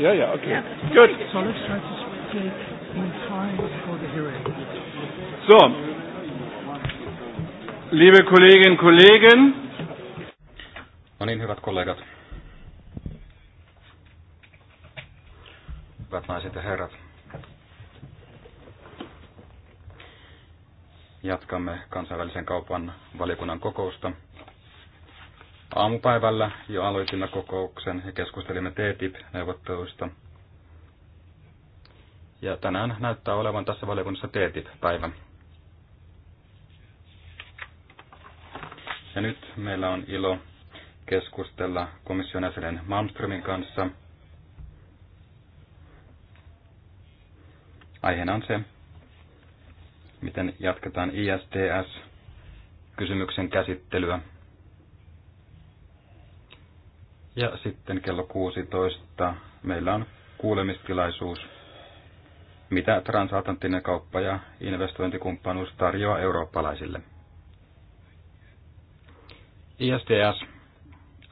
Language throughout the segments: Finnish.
Yeah, yeah, okay. Yeah. Good. So let's try to speak in time for the hearing. So, liebe Kolleginnen und Kollegen. No niin, hyvät kollegat. Hyvät naiset ja herrat. Jatkamme kansainvälisen kaupan valiokunnan kokousta. Aamupäivällä jo aloitimme kokouksen ja keskustelimme TTIP-neuvotteluista. Ja tänään näyttää olevan tässä valiokunnassa TTIP-päivä. Ja nyt meillä on ilo keskustella komission jäsenen Malmströmin kanssa. Aiheena on se, miten jatketaan ISTS-kysymyksen käsittelyä ja sitten kello 16 meillä on kuulemistilaisuus, mitä transatlanttinen kauppa ja investointikumppanuus tarjoaa eurooppalaisille. ISDS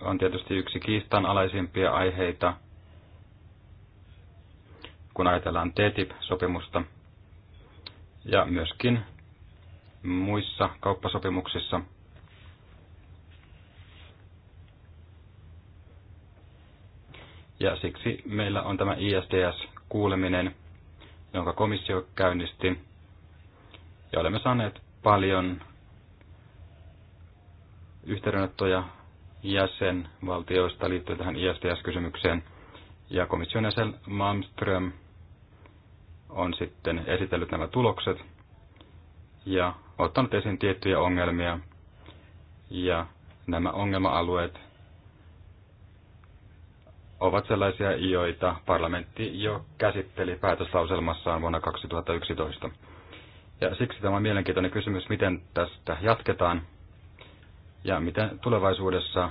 on tietysti yksi kiistanalaisimpia aiheita, kun ajatellaan TTIP-sopimusta ja myöskin muissa kauppasopimuksissa – Ja siksi meillä on tämä ISDS-kuuleminen, jonka komissio käynnisti. Ja olemme saaneet paljon yhteydenottoja jäsenvaltioista liittyen tähän ISDS-kysymykseen. Ja komission jäsen Malmström on sitten esitellyt nämä tulokset ja ottanut esiin tiettyjä ongelmia. Ja nämä ongelma-alueet ovat sellaisia, joita parlamentti jo käsitteli päätöslauselmassaan vuonna 2011. Ja siksi tämä on mielenkiintoinen kysymys, miten tästä jatketaan ja miten tulevaisuudessa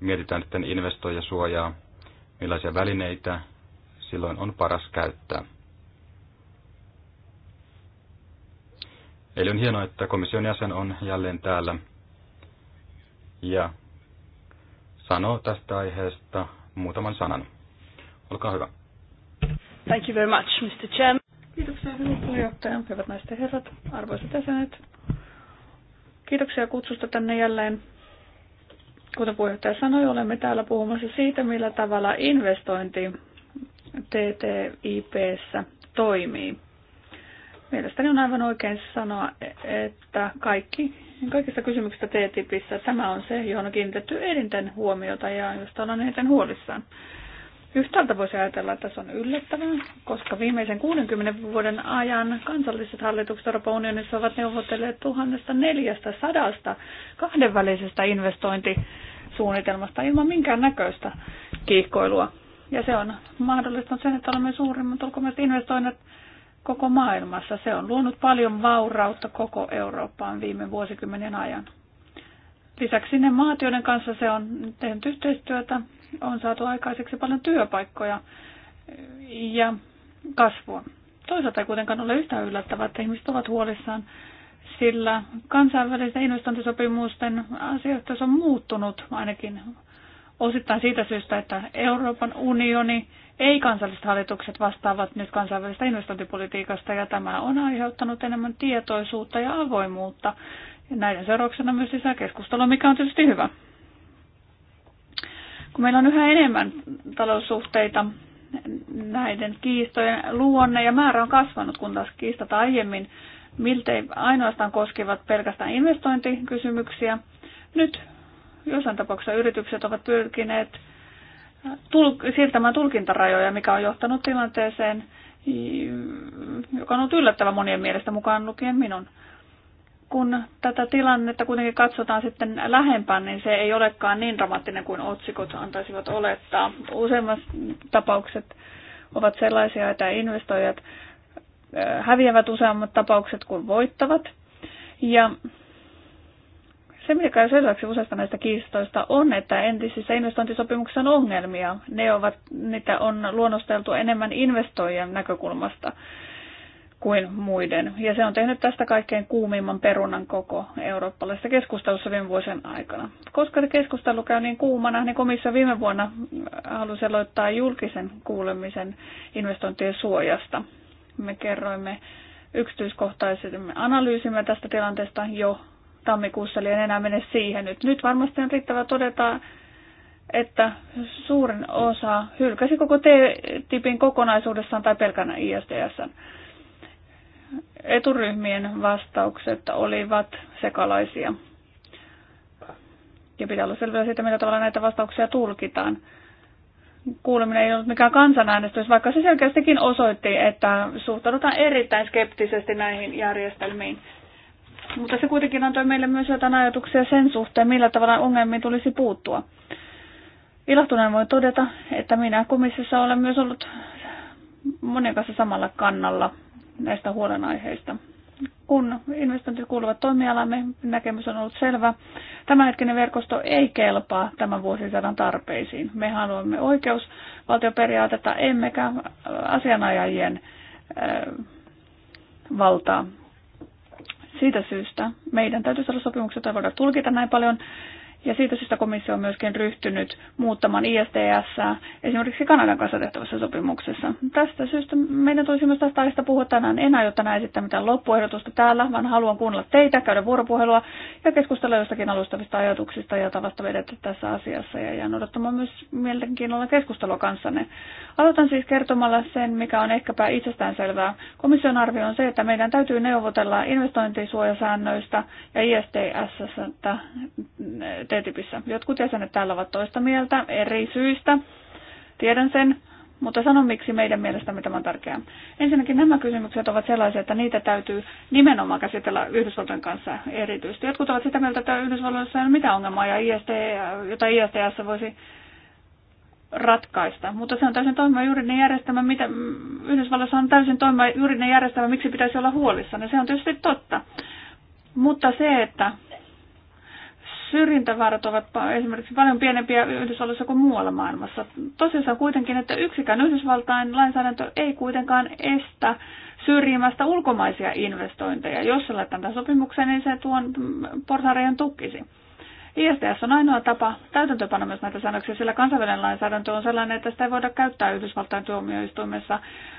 mietitään sitten investoijasuojaa, millaisia välineitä silloin on paras käyttää. Eli on hienoa, että komission jäsen on jälleen täällä ja sanoo tästä aiheesta muutaman sanan. Olkaa hyvä. Thank you very much, Mr. Chairman. Kiitoksia hyvät puheenjohtaja, hyvät naiset ja herrat, arvoisat jäsenet. Kiitoksia kutsusta tänne jälleen. Kuten puheenjohtaja sanoi, olemme täällä puhumassa siitä, millä tavalla investointi TTIPssä toimii. Mielestäni on aivan oikein sanoa, että kaikki niin kaikista kysymyksistä T-tipissä tämä on se, johon on kiinnitetty eniten huomiota ja josta ollaan eniten huolissaan. Yhtäältä voisi ajatella, että se on yllättävää, koska viimeisen 60 vuoden ajan kansalliset hallitukset Euroopan unionissa ovat neuvotelleet 1400 kahdenvälisestä investointisuunnitelmasta ilman minkään näköistä kiihkoilua. Ja se on mahdollistanut sen, että olemme suurimmat ulkomaiset investoinnit koko maailmassa. Se on luonut paljon vaurautta koko Eurooppaan viime vuosikymmenen ajan. Lisäksi ne maat, joiden kanssa se on tehnyt yhteistyötä, on saatu aikaiseksi paljon työpaikkoja ja kasvua. Toisaalta ei kuitenkaan ole yhtä yllättävää, että ihmiset ovat huolissaan, sillä kansainvälisten investointisopimusten asiakkuus on muuttunut ainakin osittain siitä syystä, että Euroopan unioni ei kansalliset hallitukset vastaavat nyt kansainvälistä investointipolitiikasta ja tämä on aiheuttanut enemmän tietoisuutta ja avoimuutta. Ja näiden seurauksena myös lisää keskustelua, mikä on tietysti hyvä. Kun meillä on yhä enemmän taloussuhteita, näiden kiistojen luonne ja määrä on kasvanut, kun taas kiistat aiemmin miltei ainoastaan koskivat pelkästään investointikysymyksiä. Nyt Jossain tapauksessa yritykset ovat pyrkineet tul- siirtämään tulkintarajoja, mikä on johtanut tilanteeseen, joka on ollut yllättävän monien mielestä mukaan lukien minun. Kun tätä tilannetta kuitenkin katsotaan sitten lähempään, niin se ei olekaan niin dramaattinen kuin otsikot antaisivat olettaa. Useimmat tapaukset ovat sellaisia, että investoijat häviävät useammat tapaukset kuin voittavat. Ja se, mikä käy selväksi useista näistä kiistoista, on, että entisissä investointisopimuksissa on ongelmia. Ne ovat, niitä on luonnosteltu enemmän investoijien näkökulmasta kuin muiden. Ja se on tehnyt tästä kaikkein kuumimman perunan koko eurooppalaisessa keskustelussa viime vuosien aikana. Koska keskustelu käy niin kuumana, niin komissio viime vuonna halusi aloittaa julkisen kuulemisen investointien suojasta. Me kerroimme yksityiskohtaisesti, analyysimme tästä tilanteesta jo tammikuussa, eli en enää mene siihen nyt. Nyt varmasti on riittävä todeta, että suurin osa hylkäsi koko T-tipin kokonaisuudessaan tai pelkänä ISDS. Eturyhmien vastaukset olivat sekalaisia. Ja pitää olla selvää siitä, millä tavalla näitä vastauksia tulkitaan. Kuuleminen ei ollut mikään kansanäänestys, vaikka se selkeästikin osoitti, että suhtaudutaan erittäin skeptisesti näihin järjestelmiin. Mutta se kuitenkin antoi meille myös jotain ajatuksia sen suhteen, millä tavalla ongelmiin tulisi puuttua. Ilahtuneen voi todeta, että minä komississa olen myös ollut monen kanssa samalla kannalla näistä huolenaiheista. Kun investointit kuuluvat toimialamme, näkemys on ollut selvä. Tämänhetkinen verkosto ei kelpaa tämän vuosisadan tarpeisiin. Me haluamme oikeusvaltioperiaatetta, emmekä asianajajien valtaa. Siitä syystä meidän täytyy saada sopimukset, joita voidaan tulkita näin paljon ja siitä syystä komissio on myöskin ryhtynyt muuttamaan ISTS esimerkiksi Kanadan kanssa tehtävässä sopimuksessa. Tästä syystä meidän tulisi myös tästä aiheesta puhua tänään. En aio tänään esittää mitään loppuehdotusta täällä, vaan haluan kuunnella teitä, käydä vuoropuhelua ja keskustella jostakin alustavista ajatuksista ja tavasta vedetä tässä asiassa. Ja jään odottamaan myös mielenkiinnolla keskustelua kanssanne. Aloitan siis kertomalla sen, mikä on ehkäpä itsestäänselvää. Komission arvio on se, että meidän täytyy neuvotella investointisuojasäännöistä ja ISTS TTIPissä. Jotkut jäsenet täällä ovat toista mieltä eri syistä. Tiedän sen, mutta sanon miksi meidän mielestämme tämä on tärkeää. Ensinnäkin nämä kysymykset ovat sellaisia, että niitä täytyy nimenomaan käsitellä Yhdysvaltojen kanssa erityisesti. Jotkut ovat sitä mieltä, että Yhdysvalloissa ei ole mitään ongelmaa ja IST, jota ISTS voisi ratkaista. Mutta se on täysin toimiva juridinen järjestelmä, mitä Yhdysvalloissa on täysin toimiva juridinen järjestelmä, miksi pitäisi olla huolissa. Ja se on tietysti totta. Mutta se, että syrjintävaarat ovat esimerkiksi paljon pienempiä Yhdysvalloissa kuin muualla maailmassa. Tosiaan kuitenkin, että yksikään Yhdysvaltain lainsäädäntö ei kuitenkaan estä syrjimästä ulkomaisia investointeja. Jos se laittaa tämän sopimuksen, niin se tuon porsareen tukkisi. ISTS on ainoa tapa täytäntöpanna myös näitä säännöksiä, sillä kansainvälinen lainsäädäntö on sellainen, että sitä ei voida käyttää Yhdysvaltain tuomioistuimessa.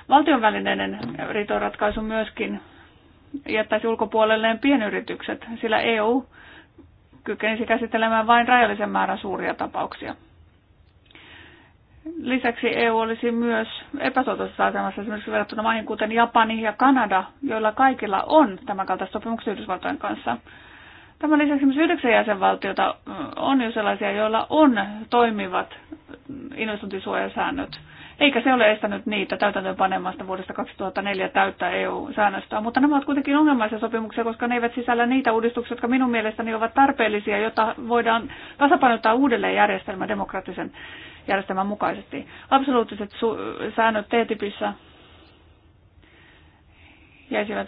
Valtionvälinen riitoratkaisu myöskin jättäisi ulkopuolelleen pienyritykset, sillä EU kykenisi käsittelemään vain rajallisen määrän suuria tapauksia. Lisäksi EU olisi myös epäsuotuisessa asemassa esimerkiksi verrattuna maihin kuten Japani ja Kanada, joilla kaikilla on tämänkaltaiset sopimukset Yhdysvaltojen kanssa. Tämän lisäksi myös yhdeksän jäsenvaltiota on jo sellaisia, joilla on toimivat investointisuojasäännöt eikä se ole estänyt niitä täytäntöönpanemasta vuodesta 2004 täyttä EU-säännöstöä. Mutta nämä ovat kuitenkin ongelmaisia sopimuksia, koska ne eivät sisällä niitä uudistuksia, jotka minun mielestäni ovat tarpeellisia, jotta voidaan tasapainottaa uudelleen järjestelmä demokraattisen järjestelmän mukaisesti. Absoluuttiset säännöt TTIPissä jäisivät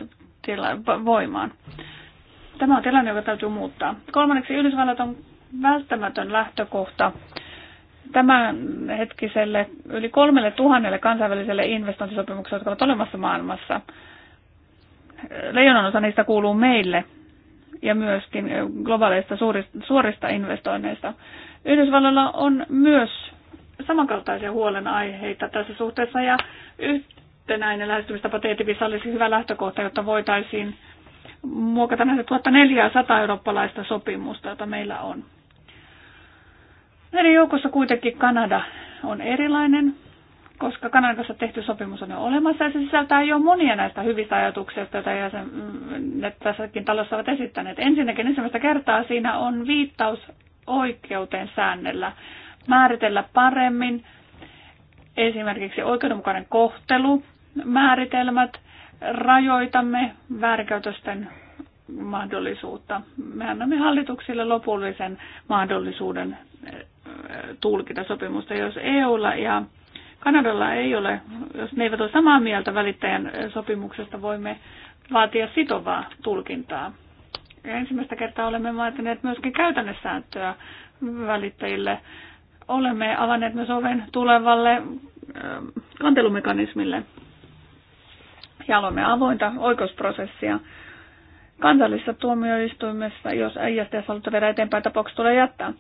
voimaan. Tämä on tilanne, joka täytyy muuttaa. Kolmanneksi Yhdysvallat on välttämätön lähtökohta hetkiselle yli kolmelle tuhannelle kansainväliselle investointisopimukselle, jotka ovat olemassa maailmassa. Leijonanosa niistä kuuluu meille ja myöskin globaaleista suurista, suorista investoinneista. Yhdysvalloilla on myös samankaltaisia huolenaiheita tässä suhteessa ja yhtenäinen lähestymistapa TTIPissä olisi hyvä lähtökohta, jotta voitaisiin muokata näitä 1400 eurooppalaista sopimusta, jota meillä on. Näiden joukossa kuitenkin Kanada on erilainen, koska Kanadan kanssa tehty sopimus on jo olemassa ja se sisältää jo monia näistä hyvistä ajatuksista, joita jäsen, tässäkin talossa ovat esittäneet. Ensinnäkin ensimmäistä kertaa siinä on viittaus oikeuteen säännellä määritellä paremmin esimerkiksi oikeudenmukainen kohtelu, määritelmät, rajoitamme väärinkäytösten mahdollisuutta. Me annamme hallituksille lopullisen mahdollisuuden tulkita sopimusta. Jos EUlla ja Kanadalla ei ole, jos ne eivät ole samaa mieltä välittäjän sopimuksesta, voimme vaatia sitovaa tulkintaa. Ja ensimmäistä kertaa olemme vaatineet myöskin käytännössääntöä välittäjille. Olemme avanneet myös oven tulevalle kantelumekanismille. Ja olemme avointa oikeusprosessia kansallisessa tuomioistuimessa, jos ISTS halutaan viedä eteenpäin, tapauksessa tulee jättää.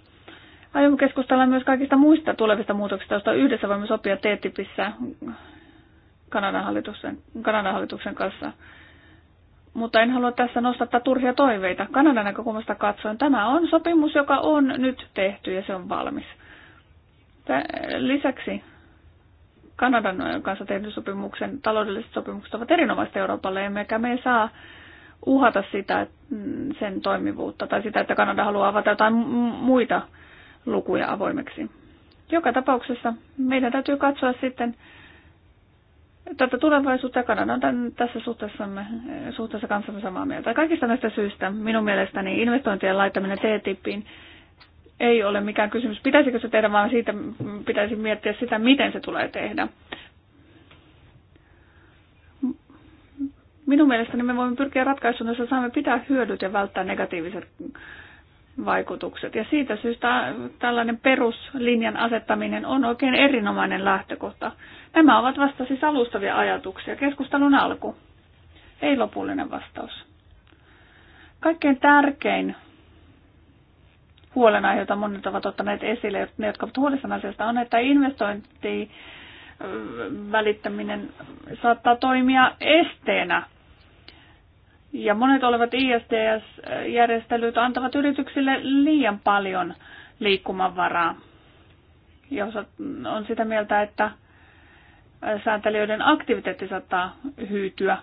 Aiomme keskustella myös kaikista muista tulevista muutoksista, joista yhdessä voimme sopia TTIPissä Kanadan hallituksen, Kanadan hallituksen kanssa. Mutta en halua tässä nostaa turhia toiveita. Kanadan näkökulmasta katsoen tämä on sopimus, joka on nyt tehty ja se on valmis. Lisäksi Kanadan kanssa tehdyn sopimuksen taloudelliset sopimukset ovat erinomaista Euroopalle, emmekä me saa uhata sitä, mm, sen toimivuutta tai sitä, että Kanada haluaa avata jotain muita lukuja avoimeksi. Joka tapauksessa meidän täytyy katsoa sitten tätä tulevaisuutta ja Kanada on tässä suhteessamme, suhteessa kanssamme samaa mieltä. Kaikista näistä syistä minun mielestäni investointien laittaminen T-tippiin ei ole mikään kysymys. Pitäisikö se tehdä, vaan siitä pitäisi miettiä sitä, miten se tulee tehdä. Minun mielestäni me voimme pyrkiä ratkaisuun, jossa saamme pitää hyödyt ja välttää negatiiviset vaikutukset. Ja siitä syystä tällainen peruslinjan asettaminen on oikein erinomainen lähtökohta. Nämä ovat vasta siis alustavia ajatuksia, keskustelun alku, ei lopullinen vastaus. Kaikkein tärkein huolenaihe, jota monet ovat ottaneet esille, ne, jotka ovat huolissaan asiasta, on, että investointi välittäminen saattaa toimia esteenä ja monet olevat ISDS-järjestelyt antavat yrityksille liian paljon liikkumavaraa. Jos on sitä mieltä, että sääntelijöiden aktiviteetti saattaa hyytyä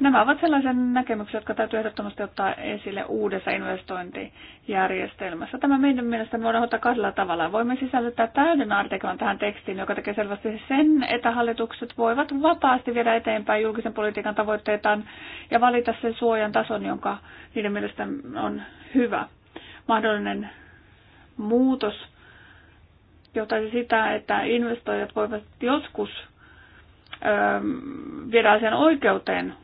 Nämä ovat sellaisia näkemyksiä, jotka täytyy ehdottomasti ottaa esille uudessa investointijärjestelmässä. Tämä meidän mielestämme voidaan ottaa kahdella tavalla. Voimme sisällyttää täyden artiklan tähän tekstiin, joka tekee selvästi sen, että hallitukset voivat vapaasti viedä eteenpäin julkisen politiikan tavoitteitaan ja valita sen suojan tason, jonka niiden mielestä on hyvä. Mahdollinen muutos johtaisi sitä, että investoijat voivat joskus viedä asian oikeuteen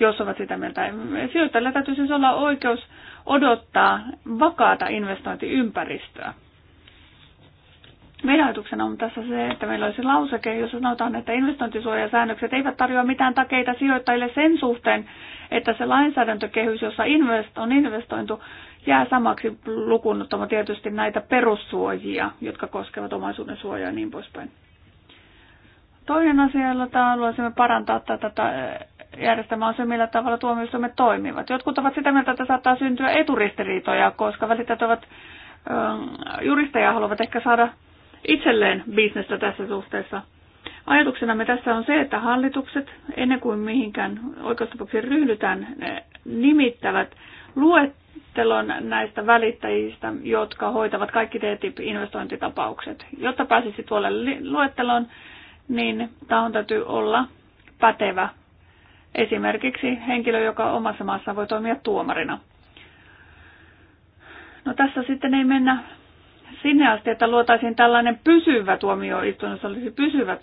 jos ovat sitä mieltä. Sijoittajilla täytyy siis olla oikeus odottaa vakaata investointiympäristöä. Meidän ajatuksena on tässä se, että meillä olisi lauseke, jossa sanotaan, että investointisuojasäännökset eivät tarjoa mitään takeita sijoittajille sen suhteen, että se lainsäädäntökehys, jossa invest, on investointu, jää samaksi lukunnottama tietysti näitä perussuojia, jotka koskevat omaisuuden suojaa ja niin poispäin. Toinen asia, jolla haluaisimme parantaa tätä järjestelmä on se, millä tavalla tuomioistuimet toimivat. Jotkut ovat sitä mieltä, että saattaa syntyä eturistiriitoja, koska välittäjät ovat ähm, juristeja haluavat ehkä saada itselleen bisnestä tässä suhteessa. Ajatuksena me tässä on se, että hallitukset, ennen kuin mihinkään oikeustapauksiin ryhdytään, nimittävät luettelon näistä välittäjistä, jotka hoitavat kaikki TTIP-investointitapaukset. Jotta pääsisi tuolle luetteloon, niin tahon täytyy olla pätevä Esimerkiksi henkilö, joka omassa maassa voi toimia tuomarina. No tässä sitten ei mennä sinne asti, että luotaisiin tällainen pysyvä tuomioistuin, jossa olisi pysyvät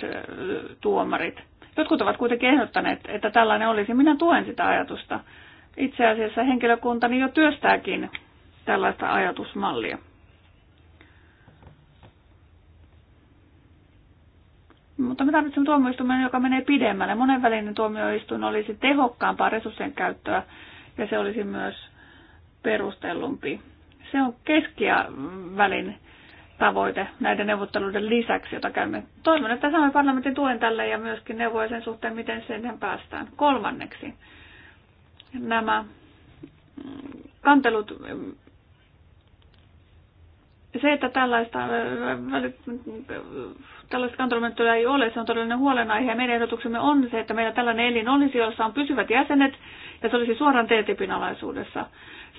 tuomarit. Jotkut ovat kuitenkin ehdottaneet, että tällainen olisi. Minä tuen sitä ajatusta. Itse asiassa henkilökuntani jo työstääkin tällaista ajatusmallia. Mutta me tarvitsemme tuomioistuimen, joka menee pidemmälle. Monenvälinen tuomioistuin olisi tehokkaampaa resurssien käyttöä ja se olisi myös perustellumpi. Se on keskiävälin tavoite näiden neuvotteluiden lisäksi, jota käymme. Toivon, että saamme parlamentin tuen tälle ja myöskin neuvoja sen suhteen, miten sen päästään. Kolmanneksi nämä kantelut, se, että tällaista äh, tällaista kantelumenettelyä ei ole. Se on todellinen huolenaihe. Meidän ehdotuksemme on se, että meillä tällainen elin olisi, jossa on pysyvät jäsenet ja se olisi suoraan TTIPin alaisuudessa.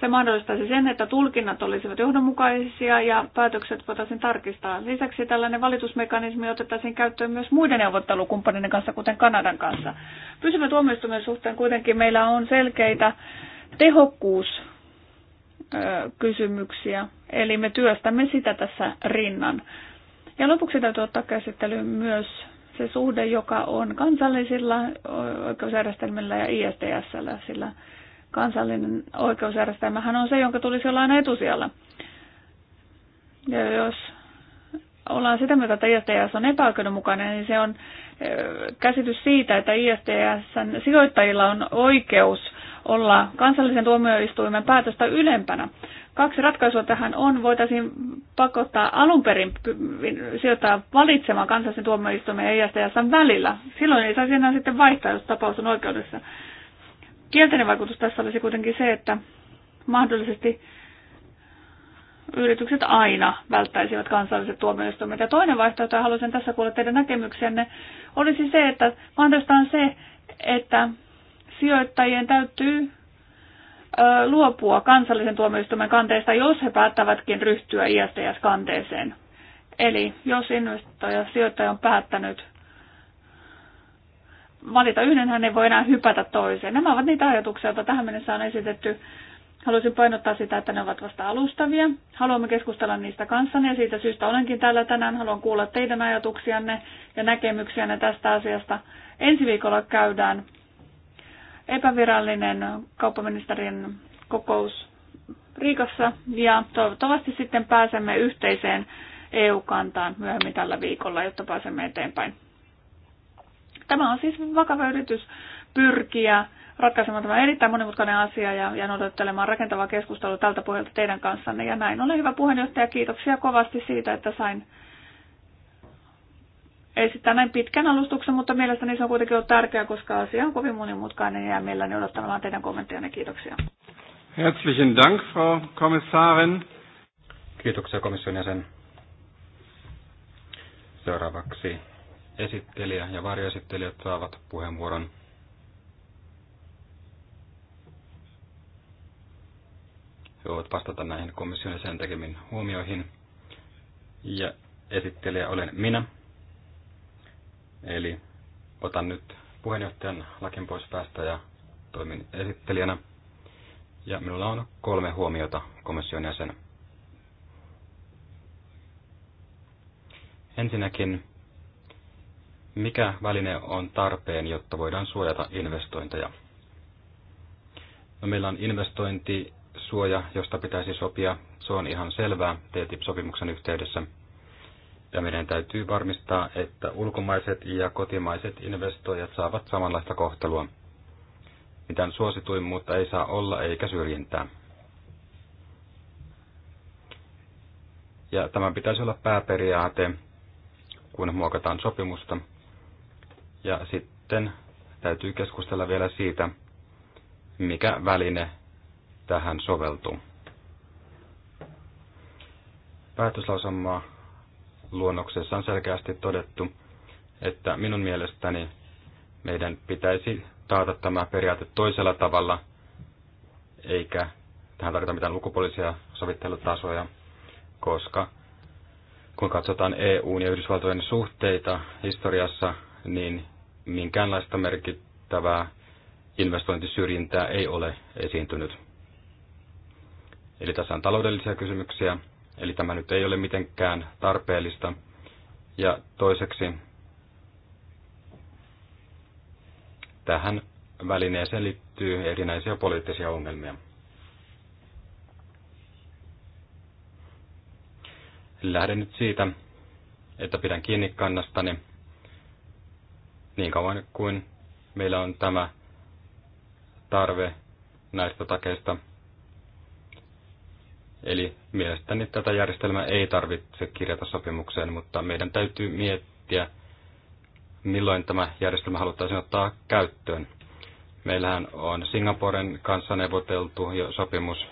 Se mahdollistaisi sen, että tulkinnat olisivat johdonmukaisia ja päätökset voitaisiin tarkistaa. Lisäksi tällainen valitusmekanismi otettaisiin käyttöön myös muiden neuvottelukumppaneiden kanssa, kuten Kanadan kanssa. Pysyvä tuomioistuimen suhteen kuitenkin meillä on selkeitä tehokkuus kysymyksiä. Eli me työstämme sitä tässä rinnan. Ja lopuksi täytyy ottaa käsittelyyn myös se suhde, joka on kansallisilla oikeusjärjestelmillä ja ISTS, sillä kansallinen oikeusjärjestelmähän on se, jonka tulisi olla aina etusijalla. Ja jos ollaan sitä mieltä, että ISTS on epäoikeudenmukainen, niin se on eh, käsitys siitä, että ISTS sijoittajilla on oikeus olla kansallisen tuomioistuimen päätöstä ylempänä. Kaksi ratkaisua tähän on. Voitaisiin pakottaa alun perin sijoittaa valitsemaan kansallisen tuomioistuimen ja ISTSn välillä. Silloin ei saisi enää sitten vaihtaa, jos tapaus on oikeudessa. Kielteinen vaikutus tässä olisi kuitenkin se, että mahdollisesti yritykset aina välttäisivät kansalliset tuomioistuimet. Ja toinen vaihtoehto, ja haluaisin tässä kuulla teidän näkemyksenne, olisi se, että on se, että sijoittajien täytyy luopua kansallisen tuomioistuimen kanteesta, jos he päättävätkin ryhtyä ISTS-kanteeseen. Eli jos investoija, sijoittaja on päättänyt valita yhden, hän ei voi enää hypätä toiseen. Nämä ovat niitä ajatuksia, joita tähän mennessä on esitetty. Haluaisin painottaa sitä, että ne ovat vasta alustavia. Haluamme keskustella niistä kanssanne ja siitä syystä olenkin täällä tänään. Haluan kuulla teidän ajatuksianne ja näkemyksiänne tästä asiasta. Ensi viikolla käydään epävirallinen kauppaministerin kokous Riikassa ja toivottavasti sitten pääsemme yhteiseen EU-kantaan myöhemmin tällä viikolla, jotta pääsemme eteenpäin. Tämä on siis vakava yritys pyrkiä ratkaisemaan tämä erittäin monimutkainen asia ja, ja odottelemaan rakentavaa keskustelua tältä pohjalta teidän kanssanne. Ja näin ole hyvä puheenjohtaja, kiitoksia kovasti siitä, että sain ei sitä näin pitkän alustuksen, mutta mielestäni se on kuitenkin ollut tärkeää, koska asia on kovin monimutkainen ja mielelläni odottamaan teidän kommenttianne. Kiitoksia. Herzlichen Dank, Frau Kommissarin. Kiitoksia komission jäsen. Seuraavaksi esittelijä ja varjoesittelijät saavat puheenvuoron. He voivat vastata näihin komission sen tekemiin huomioihin. Ja esittelijä olen minä. Eli otan nyt puheenjohtajan lakin pois päästä ja toimin esittelijänä. Ja minulla on kolme huomiota komission jäsen. Ensinnäkin, mikä väline on tarpeen, jotta voidaan suojata investointeja? No, meillä on investointisuoja, josta pitäisi sopia. Se on ihan selvää TTIP-sopimuksen yhteydessä – ja meidän täytyy varmistaa, että ulkomaiset ja kotimaiset investoijat saavat samanlaista kohtelua. Mitään suosituimmuutta ei saa olla eikä syrjintää. Ja tämä pitäisi olla pääperiaate, kun muokataan sopimusta. Ja sitten täytyy keskustella vielä siitä, mikä väline tähän soveltuu. Päätöslausamaa luonnoksessa on selkeästi todettu, että minun mielestäni meidän pitäisi taata tämä periaate toisella tavalla, eikä tähän tarvita mitään lukupuolisia sovittelutasoja, koska kun katsotaan EUn ja Yhdysvaltojen suhteita historiassa, niin minkäänlaista merkittävää investointisyrjintää ei ole esiintynyt. Eli tässä on taloudellisia kysymyksiä, Eli tämä nyt ei ole mitenkään tarpeellista. Ja toiseksi tähän välineeseen liittyy erinäisiä poliittisia ongelmia. Lähden nyt siitä, että pidän kiinni kannastani niin kauan kuin meillä on tämä tarve näistä takeista – Eli mielestäni tätä järjestelmää ei tarvitse kirjata sopimukseen, mutta meidän täytyy miettiä, milloin tämä järjestelmä haluttaisiin ottaa käyttöön. Meillähän on Singaporen kanssa neuvoteltu jo sopimus,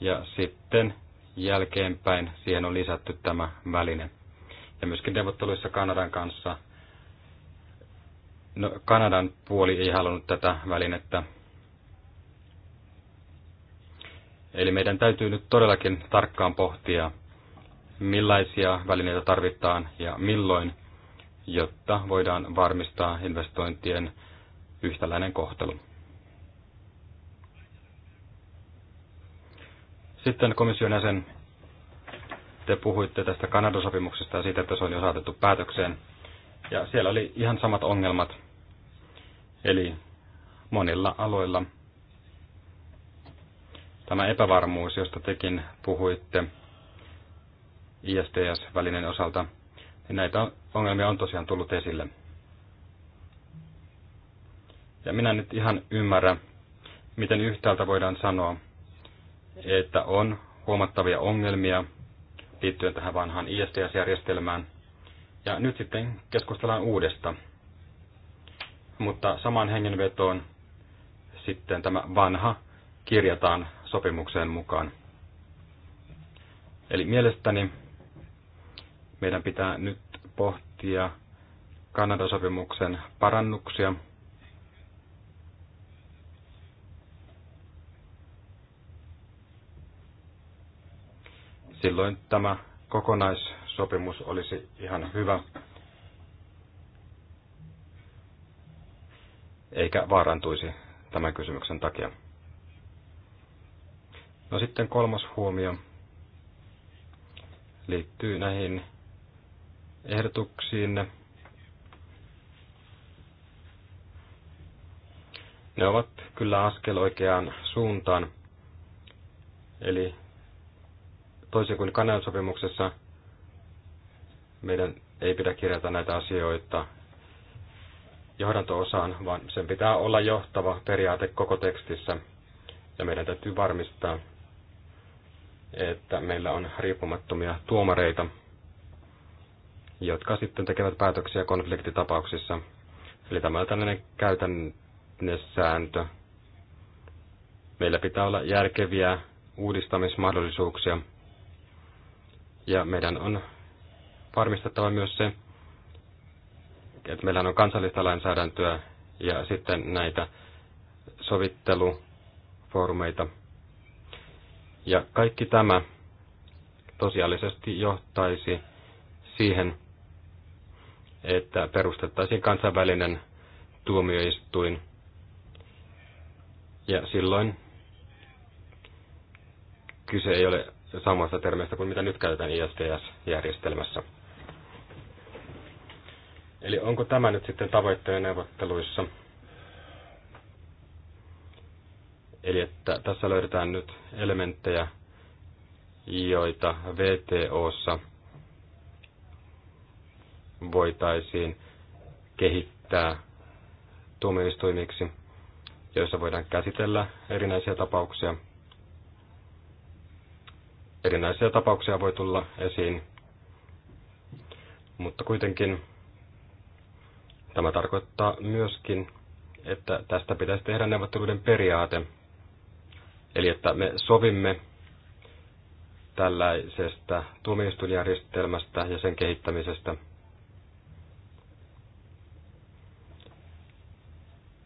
ja sitten jälkeenpäin siihen on lisätty tämä väline. Ja myöskin neuvotteluissa Kanadan kanssa, no, Kanadan puoli ei halunnut tätä välinettä, Eli meidän täytyy nyt todellakin tarkkaan pohtia, millaisia välineitä tarvitaan ja milloin, jotta voidaan varmistaa investointien yhtäläinen kohtelu. Sitten komission jäsen, te puhuitte tästä Kanadasopimuksesta ja siitä, että se on jo saatettu päätökseen. Ja siellä oli ihan samat ongelmat. Eli monilla aloilla Tämä epävarmuus, josta tekin puhuitte ISDS-välinen osalta, niin näitä ongelmia on tosiaan tullut esille. Ja minä nyt ihan ymmärrä, miten yhtäältä voidaan sanoa, että on huomattavia ongelmia liittyen tähän vanhaan ISDS-järjestelmään. Ja nyt sitten keskustellaan uudesta. Mutta samaan hengenvetoon sitten tämä vanha kirjataan sopimukseen mukaan. Eli mielestäni meidän pitää nyt pohtia Kanadan sopimuksen parannuksia. Silloin tämä kokonaissopimus olisi ihan hyvä, eikä vaarantuisi tämän kysymyksen takia. No sitten kolmas huomio liittyy näihin ehdotuksiin. Ne ovat kyllä askel oikeaan suuntaan. Eli toisin kuin Kanan meidän ei pidä kirjata näitä asioita johdanto-osaan, vaan sen pitää olla johtava periaate koko tekstissä. Ja meidän täytyy varmistaa, että meillä on riippumattomia tuomareita, jotka sitten tekevät päätöksiä konfliktitapauksissa. Eli tämä on tällainen käytännössääntö. Meillä pitää olla järkeviä uudistamismahdollisuuksia. Ja meidän on varmistettava myös se, että meillä on kansallista lainsäädäntöä ja sitten näitä sovittelufoorumeita – ja kaikki tämä tosiaalisesti johtaisi siihen, että perustettaisiin kansainvälinen tuomioistuin. Ja silloin kyse ei ole samasta termistä kuin mitä nyt käytetään ists järjestelmässä Eli onko tämä nyt sitten tavoitteena neuvotteluissa? Eli että tässä löydetään nyt elementtejä, joita VTOssa voitaisiin kehittää tuomioistuimiksi, joissa voidaan käsitellä erinäisiä tapauksia. Erinäisiä tapauksia voi tulla esiin, mutta kuitenkin tämä tarkoittaa myöskin, että tästä pitäisi tehdä neuvotteluiden periaate, Eli että me sovimme tällaisesta tuomioistuinjärjestelmästä ja sen kehittämisestä.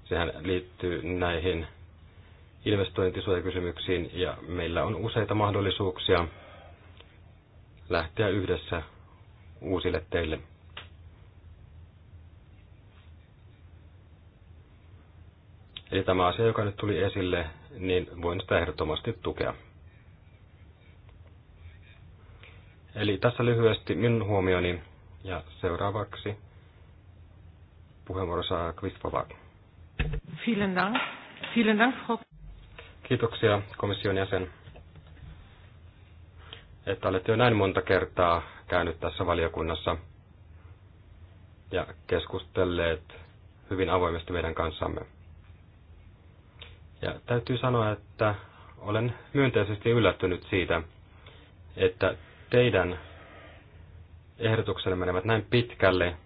Sehän liittyy näihin investointisuojakysymyksiin ja meillä on useita mahdollisuuksia lähteä yhdessä uusille teille. Eli tämä asia, joka nyt tuli esille, niin voin sitä ehdottomasti tukea. Eli tässä lyhyesti minun huomioni ja seuraavaksi puheenvuoro saa Kvistova. Vielen Dank. Vielen Dank, Frau. Kiitoksia komission jäsen, että olette jo näin monta kertaa käynyt tässä valiokunnassa ja keskustelleet hyvin avoimesti meidän kanssamme. Ja täytyy sanoa, että olen myönteisesti yllättynyt siitä, että teidän ehdotuksenne menevät näin pitkälle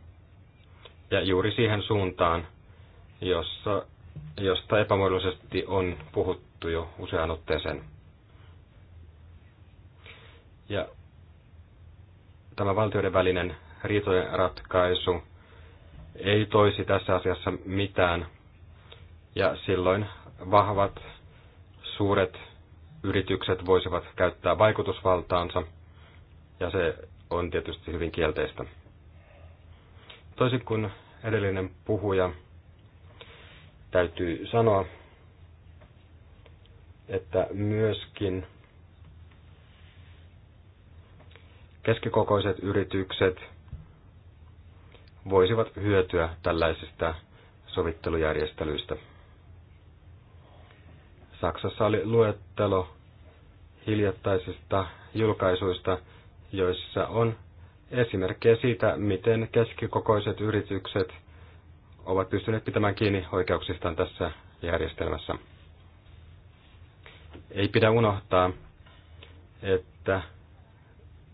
ja juuri siihen suuntaan, jossa, josta epämuodollisesti on puhuttu jo useaan otteeseen. Ja tämä valtioiden välinen riitojen ratkaisu ei toisi tässä asiassa mitään, ja silloin vahvat, suuret yritykset voisivat käyttää vaikutusvaltaansa, ja se on tietysti hyvin kielteistä. Toisin kuin edellinen puhuja, täytyy sanoa, että myöskin keskikokoiset yritykset voisivat hyötyä tällaisista sovittelujärjestelyistä. Saksassa oli luettelo hiljattaisista julkaisuista, joissa on esimerkkejä siitä, miten keskikokoiset yritykset ovat pystyneet pitämään kiinni oikeuksistaan tässä järjestelmässä. Ei pidä unohtaa, että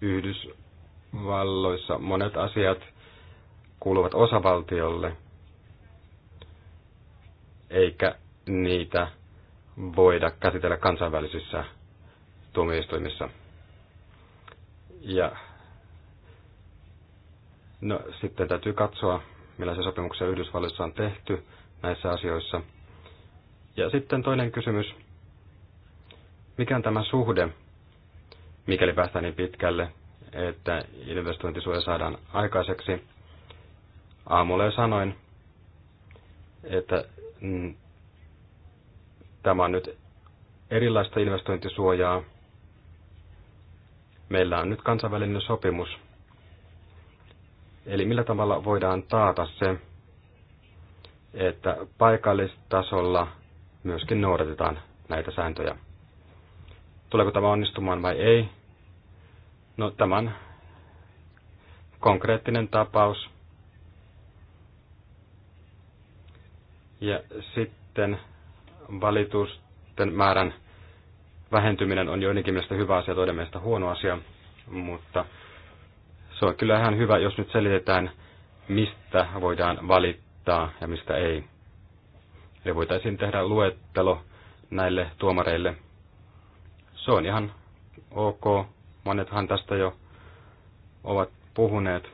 Yhdysvalloissa monet asiat kuuluvat osavaltiolle, eikä niitä voida käsitellä kansainvälisissä tuomioistuimissa. Ja no, sitten täytyy katsoa, millaisia sopimuksia Yhdysvalloissa on tehty näissä asioissa. Ja sitten toinen kysymys. Mikä on tämä suhde, mikäli päästään niin pitkälle, että investointisuoja saadaan aikaiseksi? Aamulla jo sanoin, että mm, Tämä on nyt erilaista investointisuojaa. Meillä on nyt kansainvälinen sopimus. Eli millä tavalla voidaan taata se, että paikallistasolla myöskin noudatetaan näitä sääntöjä. Tuleeko tämä onnistumaan vai ei? No tämän konkreettinen tapaus. Ja sitten valitusten määrän vähentyminen on joidenkin mielestä hyvä asia, toinen mielestä huono asia, mutta se on kyllä ihan hyvä, jos nyt selitetään, mistä voidaan valittaa ja mistä ei. Eli voitaisiin tehdä luettelo näille tuomareille. Se on ihan ok. Monethan tästä jo ovat puhuneet.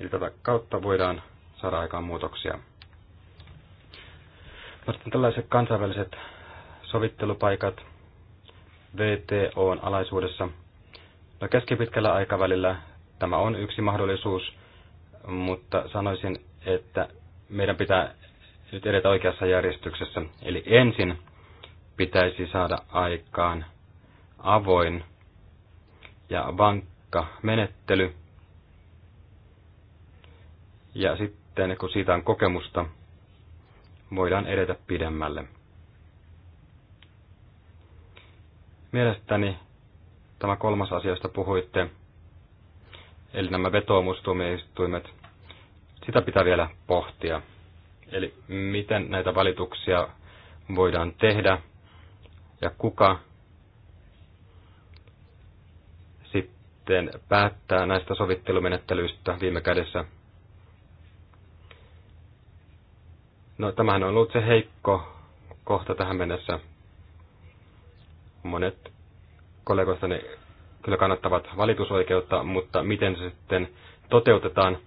Eli tätä kautta voidaan saada aikaan muutoksia. sitten tällaiset kansainväliset sovittelupaikat VTOn alaisuudessa. No keskipitkällä aikavälillä tämä on yksi mahdollisuus, mutta sanoisin, että meidän pitää nyt edetä oikeassa järjestyksessä. Eli ensin pitäisi saada aikaan avoin ja vankka menettely. Ja sitten sitten, kun siitä on kokemusta, voidaan edetä pidemmälle. Mielestäni tämä kolmas asia, josta puhuitte, eli nämä vetoomustuomioistuimet, sitä pitää vielä pohtia. Eli miten näitä valituksia voidaan tehdä ja kuka sitten päättää näistä sovittelumenettelyistä viime kädessä. No tämähän on ollut se heikko kohta tähän mennessä. Monet kollegoistani kyllä kannattavat valitusoikeutta, mutta miten se sitten toteutetaan?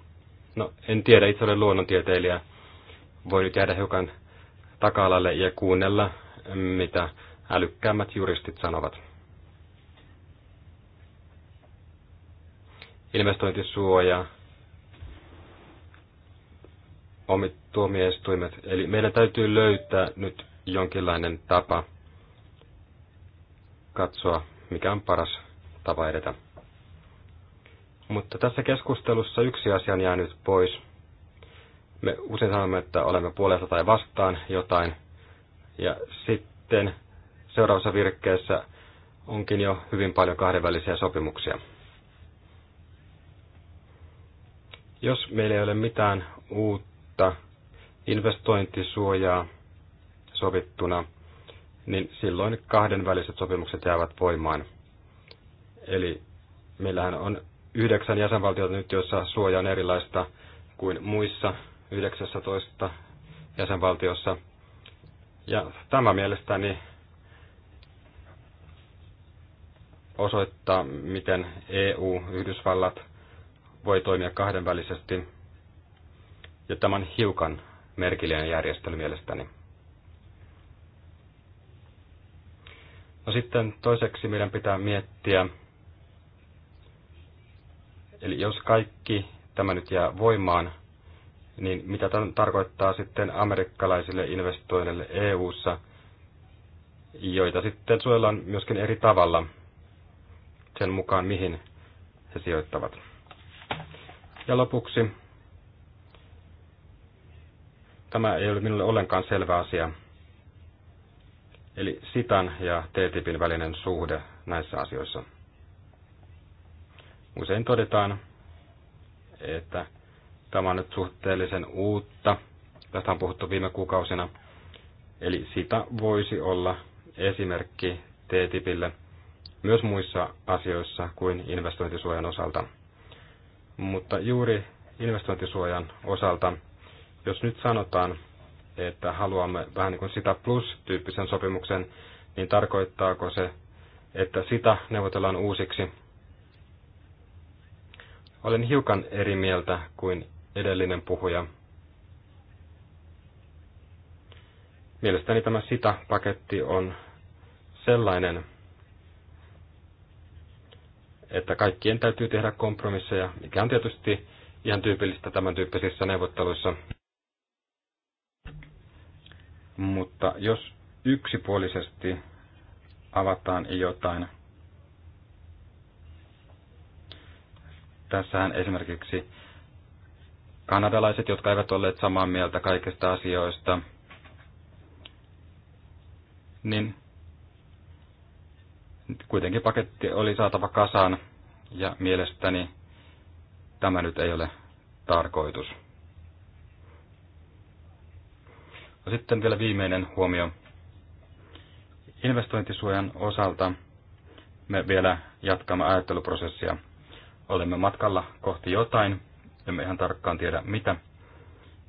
No en tiedä, itse olen luonnontieteilijä. Voi nyt jäädä hiukan taka-alalle ja kuunnella, mitä älykkäämmät juristit sanovat. Investointisuoja omit tuomioistuimet. Eli meidän täytyy löytää nyt jonkinlainen tapa katsoa, mikä on paras tapa edetä. Mutta tässä keskustelussa yksi asia on jäänyt pois. Me usein sanomme, että olemme puolesta tai vastaan jotain. Ja sitten seuraavassa virkkeessä onkin jo hyvin paljon kahdenvälisiä sopimuksia. Jos meillä ei ole mitään uutta, uutta investointisuojaa sovittuna, niin silloin kahdenväliset sopimukset jäävät voimaan. Eli meillähän on yhdeksän jäsenvaltiota nyt, joissa suoja on erilaista kuin muissa 19 jäsenvaltiossa. Ja tämä mielestäni osoittaa, miten EU, Yhdysvallat voi toimia kahdenvälisesti ja tämä on hiukan merkillinen järjestely mielestäni. No sitten toiseksi meidän pitää miettiä, eli jos kaikki tämä nyt jää voimaan, niin mitä tämä tarkoittaa sitten amerikkalaisille investoinneille EU-ssa, joita sitten suojellaan myöskin eri tavalla sen mukaan, mihin he sijoittavat. Ja lopuksi Tämä ei ole minulle ollenkaan selvä asia. Eli Sitan ja TTIPin välinen suhde näissä asioissa. Usein todetaan, että tämä on nyt suhteellisen uutta. Tästä on puhuttu viime kuukausina. Eli sitä voisi olla esimerkki TTIPille myös muissa asioissa kuin investointisuojan osalta. Mutta juuri investointisuojan osalta jos nyt sanotaan, että haluamme vähän niin kuin sitä plus-tyyppisen sopimuksen, niin tarkoittaako se, että sitä neuvotellaan uusiksi? Olen hiukan eri mieltä kuin edellinen puhuja. Mielestäni tämä sitä-paketti on sellainen, että kaikkien täytyy tehdä kompromisseja, mikä on tietysti ihan tyypillistä tämän tyyppisissä neuvotteluissa. Mutta jos yksipuolisesti avataan jotain, tässähän esimerkiksi kanadalaiset, jotka eivät olleet samaa mieltä kaikista asioista, niin kuitenkin paketti oli saatava kasaan ja mielestäni tämä nyt ei ole tarkoitus. No sitten vielä viimeinen huomio. Investointisuojan osalta me vielä jatkamme ajatteluprosessia. Olemme matkalla kohti jotain, emme ihan tarkkaan tiedä mitä.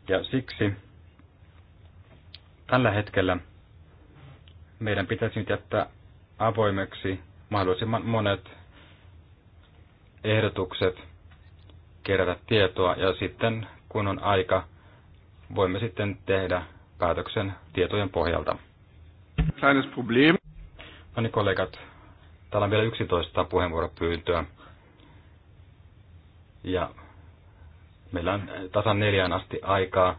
Ja siksi tällä hetkellä meidän pitäisi nyt jättää avoimeksi mahdollisimman monet ehdotukset, kerätä tietoa ja sitten kun on aika, voimme sitten tehdä päätöksen tietojen pohjalta. Kleines problem. No niin, kollegat. Täällä on vielä 11 puheenvuoropyyntöä. Ja meillä on tasan neljään asti aikaa.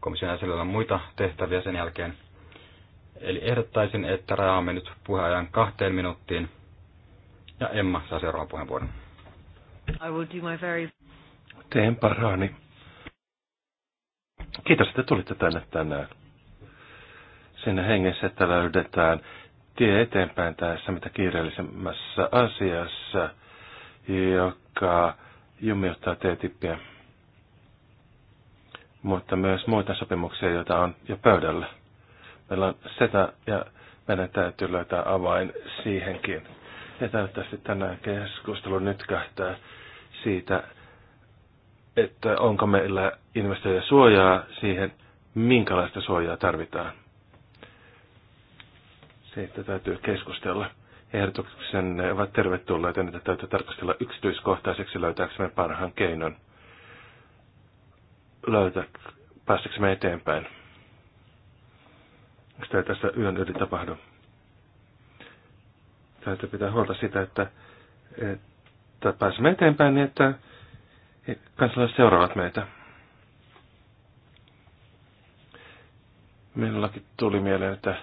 Komission jäsenellä on muita tehtäviä sen jälkeen. Eli ehdottaisin, että rajaamme nyt puheajan kahteen minuuttiin. Ja Emma saa seuraavan puheenvuoron. I will do my very... Teen parhaani. Kiitos, että tulitte tänne tänään. Siinä hengessä, että löydetään tie eteenpäin tässä mitä kiireellisemmässä asiassa, joka jumiuttaa TTIPiä, mutta myös muita sopimuksia, joita on jo pöydällä. Meillä on SETA ja meidän täytyy löytää avain siihenkin. Ja toivottavasti tänään keskustelu kähtää siitä, että onko meillä investoijia suojaa siihen, minkälaista suojaa tarvitaan. Siitä täytyy keskustella. Ehdotuksen ovat tervetulleita, niitä täytyy tarkastella yksityiskohtaiseksi löytääksemme parhaan keinon löytää, päästäksemme eteenpäin. Sitä ei tässä yön yli tapahdu. Täytyy pitää huolta sitä, että, että pääsemme eteenpäin niin, että kansalaiset seuraavat meitä. Minullakin tuli mieleen, että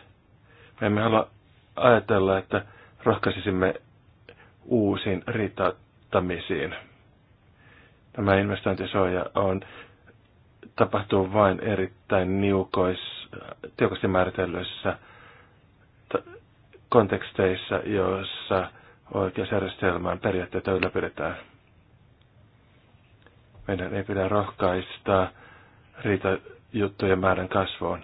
me emme halua ajatella, että rohkaisisimme uusiin riitattamisiin. Tämä investointisuoja on, tapahtuu vain erittäin niukois, tiukasti määritellyissä konteksteissa, joissa oikeusjärjestelmän periaatteita ylläpidetään. Meidän ei pidä rohkaista riitä juttujen määrän kasvuun.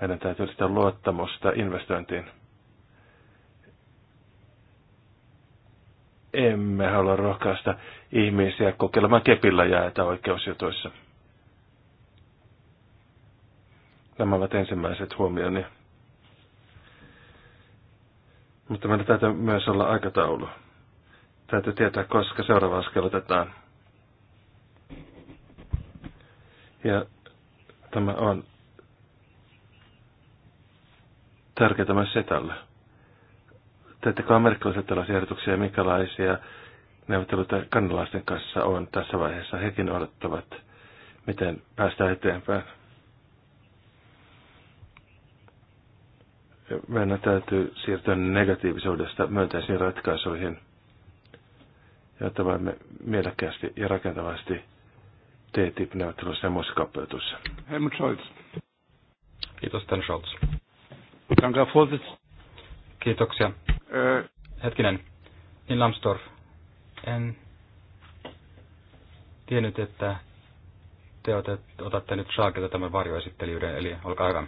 Meidän täytyy sitä luottamusta investointiin. Emme halua rohkaista ihmisiä kokeilemaan kepillä jäätä oikeusjutuissa. Nämä ovat ensimmäiset huomioni. Mutta meillä täytyy myös olla aikataulu. Täytyy tietää, koska seuraava askel otetaan. Ja tämä on tärkeää myös setällä. Teettekö amerikkalaisille tällaisia ehdotuksia, minkälaisia neuvotteluita kannalaisten kanssa on tässä vaiheessa? Hekin odottavat, miten päästään eteenpäin. Meidän täytyy siirtyä negatiivisuudesta myönteisiin ratkaisuihin, jotta voimme mielekkäästi ja rakentavasti TTIP-neuvotteluissa ja muissa Helmut Scholz. Kiitos, Sten Scholz. Danke, Kiitoksia. Ö... Äh. Hetkinen. Niin Lambsdorff, en tiennyt, että te otatte nyt Schaakilta tämän varjoesittelijyyden, eli olkaa hyvä.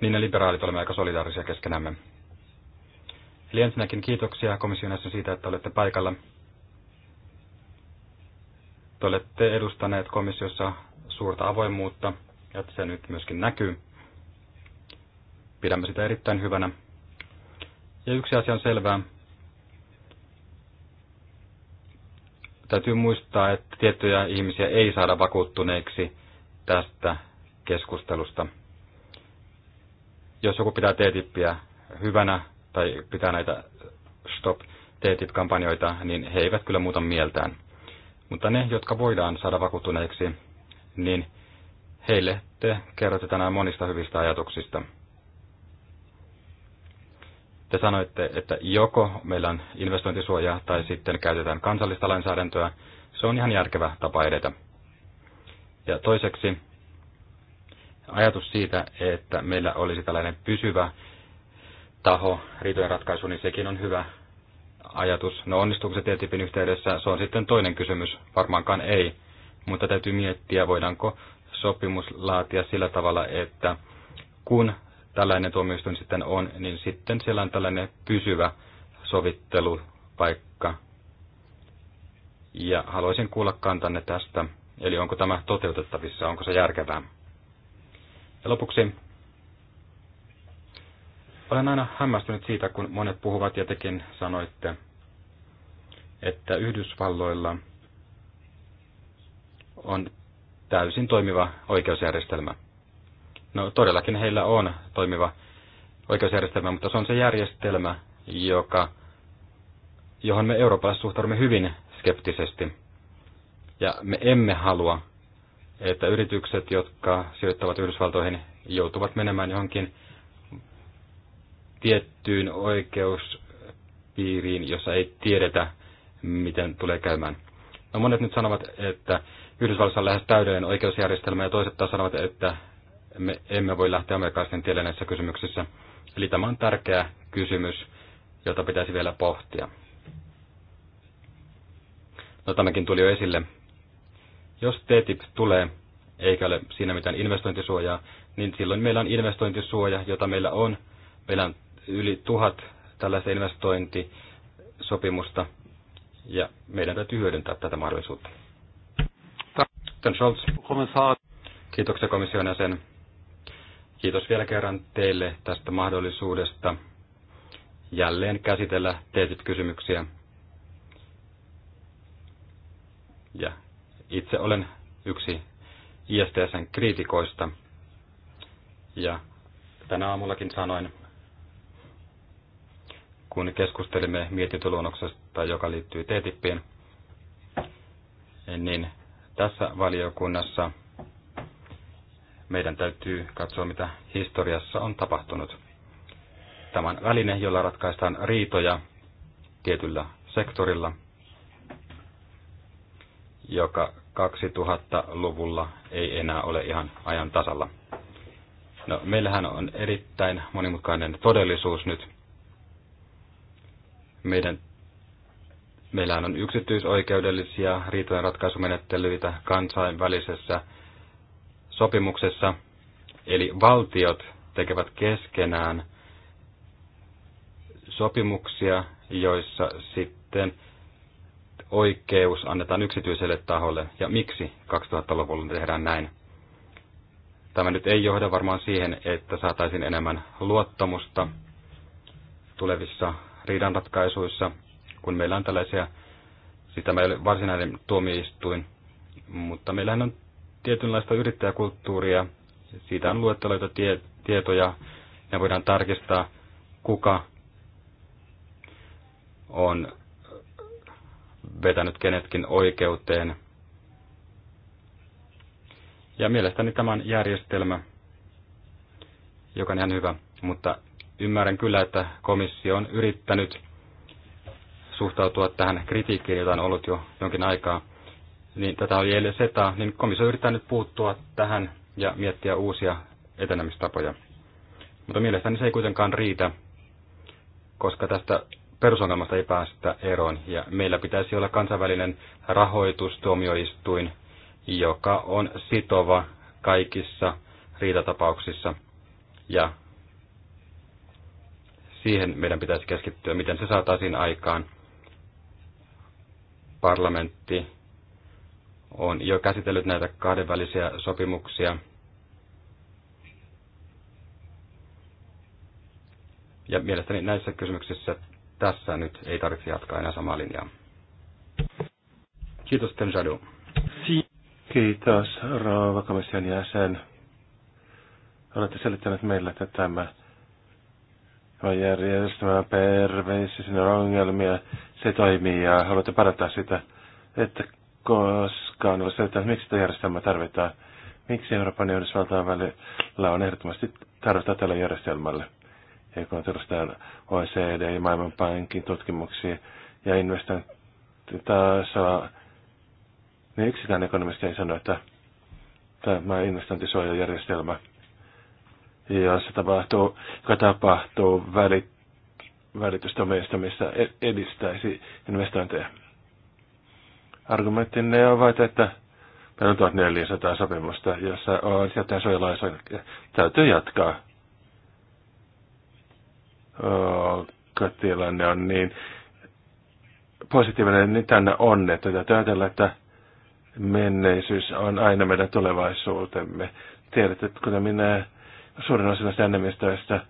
Niin ne liberaalit olemme aika solidaarisia keskenämme. Eli ensinnäkin kiitoksia komission siitä, että olette paikalla. Te olette edustaneet komissiossa suurta avoimuutta, ja se nyt myöskin näkyy. Pidämme sitä erittäin hyvänä. Ja yksi asia on selvää. Täytyy muistaa, että tiettyjä ihmisiä ei saada vakuuttuneeksi tästä keskustelusta. Jos joku pitää TTIPiä hyvänä tai pitää näitä Stop TTIP-kampanjoita, niin he eivät kyllä muuta mieltään. Mutta ne, jotka voidaan saada vakuuttuneiksi, niin heille te kerrotte tänään monista hyvistä ajatuksista. Te sanoitte, että joko meillä on investointisuoja tai sitten käytetään kansallista lainsäädäntöä. Se on ihan järkevä tapa edetä. Ja toiseksi ajatus siitä, että meillä olisi tällainen pysyvä taho riitojen ratkaisu, niin sekin on hyvä ajatus. No onnistuuko se TTIPin yhteydessä, se on sitten toinen kysymys, varmaankaan ei. Mutta täytyy miettiä, voidaanko sopimus laatia sillä tavalla, että kun tällainen tuomioistuin sitten on, niin sitten siellä on tällainen pysyvä sovittelupaikka. Ja haluaisin kuulla kantanne tästä, eli onko tämä toteutettavissa, onko se järkevää. Ja lopuksi olen aina hämmästynyt siitä, kun monet puhuvat ja tekin sanoitte, että Yhdysvalloilla on täysin toimiva oikeusjärjestelmä. No todellakin heillä on toimiva oikeusjärjestelmä, mutta se on se järjestelmä, joka, johon me eurooppalaiset suhtaudumme hyvin skeptisesti. Ja me emme halua, että yritykset, jotka sijoittavat Yhdysvaltoihin, joutuvat menemään johonkin tiettyyn oikeuspiiriin, jossa ei tiedetä, miten tulee käymään. No monet nyt sanovat, että Yhdysvalloissa on lähes täydellinen oikeusjärjestelmä ja toiset taas sanovat, että me emme voi lähteä amerikkalaisten tielle näissä kysymyksissä. Eli tämä on tärkeä kysymys, jota pitäisi vielä pohtia. No tämäkin tuli jo esille. Jos TTIP tulee, eikä ole siinä mitään investointisuojaa, niin silloin meillä on investointisuoja, jota meillä on. Meillä on yli tuhat tällaista investointisopimusta, ja meidän täytyy hyödyntää tätä mahdollisuutta. Sitten Scholz. Kiitoksia komission jäsen. Kiitos vielä kerran teille tästä mahdollisuudesta jälleen käsitellä teetit kysymyksiä. Ja itse olen yksi ISTSn kriitikoista. Ja tänä aamullakin sanoin, kun keskustelimme mietintöluonnoksesta, joka liittyy TTIPiin, niin tässä valiokunnassa meidän täytyy katsoa, mitä historiassa on tapahtunut. Tämän väline, jolla ratkaistaan riitoja tietyllä sektorilla, joka 2000-luvulla ei enää ole ihan ajan tasalla. No, meillähän on erittäin monimutkainen todellisuus nyt, meidän, meillähän on yksityisoikeudellisia riitojen ratkaisumenettelyitä kansainvälisessä sopimuksessa, eli valtiot tekevät keskenään sopimuksia, joissa sitten oikeus annetaan yksityiselle taholle. Ja miksi 2000-luvulla tehdään näin? Tämä nyt ei johda varmaan siihen, että saataisiin enemmän luottamusta tulevissa riidanratkaisuissa, kun meillä on tällaisia, sitä meillä varsinainen tuomioistuin, mutta meillähän on tietynlaista yrittäjäkulttuuria, siitä on luetteloita tie, tietoja, ja voidaan tarkistaa, kuka on vetänyt kenetkin oikeuteen. Ja mielestäni tämä on järjestelmä, joka on ihan hyvä, mutta Ymmärrän kyllä, että komissio on yrittänyt suhtautua tähän kritiikkiin, jota on ollut jo jonkin aikaa. Niin tätä oli eilen SETA, niin komissio on yrittänyt puuttua tähän ja miettiä uusia etenemistapoja. Mutta mielestäni se ei kuitenkaan riitä, koska tästä perusongelmasta ei päästä eroon. Ja meillä pitäisi olla kansainvälinen rahoitustuomioistuin, joka on sitova kaikissa riitatapauksissa. Ja siihen meidän pitäisi keskittyä, miten se saataisiin aikaan. Parlamentti on jo käsitellyt näitä kahdenvälisiä sopimuksia. Ja mielestäni näissä kysymyksissä tässä nyt ei tarvitse jatkaa enää samaa linjaa. Kiitos, Tenjadu. Kiitos, rouva komission jäsen. Olette selittäneet meillä, että tämä on järjestelmä perveissä, sinne on ongelmia, se toimii ja haluatte parantaa sitä, että koskaan olisi että miksi sitä järjestelmää tarvitaan, miksi Euroopan ja Yhdysvaltain välillä on ehdottomasti tarvetta tälle järjestelmälle. Ja kun on OECD ja Maailmanpankin tutkimuksia ja investointitasoa, niin yksikään ekonomisti ei sano, että tämä investointisuojajärjestelmä – ja se tapahtuu, joka tapahtuu välit, missä e-, edistäisi investointeja. Argumenttinne ovat, että meillä on 1400 sopimusta, jossa on sieltä suojelaisoikeuksia. Täytyy jatkaa. Onko tilanne on niin positiivinen, niin tänne on, että täytyy ajatella, että menneisyys on aina meidän tulevaisuutemme. Tiedät, että kun minä suurin osa näistä enemmistöistä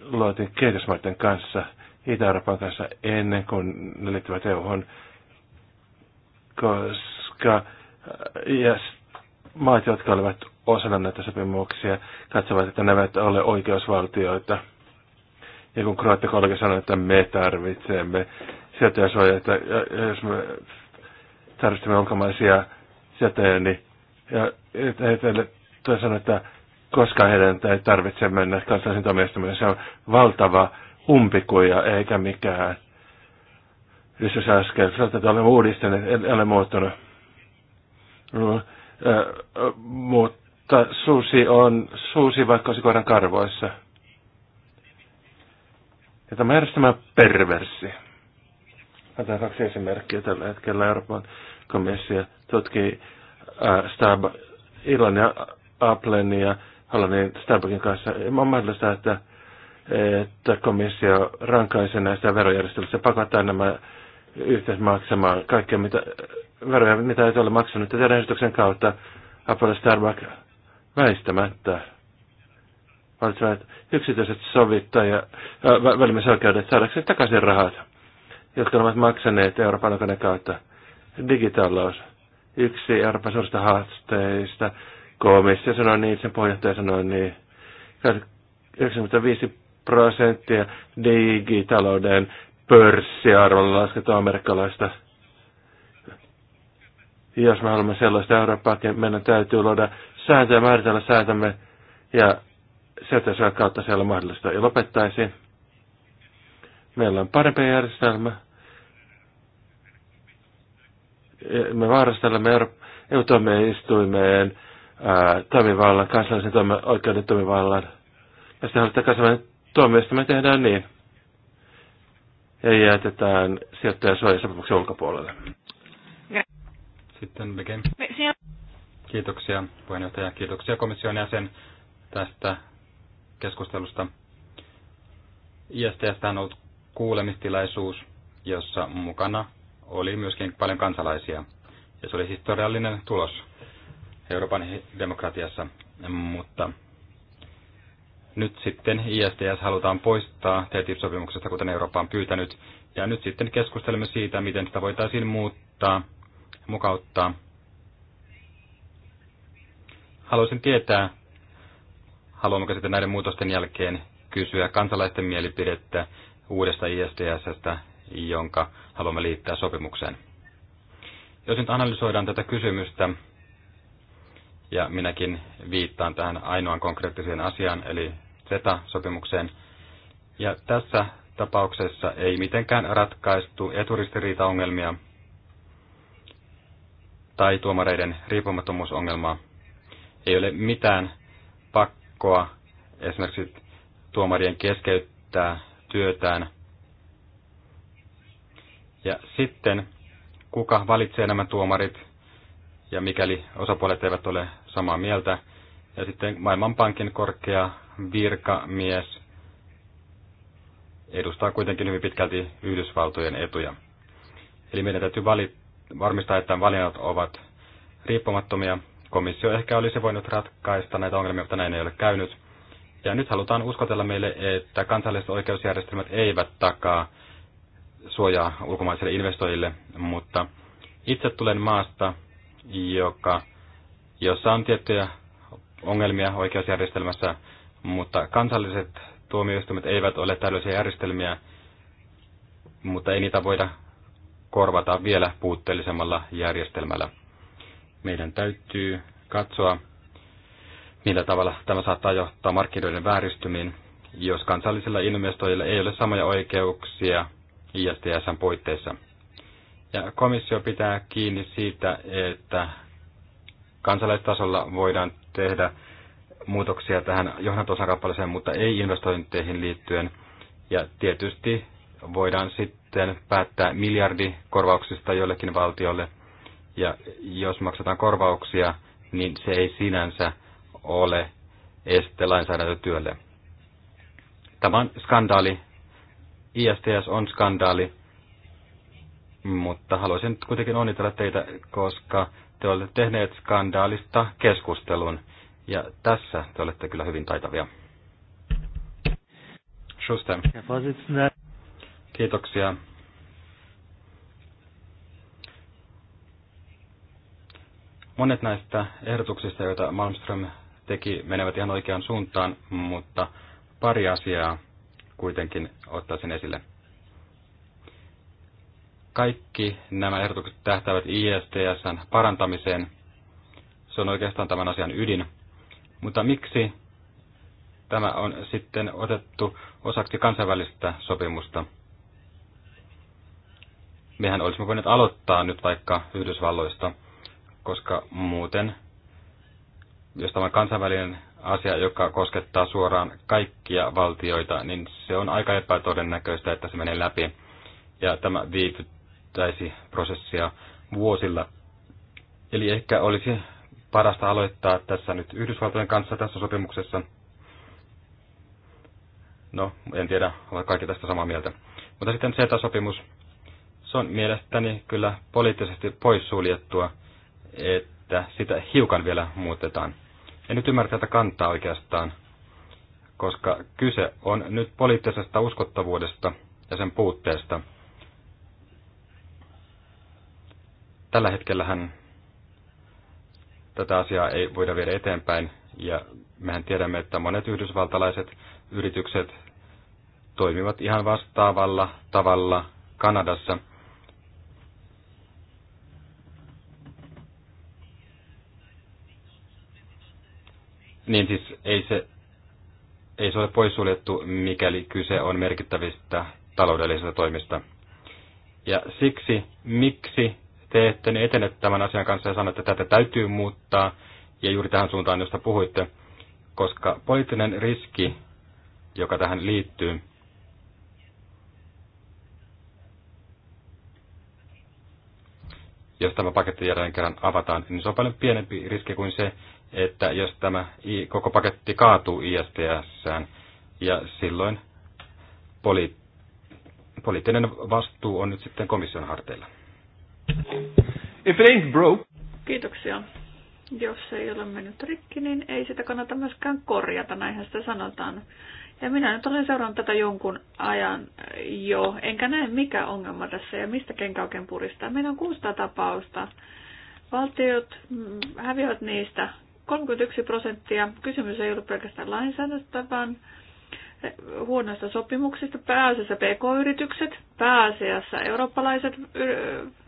luotiin kehitysmaiden kanssa, Itä-Euroopan kanssa ennen kuin ne liittyvät eu koska yes, äh, maat, jotka olivat osana näitä sopimuksia, katsovat, että nämä eivät ole oikeusvaltioita. Ja kun Kroatia kollega sanoi, että me tarvitsemme suojaa, että jos me tarvitsemme ulkomaisia sieltä niin ja, ja, ja, ja, sanoi, että koska heidän ei tarvitse mennä kansallisen tuomioistuimeen. Se on valtava umpikuja eikä mikään edistysaskel. Sanotaan, että olemme uudistaneet, en ole muuttunut. Mm, mutta suusi on suusi, vaikka olisi koiran karvoissa. Ja tämä järjestelmä on perversi. Otetaan kaksi esimerkkiä tällä hetkellä. Euroopan komissio tutkii äh, Stab, Ilan ja Applen ja Hollannin Starbuckin kanssa. On mahdollista, että, että komissio rankaisee näistä verojärjestelmistä pakottaa nämä yhteis maksamaan kaikkea, mitä veroja, mitä ei ole maksanut. Ja teidän kautta Apollo Starbuck väistämättä valitsevat yksityiset sovittajat, välimisoikeudet saadakseen takaisin rahat, jotka ovat maksaneet Euroopan kautta. Digitalous, yksi Euroopan suurista haasteista komissio sanoi niin, sen puheenjohtaja sanoi niin, 95 prosenttia digitalouden pörssiarvon lasketaan amerikkalaista. Jos me haluamme sellaista Eurooppaa, niin meidän täytyy luoda sääntöjä, määritellä sääntömme ja sieltä kautta siellä mahdollista. Ja lopettaisiin. Meillä on parempi järjestelmä. Me vaarastelemme EU-tuomioistuimeen toimivallan, kansallisen toimi, oikeuden toimivallan. Ja sitten halutaan kansainvälinen me tehdään niin. Ja jätetään sijoittajan suojasopimuksen ulkopuolelle. Sitten Begin. Kiitoksia puheenjohtaja, kiitoksia komission jäsen tästä keskustelusta. ISTS on ollut kuulemistilaisuus, jossa mukana oli myöskin paljon kansalaisia. Ja se oli historiallinen tulos Euroopan demokratiassa, mutta nyt sitten ISDS halutaan poistaa TTIP-sopimuksesta, kuten Eurooppa on pyytänyt, ja nyt sitten keskustelemme siitä, miten sitä voitaisiin muuttaa, mukauttaa. Haluaisin tietää, haluammeko sitten näiden muutosten jälkeen kysyä kansalaisten mielipidettä uudesta ISDSstä, jonka haluamme liittää sopimukseen. Jos nyt analysoidaan tätä kysymystä, ja minäkin viittaan tähän ainoan konkreettiseen asiaan, eli zeta sopimukseen Ja tässä tapauksessa ei mitenkään ratkaistu eturistiriitaongelmia tai tuomareiden riippumattomuusongelmaa. Ei ole mitään pakkoa esimerkiksi tuomarien keskeyttää työtään. Ja sitten, kuka valitsee nämä tuomarit, ja mikäli osapuolet eivät ole samaa mieltä. Ja sitten Maailmanpankin korkea virkamies edustaa kuitenkin hyvin pitkälti Yhdysvaltojen etuja. Eli meidän täytyy valit, varmistaa, että valinnat ovat riippumattomia. Komissio ehkä olisi voinut ratkaista näitä ongelmia, mutta näin ei ole käynyt. Ja nyt halutaan uskotella meille, että kansalliset oikeusjärjestelmät eivät takaa suojaa ulkomaisille investoijille, mutta itse tulen maasta, joka jossa on tiettyjä ongelmia oikeusjärjestelmässä, mutta kansalliset tuomioistuimet eivät ole tällaisia järjestelmiä, mutta ei niitä voida korvata vielä puutteellisemmalla järjestelmällä. Meidän täytyy katsoa, millä tavalla tämä saattaa johtaa markkinoiden vääristymiin, jos kansallisilla investoijilla ei ole samoja oikeuksia ISTSn puitteissa. Ja komissio pitää kiinni siitä, että kansalaistasolla voidaan tehdä muutoksia tähän kappaleeseen, mutta ei investointeihin liittyen. Ja tietysti voidaan sitten päättää miljardikorvauksista jollekin valtiolle. Ja jos maksetaan korvauksia, niin se ei sinänsä ole este lainsäädäntötyölle. Tämä on skandaali. ISTS on skandaali, mutta haluaisin kuitenkin onnitella teitä, koska te olette tehneet skandaalista keskustelun, ja tässä te olette kyllä hyvin taitavia. Schuster. Kiitoksia. Monet näistä ehdotuksista, joita Malmström teki, menevät ihan oikeaan suuntaan, mutta pari asiaa kuitenkin ottaisin esille. Kaikki nämä ehdotukset tähtävät ISTSn parantamiseen. Se on oikeastaan tämän asian ydin. Mutta miksi tämä on sitten otettu osaksi kansainvälistä sopimusta? Mehän olisimme voineet aloittaa nyt vaikka Yhdysvalloista, koska muuten, jos tämä on kansainvälinen asia, joka koskettaa suoraan kaikkia valtioita, niin se on aika epätodennäköistä, että se menee läpi. Ja tämä viivyttää venyttäisi prosessia vuosilla. Eli ehkä olisi parasta aloittaa tässä nyt Yhdysvaltojen kanssa tässä sopimuksessa. No, en tiedä, ovat kaikki tästä samaa mieltä. Mutta sitten CETA-sopimus, se on mielestäni kyllä poliittisesti poissuljettua, että sitä hiukan vielä muutetaan. En nyt ymmärrä tätä kantaa oikeastaan, koska kyse on nyt poliittisesta uskottavuudesta ja sen puutteesta. Tällä hetkellähän tätä asiaa ei voida viedä eteenpäin, ja mehän tiedämme, että monet yhdysvaltalaiset yritykset toimivat ihan vastaavalla tavalla Kanadassa. Niin siis ei se, ei se ole poissuljettu, mikäli kyse on merkittävistä taloudellisista toimista. Ja siksi, miksi te ette niin etene tämän asian kanssa ja sanotte, että tätä täytyy muuttaa, ja juuri tähän suuntaan, josta puhuitte, koska poliittinen riski, joka tähän liittyy, jos tämä paketti jälleen kerran avataan, niin se on paljon pienempi riski kuin se, että jos tämä koko paketti kaatuu ISTS, ja silloin poli, poliittinen vastuu on nyt sitten komission harteilla. If it ain't broke. Kiitoksia. Jos se ei ole mennyt rikki, niin ei sitä kannata myöskään korjata, näinhän sitä sanotaan. Ja minä nyt olen seurannut tätä jonkun ajan jo, enkä näe mikä ongelma tässä ja mistä kenkä oikein puristaa. Meillä on 600 tapausta. Valtiot mm, häviävät niistä 31 prosenttia. Kysymys ei ollut pelkästään lainsäädännöstä, vaan huonoista sopimuksista, pääasiassa pk-yritykset, pääasiassa eurooppalaiset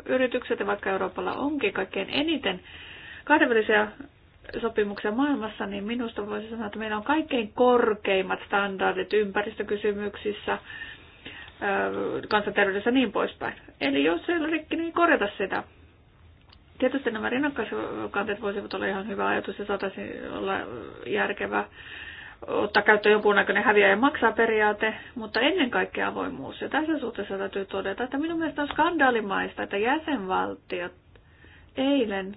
yritykset, ja vaikka Euroopalla onkin kaikkein eniten kahdenvälisiä sopimuksia maailmassa, niin minusta voisi sanoa, että meillä on kaikkein korkeimmat standardit ympäristökysymyksissä, kansanterveydessä ja niin poispäin. Eli jos ei ole rikki, niin korjata sitä. Tietysti nämä rinnakkaiskanteet voisivat olla ihan hyvä ajatus ja saataisiin olla järkevää ottaa käyttöön jonkunnäköinen häviä ja maksaa periaate, mutta ennen kaikkea avoimuus. Ja tässä suhteessa täytyy todeta, että minun mielestä on skandaalimaista, että jäsenvaltiot eilen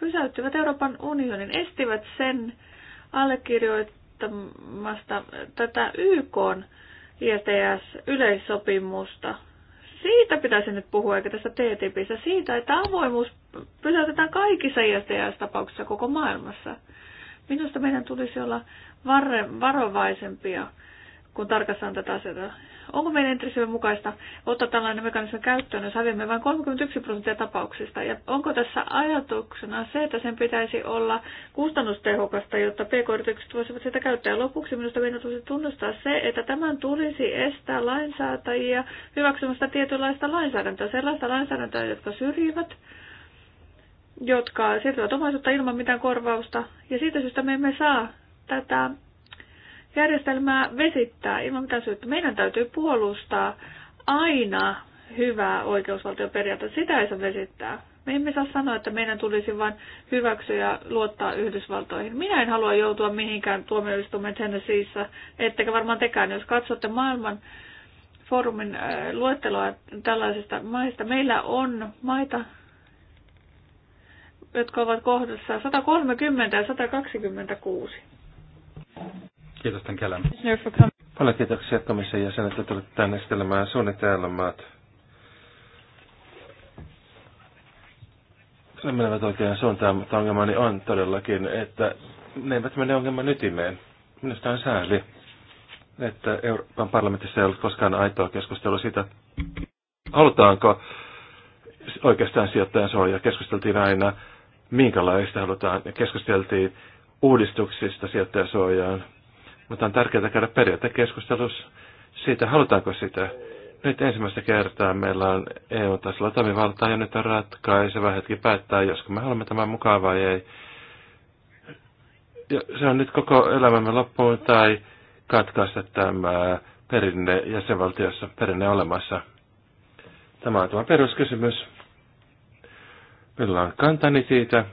pysäyttivät Euroopan unionin, estivät sen allekirjoittamasta tätä YK ISTS-yleissopimusta. Siitä pitäisi nyt puhua, eikä tässä TTIPissä, siitä, että avoimuus pysäytetään kaikissa ISTS-tapauksissa koko maailmassa. Minusta meidän tulisi olla varovaisempia, kun tarkastetaan tätä asiaa. Onko meidän intressimme mukaista ottaa tällainen mekanismi käyttöön, jos häviämme vain 31 prosenttia tapauksista? Ja onko tässä ajatuksena se, että sen pitäisi olla kustannustehokasta, jotta pk-yritykset voisivat sitä käyttää? Ja lopuksi minusta meidän tulisi tunnustaa se, että tämän tulisi estää lainsäätäjiä hyväksymästä tietynlaista lainsäädäntöä, sellaista lainsäädäntöä, jotka syrjivät jotka siirtyvät omaisuutta ilman mitään korvausta. Ja siitä syystä me emme saa tätä järjestelmää vesittää ilman mitään syytä. Meidän täytyy puolustaa aina hyvää oikeusvaltioperiaatetta. Sitä ei saa vesittää. Me emme saa sanoa, että meidän tulisi vain hyväksyä ja luottaa Yhdysvaltoihin. Minä en halua joutua mihinkään tuomioistuimeen Tennesseeissä, ettekä varmaan tekään. Jos katsotte maailman foorumin äh, luetteloa tällaisista maista, meillä on maita, jotka ovat kohdassa 130 ja 126. Kiitos tämän kelan. Paljon kiitoksia komission jäsenet, että tulitte tänne esittelemään suunnitelmat. Ne menevät oikeaan suuntaan, mutta ongelmani on todellakin, että ne eivät mene ongelman ytimeen. Minusta on sääli, että Euroopan parlamentissa ei ollut koskaan aitoa keskustelua siitä, halutaanko oikeastaan sijoittajan suojaa. Keskusteltiin aina minkälaista halutaan. Keskusteltiin uudistuksista sijoittajasuojaan, mutta on tärkeää käydä periaatekeskustelussa siitä, halutaanko sitä. Nyt ensimmäistä kertaa meillä on EU-tasolla toimivaltaa ja nyt on ratkaiseva hetki päättää, josko me haluamme tämän mukaan vai ei. Ja se on nyt koko elämämme loppuun tai katkaista tämä perinne jäsenvaltiossa, perinne olemassa. Tämä on tämä peruskysymys. Meillä on kantani siitä.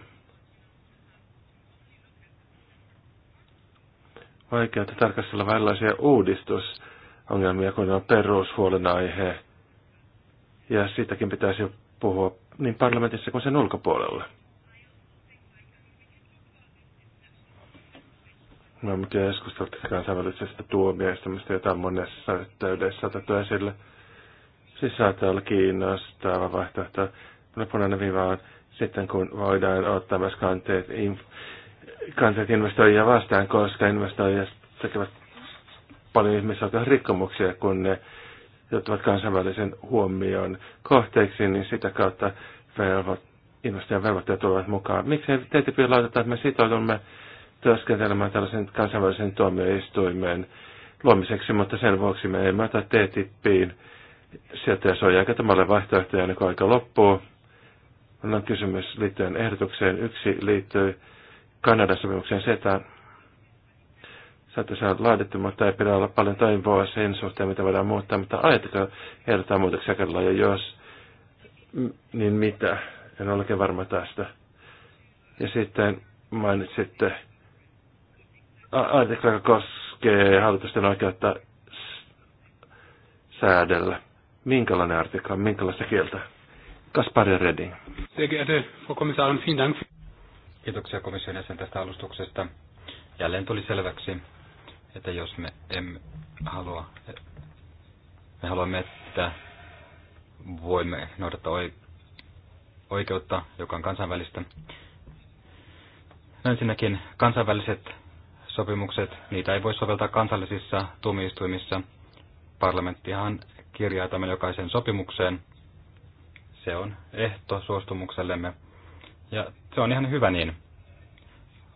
Vaikeutta tarkastella vähänlaisia uudistusongelmia, kun on perushuolenaihe. Ja siitäkin pitäisi puhua niin parlamentissa kuin sen ulkopuolella. No, mitä keskusteltu kansainvälisestä tuomioistumista, jota on monessa yhteydessä otettu esille. Siis saattaa olla kiinnostava vaihtoehto punainen viiva on sitten, kun voidaan ottaa myös kanteet, inf- kanteet investoijia vastaan, koska investoijat tekevät paljon ihmisoikeusrikkomuksia, kun ne joutuvat kansainvälisen huomioon kohteeksi, niin sitä kautta velvo- investoijan velvoitteet tulevat mukaan. Miksei TTIP lauteta, että me sitoudumme työskentelemään tällaisen kansainvälisen tuomioistuimen luomiseksi, mutta sen vuoksi me emme ota TTIPiin sieltä ja se on aika vaihtoehtoja, niin kun aika loppuu. Annan kysymys liittyen ehdotukseen. Yksi liittyy Kanadan sopimukseen SETAan. Saatte saada laadittu, mutta ei pidä olla paljon toivoa sen suhteen, mitä voidaan muuttaa. Mutta ajatteko ehdottaa muutoksia kerralla, ja jos, niin mitä? En ole oikein varma tästä. Ja sitten mainitsitte ajatteko, joka koskee hallitusten oikeutta säädellä. Minkälainen artikla, minkälaista kieltä? Kaspari Reding. Sehr geehrte Frau Kommissarin, vielen Dank. Kiitoksia komission jäsen tästä alustuksesta. Jälleen tuli selväksi, että jos me emme halua, me haluamme, että voimme noudattaa oikeutta, joka on kansainvälistä. No ensinnäkin kansainväliset sopimukset, niitä ei voi soveltaa kansallisissa tuomioistuimissa. Parlamenttihan kirjaa tämän jokaisen sopimukseen – se on ehto suostumuksellemme. Ja se on ihan hyvä niin.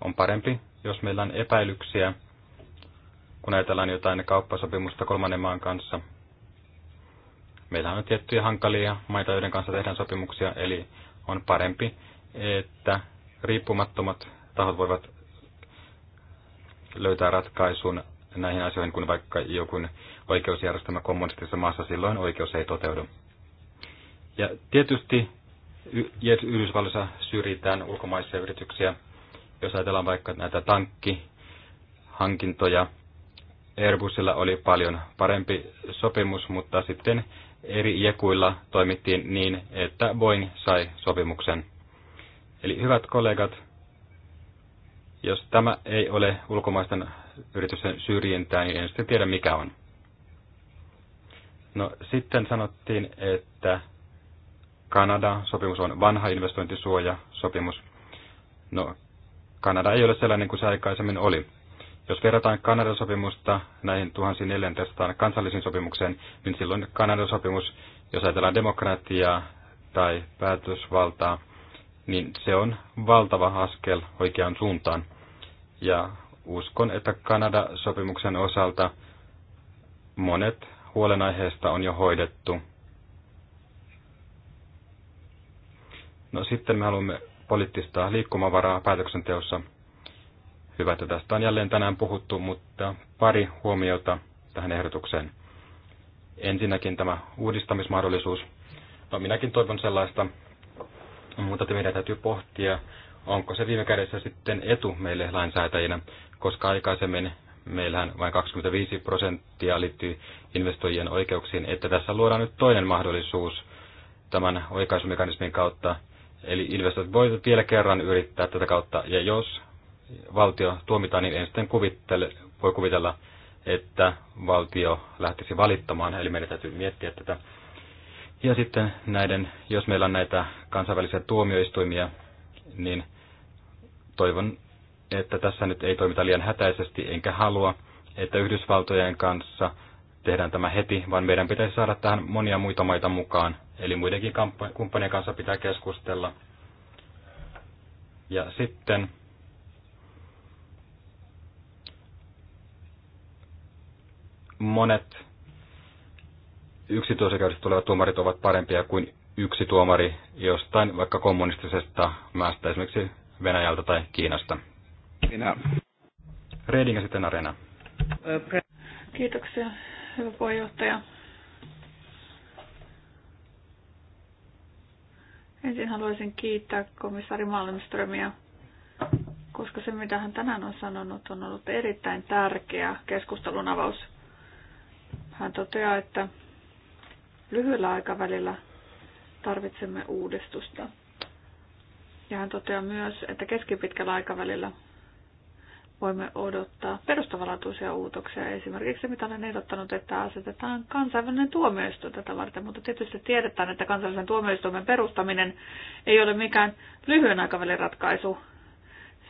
On parempi, jos meillä on epäilyksiä, kun ajatellaan jotain kauppasopimusta kolmannen maan kanssa. Meillä on tiettyjä hankalia maita, joiden kanssa tehdään sopimuksia, eli on parempi, että riippumattomat tahot voivat löytää ratkaisun näihin asioihin, kun vaikka joku oikeusjärjestelmä kommunistisessa maassa silloin oikeus ei toteudu. Ja tietysti Yhdysvalloissa syrjitään ulkomaisia yrityksiä, jos ajatellaan vaikka näitä tankkihankintoja. Airbusilla oli paljon parempi sopimus, mutta sitten eri jekuilla toimittiin niin, että Boeing sai sopimuksen. Eli hyvät kollegat, jos tämä ei ole ulkomaisten yritysten syrjintää, niin en sitten tiedä mikä on. No sitten sanottiin, että Kanada-sopimus on vanha investointisuojasopimus. No, Kanada ei ole sellainen kuin se aikaisemmin oli. Jos verrataan Kanadan sopimusta näihin 1400 kansallisiin sopimukseen, niin silloin Kanadan sopimus, jos ajatellaan demokratiaa tai päätösvaltaa, niin se on valtava askel oikeaan suuntaan. Ja uskon, että Kanada-sopimuksen osalta monet huolenaiheesta on jo hoidettu No sitten me haluamme poliittista liikkumavaraa päätöksenteossa. Hyvä, että tästä on jälleen tänään puhuttu, mutta pari huomiota tähän ehdotukseen. Ensinnäkin tämä uudistamismahdollisuus. No minäkin toivon sellaista, mutta meidän täytyy pohtia, onko se viime kädessä sitten etu meille lainsäätäjinä, koska aikaisemmin meillähän vain 25 prosenttia liittyy investoijien oikeuksiin, että tässä luodaan nyt toinen mahdollisuus tämän oikaisumekanismin kautta Eli investoit voi vielä kerran yrittää tätä kautta, ja jos valtio tuomitaan, niin en sitten kuvittele, voi kuvitella, että valtio lähtisi valittamaan, eli meidän täytyy miettiä tätä. Ja sitten näiden, jos meillä on näitä kansainvälisiä tuomioistuimia, niin toivon, että tässä nyt ei toimita liian hätäisesti, enkä halua, että Yhdysvaltojen kanssa tehdään tämä heti, vaan meidän pitäisi saada tähän monia muita maita mukaan. Eli muidenkin kumppanien kanssa pitää keskustella. Ja sitten monet yksityisoikeudesta tulevat tuomarit ovat parempia kuin yksi tuomari jostain vaikka kommunistisesta maasta, esimerkiksi Venäjältä tai Kiinasta. Minä. Reading ja sitten Arena. Kiitoksia hyvä puheenjohtaja. Ensin haluaisin kiittää komissaari Malmströmiä, koska se mitä hän tänään on sanonut on ollut erittäin tärkeä keskustelun avaus. Hän toteaa, että lyhyellä aikavälillä tarvitsemme uudistusta. Ja hän toteaa myös, että keskipitkällä aikavälillä voimme odottaa perustavanlaatuisia uutoksia. Esimerkiksi mitä olen ehdottanut, että asetetaan kansainvälinen tuomioistuin tätä varten, mutta tietysti tiedetään, että kansainvälisen tuomioistuimen perustaminen ei ole mikään lyhyen aikavälin ratkaisu.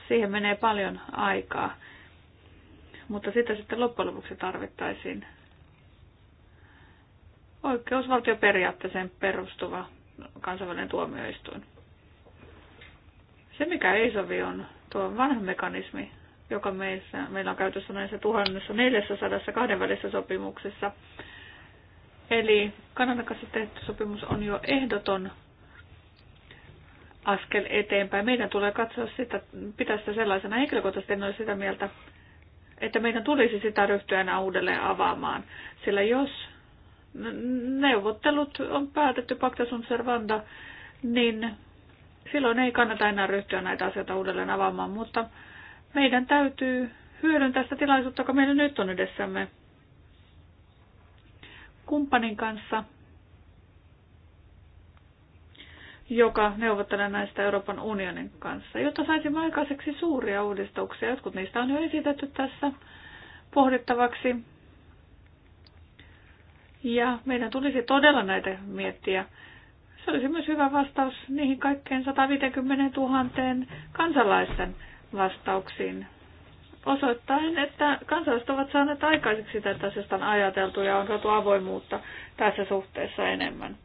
Siihen menee paljon aikaa, mutta sitä sitten loppujen lopuksi tarvittaisiin oikeusvaltioperiaatteeseen perustuva kansainvälinen tuomioistuin. Se, mikä ei sovi, on tuo vanha mekanismi, joka meissä, meillä on käytössä näissä 1400 kahdenvälisessä sopimuksessa. Eli Kanadan kanssa tehty sopimus on jo ehdoton askel eteenpäin. Meidän tulee katsoa sitä, pitää sitä sellaisena henkilökohtaisesti, en ole sitä mieltä, että meidän tulisi sitä ryhtyä enää uudelleen avaamaan. Sillä jos neuvottelut on päätetty pacta sunt servanda, niin silloin ei kannata enää ryhtyä näitä asioita uudelleen avaamaan, mutta meidän täytyy hyödyntää sitä tilaisuutta, joka meillä nyt on edessämme kumppanin kanssa, joka neuvottelee näistä Euroopan unionin kanssa, jotta saisimme aikaiseksi suuria uudistuksia. Jotkut niistä on jo esitetty tässä pohdittavaksi. Ja meidän tulisi todella näitä miettiä. Se olisi myös hyvä vastaus niihin kaikkeen 150 000 kansalaisten vastauksiin osoittain, että kansalaiset ovat saaneet aikaiseksi sitä, että asiasta on ajateltu ja on saatu avoimuutta tässä suhteessa enemmän.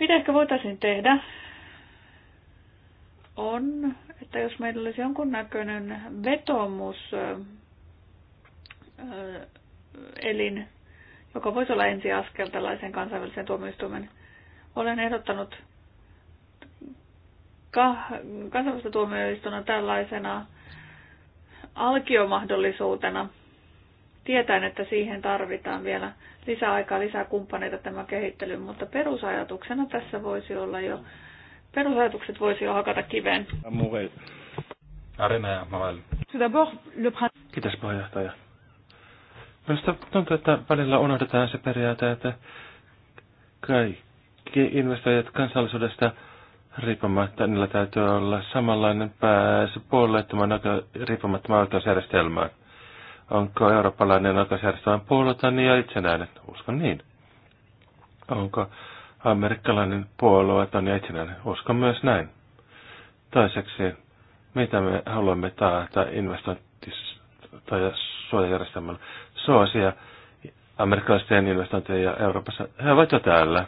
Mitä ehkä voitaisiin tehdä on, että jos meillä olisi jonkunnäköinen vetomus elin, joka voisi olla ensiaskel tällaisen kansainvälisen tuomioistuimen, olen ehdottanut kansainvälistä tuomioistuinta tällaisena alkiomahdollisuutena, tietäen, että siihen tarvitaan vielä lisää aikaa, lisää kumppaneita tämä kehittely, mutta perusajatuksena tässä voisi olla jo, perusajatukset voisi jo hakata kiveen. ja Kiitos puheenjohtaja. Minusta tuntuu, että välillä unohdetaan se periaate, että kaikki investoijat kansallisuudesta riippumatta, niillä täytyy olla samanlainen pääsy puolueettoman riippumattoman oikeusjärjestelmään. Onko eurooppalainen oikeusjärjestelmä puolueeton ja itsenäinen? Uskon niin. Onko amerikkalainen puolueeton ja itsenäinen? Uskon myös näin. Toiseksi, mitä me haluamme taata investointis- tai suojajärjestelmällä? Suosia amerikkalaisten investointeja Euroopassa. He ovat jo täällä.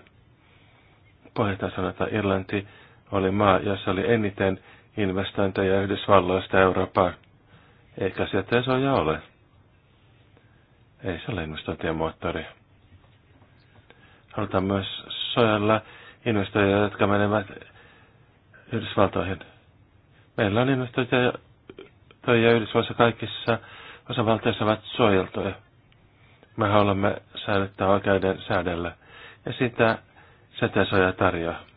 Pohjoitaan sanotaan Irlanti, oli maa, jossa oli eniten investointeja Yhdysvalloista Eurooppaan. Eikä sieltä isoja ole. Ei se ole investointien moottori. Halutaan myös sojalla investoijia, jotka menevät Yhdysvaltoihin. Meillä on investointeja Yhdysvalloissa kaikissa osavaltioissa ovat suojeltuja. Me haluamme säilyttää oikeuden säädellä. Ja sitä setesoja tarjoaa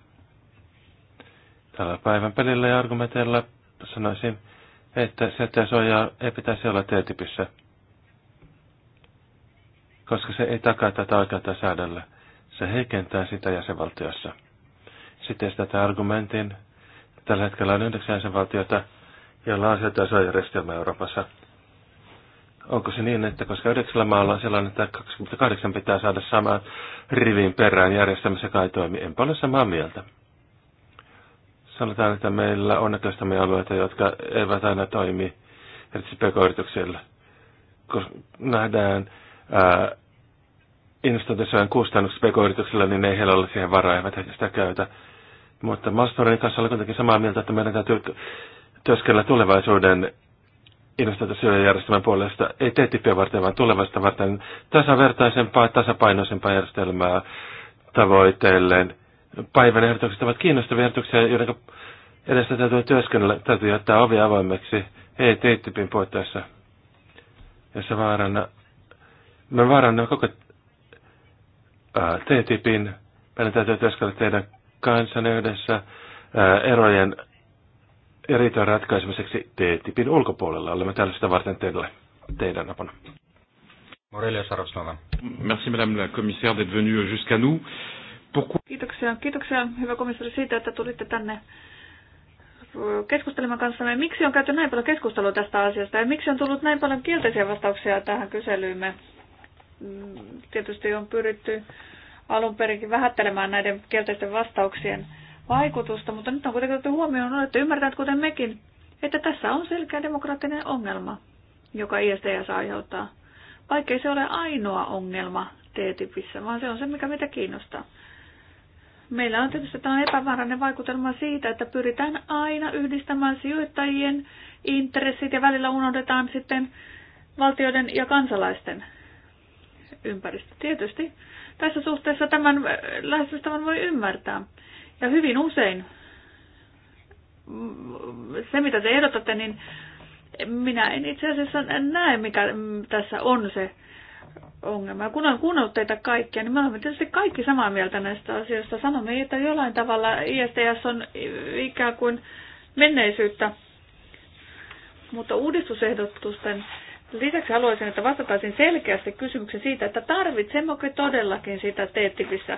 tällä päivän pelillä ja argumenteilla sanoisin, että sieltä suojaa ei pitäisi olla TTIPissä, koska se ei takaa tätä oikeutta säädellä. Se heikentää sitä jäsenvaltiossa. Sitten sitä argumentin, tällä hetkellä on yhdeksän jäsenvaltiota, joilla on sieltä suojajärjestelmä Euroopassa. Onko se niin, että koska yhdeksällä maalla on sellainen, että 28 pitää saada samaan rivin perään järjestelmässä kai toimi? Enpä ole samaa mieltä. Sanotaan, että meillä on näköistämme alueita, jotka eivät aina toimi, erityisesti pk-yrityksillä. Kun nähdään investointisojen kustannukset pk-yrityksillä, niin ei heillä ole siihen varaa, eivät he sitä käytä. Mutta Mastorin kanssa olen kuitenkin samaa mieltä, että meidän täytyy työskennellä tulevaisuuden järjestelmän puolesta, ei TTIPia varten, vaan tulevaista varten tasavertaisempaa, tasapainoisempaa järjestelmää tavoitteilleen päivän ehdotukset ovat kiinnostavia ehdotuksia, joiden edestä täytyy työskennellä, täytyy jättää ovi avoimeksi Hei, teittipin poittaessa, jossa vaaranna, me vaarannamme koko teittipin, Meidän täytyy työskennellä teidän kansan yhdessä ää, erojen erityön ratkaisemiseksi TTIPin ulkopuolella. Olemme täällä sitä varten teille, teidän apuna. Morelio Sarasnova. Merci madame la commissaire d'être venue jusqu'à nous. Kiitoksia, kiitoksia hyvä komissari siitä, että tulitte tänne keskustelemaan kanssamme. Miksi on käyty näin paljon keskustelua tästä asiasta ja miksi on tullut näin paljon kielteisiä vastauksia tähän kyselyymme? Mm, tietysti on pyritty alun perinkin vähättelemään näiden kielteisten vastauksien vaikutusta, mutta nyt on kuitenkin otettu huomioon, olette ymmärtää, kuten mekin, että tässä on selkeä demokraattinen ongelma, joka ISTS aiheuttaa. Vaikkei se ole ainoa ongelma TTIPissä, vaan se on se, mikä meitä kiinnostaa. Meillä on tietysti tämä epävarainen vaikutelma siitä, että pyritään aina yhdistämään sijoittajien intressit ja välillä unohdetaan sitten valtioiden ja kansalaisten ympäristö. Tietysti tässä suhteessa tämän äh, lähestymistavan voi ymmärtää. Ja hyvin usein mm, se, mitä te ehdotatte, niin minä en itse asiassa näe, mikä tässä on se ongelma. kun on kuunnellut teitä kaikkia, niin me olemme tietysti kaikki samaa mieltä näistä asioista. Sanomme, että jollain tavalla ISTS on ikään kuin menneisyyttä, mutta uudistusehdotusten lisäksi haluaisin, että vastataisin selkeästi kysymyksen siitä, että tarvitsemmeko todellakin sitä teettivissä?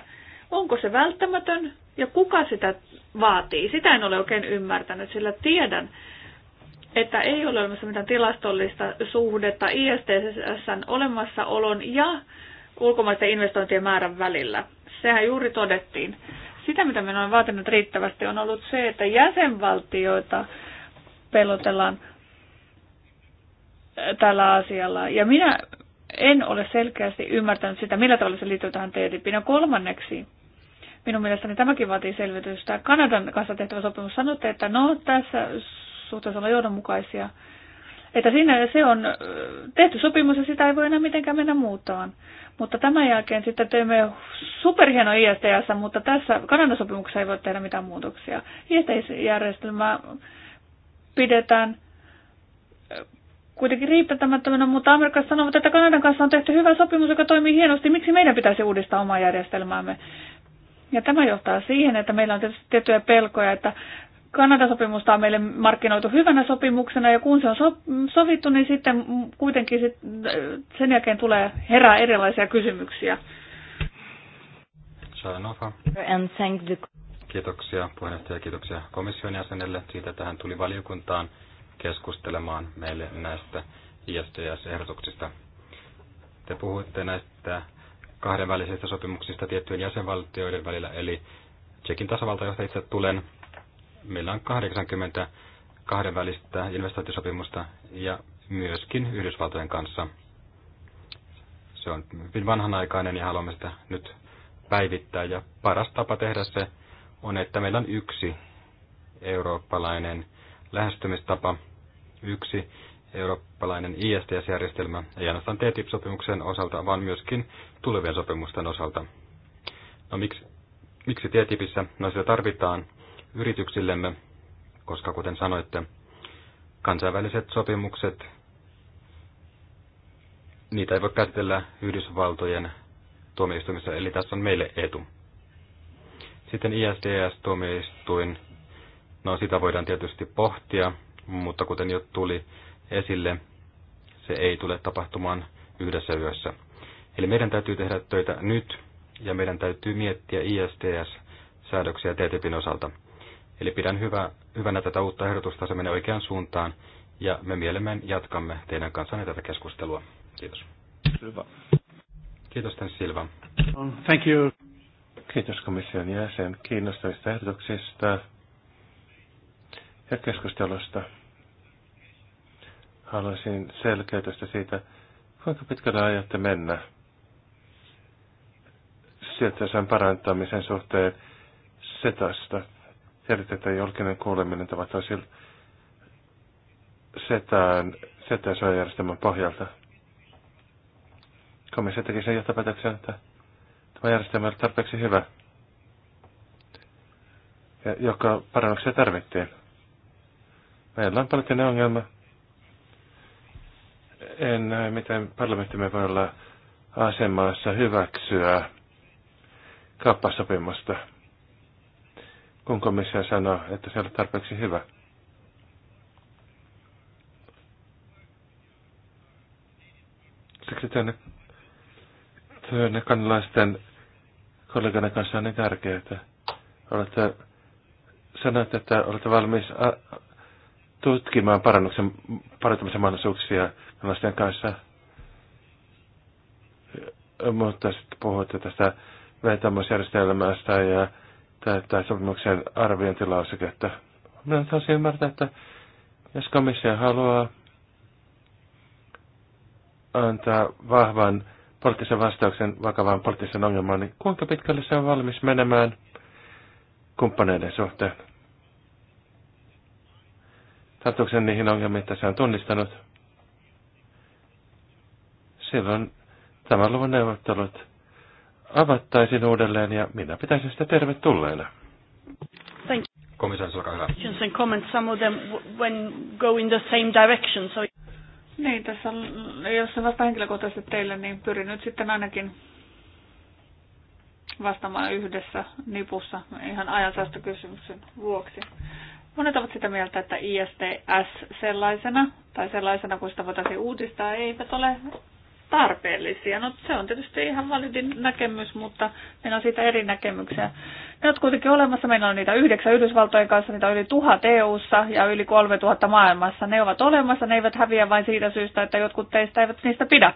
Onko se välttämätön ja kuka sitä vaatii? Sitä en ole oikein ymmärtänyt, sillä tiedän, että ei ole olemassa mitään tilastollista suhdetta ISTSn olemassaolon ja ulkomaisten investointien määrän välillä. Sehän juuri todettiin. Sitä, mitä minä olen vaatinut riittävästi, on ollut se, että jäsenvaltioita pelotellaan tällä asialla. Ja minä en ole selkeästi ymmärtänyt sitä, millä tavalla se liittyy tähän TTIP. No kolmanneksi, minun mielestäni tämäkin vaatii selvitystä. Kanadan kanssa tehtävä sopimus sanotte, että no tässä suhteessa olla johdonmukaisia. Että siinä se on tehty sopimus ja sitä ei voi enää mitenkään mennä muutaan. Mutta tämän jälkeen sitten teemme superhieno ISTS, mutta tässä Kanadan sopimuksessa ei voi tehdä mitään muutoksia. ISTS-järjestelmää pidetään kuitenkin riittämättömänä, mutta Amerikassa sanovat, että Kanadan kanssa on tehty hyvä sopimus, joka toimii hienosti. Miksi meidän pitäisi uudistaa omaa järjestelmäämme? Ja tämä johtaa siihen, että meillä on tietysti tiettyjä pelkoja, että Kanadan sopimusta on meille markkinoitu hyvänä sopimuksena ja kun se on sovittu, niin sitten kuitenkin sit, äh, sen jälkeen tulee herää erilaisia kysymyksiä. Kiitoksia puheenjohtaja ja kiitoksia komission jäsenelle siitä, että hän tuli valiokuntaan keskustelemaan meille näistä ists ehdotuksista Te puhuitte näistä kahdenvälisistä sopimuksista tiettyjen jäsenvaltioiden välillä, eli Tsekin tasavaltajohtaja itse tulen, meillä on 80 kahdenvälistä investointisopimusta ja myöskin Yhdysvaltojen kanssa. Se on hyvin vanhanaikainen ja haluamme sitä nyt päivittää. Ja paras tapa tehdä se on, että meillä on yksi eurooppalainen lähestymistapa, yksi eurooppalainen ISTS-järjestelmä, ei ainoastaan TTIP-sopimuksen osalta, vaan myöskin tulevien sopimusten osalta. No miksi, miksi TTIPissä? No sitä tarvitaan, yrityksillemme, koska kuten sanoitte, kansainväliset sopimukset, niitä ei voi käsitellä Yhdysvaltojen tuomioistuimissa, eli tässä on meille etu. Sitten ISDS-tuomioistuin, no sitä voidaan tietysti pohtia, mutta kuten jo tuli esille, se ei tule tapahtumaan yhdessä yössä. Eli meidän täytyy tehdä töitä nyt ja meidän täytyy miettiä ISDS-säädöksiä TTIPin osalta. Eli pidän hyvä, hyvänä tätä uutta ehdotusta, se menee oikeaan suuntaan, ja me mielemmin jatkamme teidän kanssanne tätä keskustelua. Kiitos. Hyvä. Kiitos, Tän Silva. Um, thank you. Kiitos komission jäsen kiinnostavista ehdotuksista ja keskustelusta. Haluaisin selkeytystä siitä, kuinka pitkälle aiotte mennä sijoittajan parantamisen suhteen setasta. Selitettä ja julkinen kuuleminen tavataan sillä setään, setään suojajärjestelmän pohjalta. Komissio teki sen johtopäätöksen, että tämä järjestelmä oli tarpeeksi hyvä, ja joka parannuksia tarvittiin. Meillä on poliittinen ongelma. En näe, miten parlamenttimme voi olla asemassa hyväksyä kauppasopimusta kun komissio sanoo, että se on tarpeeksi hyvä. Siksi tänne työnne kannalaisten kollegana kanssa on niin tärkeää. että Olette sanoneet, että olette valmis tutkimaan parannuksen, parantamisen mahdollisuuksia kannalaisten kanssa. Mutta sitten puhutte tästä vetämysjärjestelmästä ja tai sopimuksen arviointilauseketta. Minä taisin ymmärtää, että jos komissio haluaa antaa vahvan poliittisen vastauksen vakavaan poliittisen ongelmaan, niin kuinka pitkälle se on valmis menemään kumppaneiden suhteen? Tartuksen niihin ongelmiin, että se on tunnistanut? Silloin tämän luvun neuvottelut avattaisiin uudelleen ja minä pitäisin sitä tervetulleena. Thank you. Komissaari, olkaa hyvä. And comment some of them when go in the same direction. So... Niin, tässä on, jos se vastaa henkilökohtaisesti teille, niin pyrin nyt sitten ainakin vastaamaan yhdessä nipussa ihan ajansäästökysymyksen vuoksi. Monet ovat sitä mieltä, että ISTS sellaisena tai sellaisena, kun sitä voitaisiin uudistaa, eivät ole tarpeellisia. No se on tietysti ihan validin näkemys, mutta meillä on siitä eri näkemyksiä. Ne ovat kuitenkin olemassa. Meillä on niitä yhdeksän Yhdysvaltojen kanssa, niitä on yli tuhat EU-ssa ja yli kolme tuhatta maailmassa. Ne ovat olemassa, ne eivät häviä vain siitä syystä, että jotkut teistä eivät niistä pidä.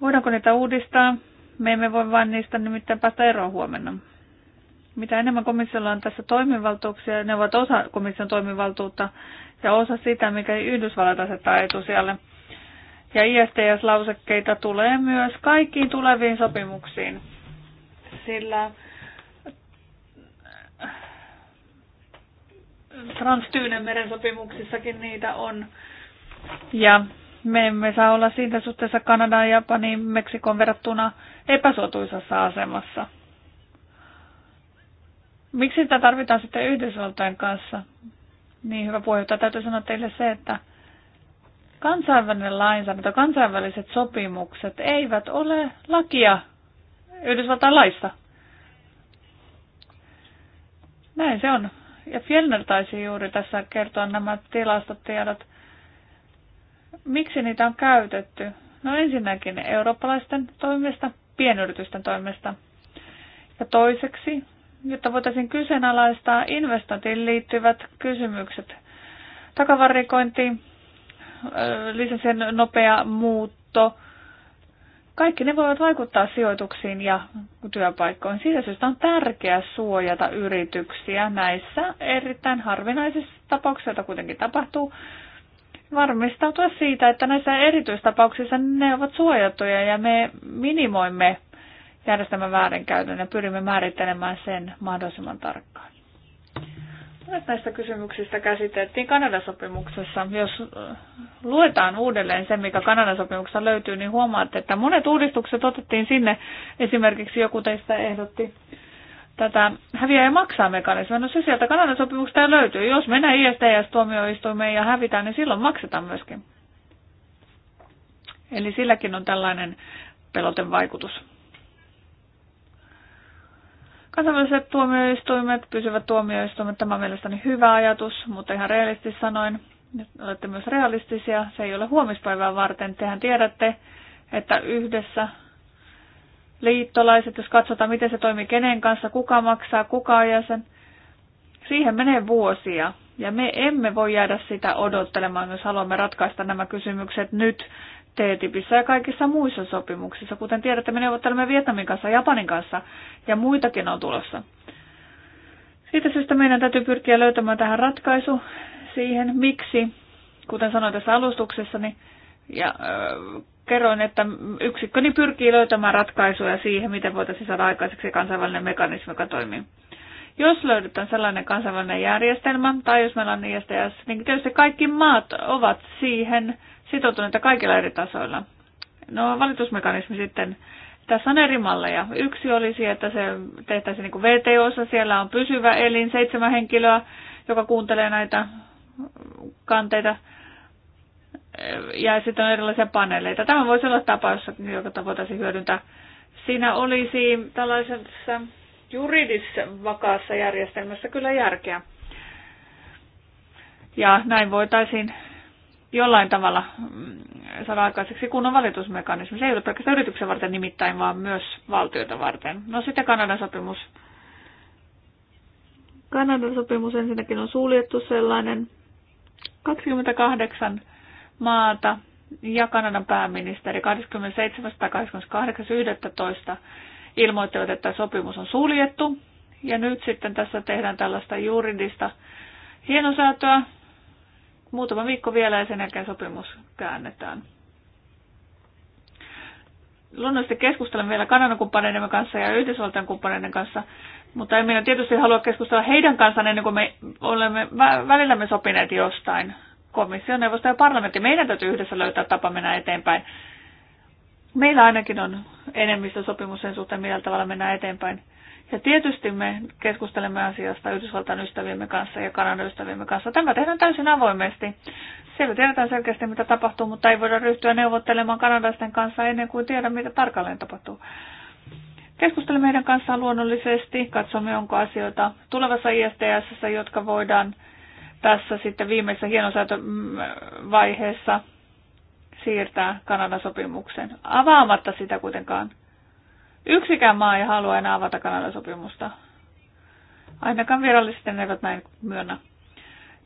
Voidaanko niitä uudistaa? Me emme voi vain niistä nimittäin päästä eroon huomenna. Mitä enemmän komissiolla on tässä toimivaltuuksia, ne ovat osa komission toimivaltuutta ja osa sitä, mikä Yhdysvallat asettaa etusijalle ja ISTS-lausekkeita tulee myös kaikkiin tuleviin sopimuksiin, sillä äh, Transtyynen meren sopimuksissakin niitä on. Ja me emme saa olla siinä suhteessa Kanadaan, Japaniin, Meksikon verrattuna epäsuotuisassa asemassa. Miksi sitä tarvitaan sitten Yhdysvaltojen kanssa? Niin hyvä puheenjohtaja, täytyy sanoa teille se, että Kansainvälinen lainsäädäntö, kansainväliset sopimukset eivät ole lakia Yhdysvaltain laissa. Näin se on. Ja Fjellner taisi juuri tässä kertoa nämä tilastotiedot. Miksi niitä on käytetty? No ensinnäkin eurooppalaisten toimesta, pienyritysten toimesta. Ja toiseksi, jotta voitaisiin kyseenalaistaa investointiin liittyvät kysymykset. Takavarikointi, sen nopea muutto. Kaikki ne voivat vaikuttaa sijoituksiin ja työpaikkoihin. Siitä syystä on tärkeää suojata yrityksiä näissä erittäin harvinaisissa tapauksissa, joita kuitenkin tapahtuu, varmistautua siitä, että näissä erityistapauksissa ne ovat suojattuja ja me minimoimme järjestelmän väärinkäytön ja pyrimme määrittelemään sen mahdollisimman tarkkaan. Monet näistä kysymyksistä käsiteltiin Kanadasopimuksessa. Jos luetaan uudelleen se, mikä Kanadasopimuksessa löytyy, niin huomaatte, että monet uudistukset otettiin sinne. Esimerkiksi joku teistä ehdotti tätä häviä ja maksaa mekanismia. No se sieltä Kanadasopimuksesta löytyy. Jos mennään ISTS-tuomioistuimeen ja hävitään, niin silloin maksetaan myöskin. Eli silläkin on tällainen pelotevaikutus. Kansainväliset tuomioistuimet, pysyvät tuomioistuimet, tämä on mielestäni hyvä ajatus, mutta ihan realistisesti sanoen, olette myös realistisia, se ei ole huomispäivää varten. Tehän tiedätte, että yhdessä liittolaiset, jos katsotaan miten se toimii, kenen kanssa, kuka maksaa, kuka on sen, siihen menee vuosia. Ja me emme voi jäädä sitä odottelemaan, jos haluamme ratkaista nämä kysymykset nyt TTIPissä ja kaikissa muissa sopimuksissa. Kuten tiedätte, me neuvottelemme Vietnamin kanssa, Japanin kanssa ja muitakin on tulossa. Siitä syystä meidän täytyy pyrkiä löytämään tähän ratkaisu siihen, miksi, kuten sanoin tässä alustuksessani, niin- ja äh, kerroin, että yksikköni pyrkii löytämään ratkaisuja siihen, miten voitaisiin saada aikaiseksi kansainvälinen mekanismi, joka toimii. Jos löydetään sellainen kansainvälinen järjestelmä, tai jos meillä on ISTS, niin tietysti kaikki maat ovat siihen sitoutuneita kaikilla eri tasoilla. No valitusmekanismi sitten. Tässä on eri malleja. Yksi olisi, että se tehtäisiin niin kuin VTOssa, siellä on pysyvä elin, seitsemän henkilöä, joka kuuntelee näitä kanteita. Ja sitten on erilaisia paneeleita. Tämä voisi olla tapa, jossa, joka voitaisiin hyödyntää. Siinä olisi tällaisessa juridisessa vakaassa järjestelmässä kyllä järkeä. Ja näin voitaisiin jollain tavalla mm, saada aikaiseksi kunnon valitusmekanismi. Se ei ole pelkästään yrityksen varten nimittäin, vaan myös valtioita varten. No sitten Kanadan sopimus. Kanadan sopimus ensinnäkin on suljettu sellainen. 28 maata ja Kanadan pääministeri 27.–28.11 ilmoittivat, että sopimus on suljettu. Ja nyt sitten tässä tehdään tällaista juridista hienosäätöä. Muutama viikko vielä ja sen jälkeen sopimus käännetään. Luonnollisesti keskustelen vielä Kanadan kumppaneiden kanssa ja Yhdysvaltain kumppaneiden kanssa, mutta en minä tietysti halua keskustella heidän kanssaan ennen kuin me olemme välillämme sopineet jostain komission ja parlamentti. Meidän täytyy yhdessä löytää tapa mennä eteenpäin. Meillä ainakin on enemmistö sopimus sen suhteen, millä tavalla mennään eteenpäin. Ja tietysti me keskustelemme asiasta Yhdysvaltain ystäviemme kanssa ja Kanadan ystäviemme kanssa. Tämä tehdään täysin avoimesti. Siellä tiedetään selkeästi, mitä tapahtuu, mutta ei voida ryhtyä neuvottelemaan kanadaisten kanssa ennen kuin tiedä, mitä tarkalleen tapahtuu. Keskustelemme meidän kanssaan luonnollisesti, katsomme, onko asioita tulevassa ISTS, jotka voidaan tässä sitten viimeisessä hienosäätövaiheessa siirtää Kanadan sopimuksen, avaamatta sitä kuitenkaan. Yksikään maa ei halua enää avata Kanadan sopimusta. Ainakaan virallisesti ne eivät näin myönnä.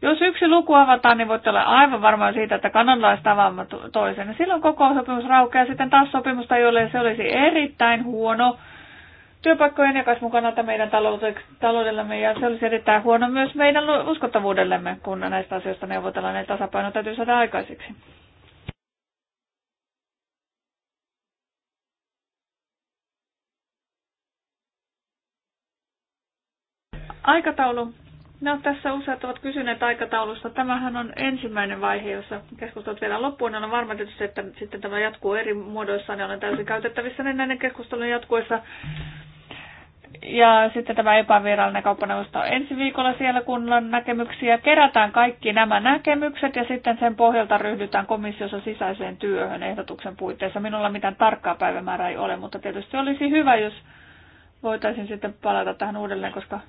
Jos yksi luku avataan, niin voitte olla aivan varma siitä, että kanadalaiset avaavat toisen. Ja silloin koko sopimus raukeaa sitten taas sopimusta, jolle se olisi erittäin huono työpaikkojen ja kasvun kannalta meidän taloudellemme ja se olisi erittäin huono myös meidän uskottavuudellemme, kun näistä asioista neuvotellaan ja niin tasapaino täytyy saada aikaiseksi. Aikataulu. No, tässä useat ovat kysyneet aikataulusta. Tämähän on ensimmäinen vaihe, jossa keskustelut vielä loppuun. Olen varma tietysti, että sitten tämä jatkuu eri muodoissa, niin olen täysin käytettävissä niin näiden keskustelujen jatkuessa. Ja sitten tämä epävirallinen kauppaneuvosto on ensi viikolla siellä, kun on näkemyksiä. Kerätään kaikki nämä näkemykset ja sitten sen pohjalta ryhdytään komissiossa sisäiseen työhön ehdotuksen puitteissa. Minulla mitään tarkkaa päivämäärää ei ole, mutta tietysti olisi hyvä, jos voitaisiin sitten palata tähän uudelleen, koska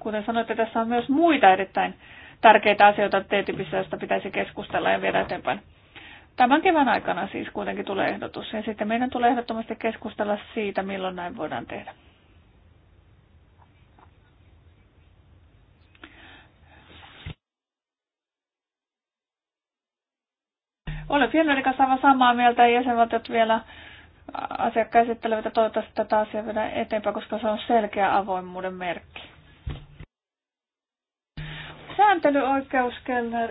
Kuten sanoitte, tässä on myös muita erittäin tärkeitä asioita TTIPissä, joista pitäisi keskustella ja viedä eteenpäin. Tämän kevään aikana siis kuitenkin tulee ehdotus, ja sitten meidän tulee ehdottomasti keskustella siitä, milloin näin voidaan tehdä. Olen Fjellnerin kanssa aivan samaa mieltä ja jäsenvaltiot vielä asiakkaisitteleviltä toivottavasti tätä asiaa viedään eteenpäin, koska se on selkeä avoimuuden merkki. Sääntelyoikeus, Kellner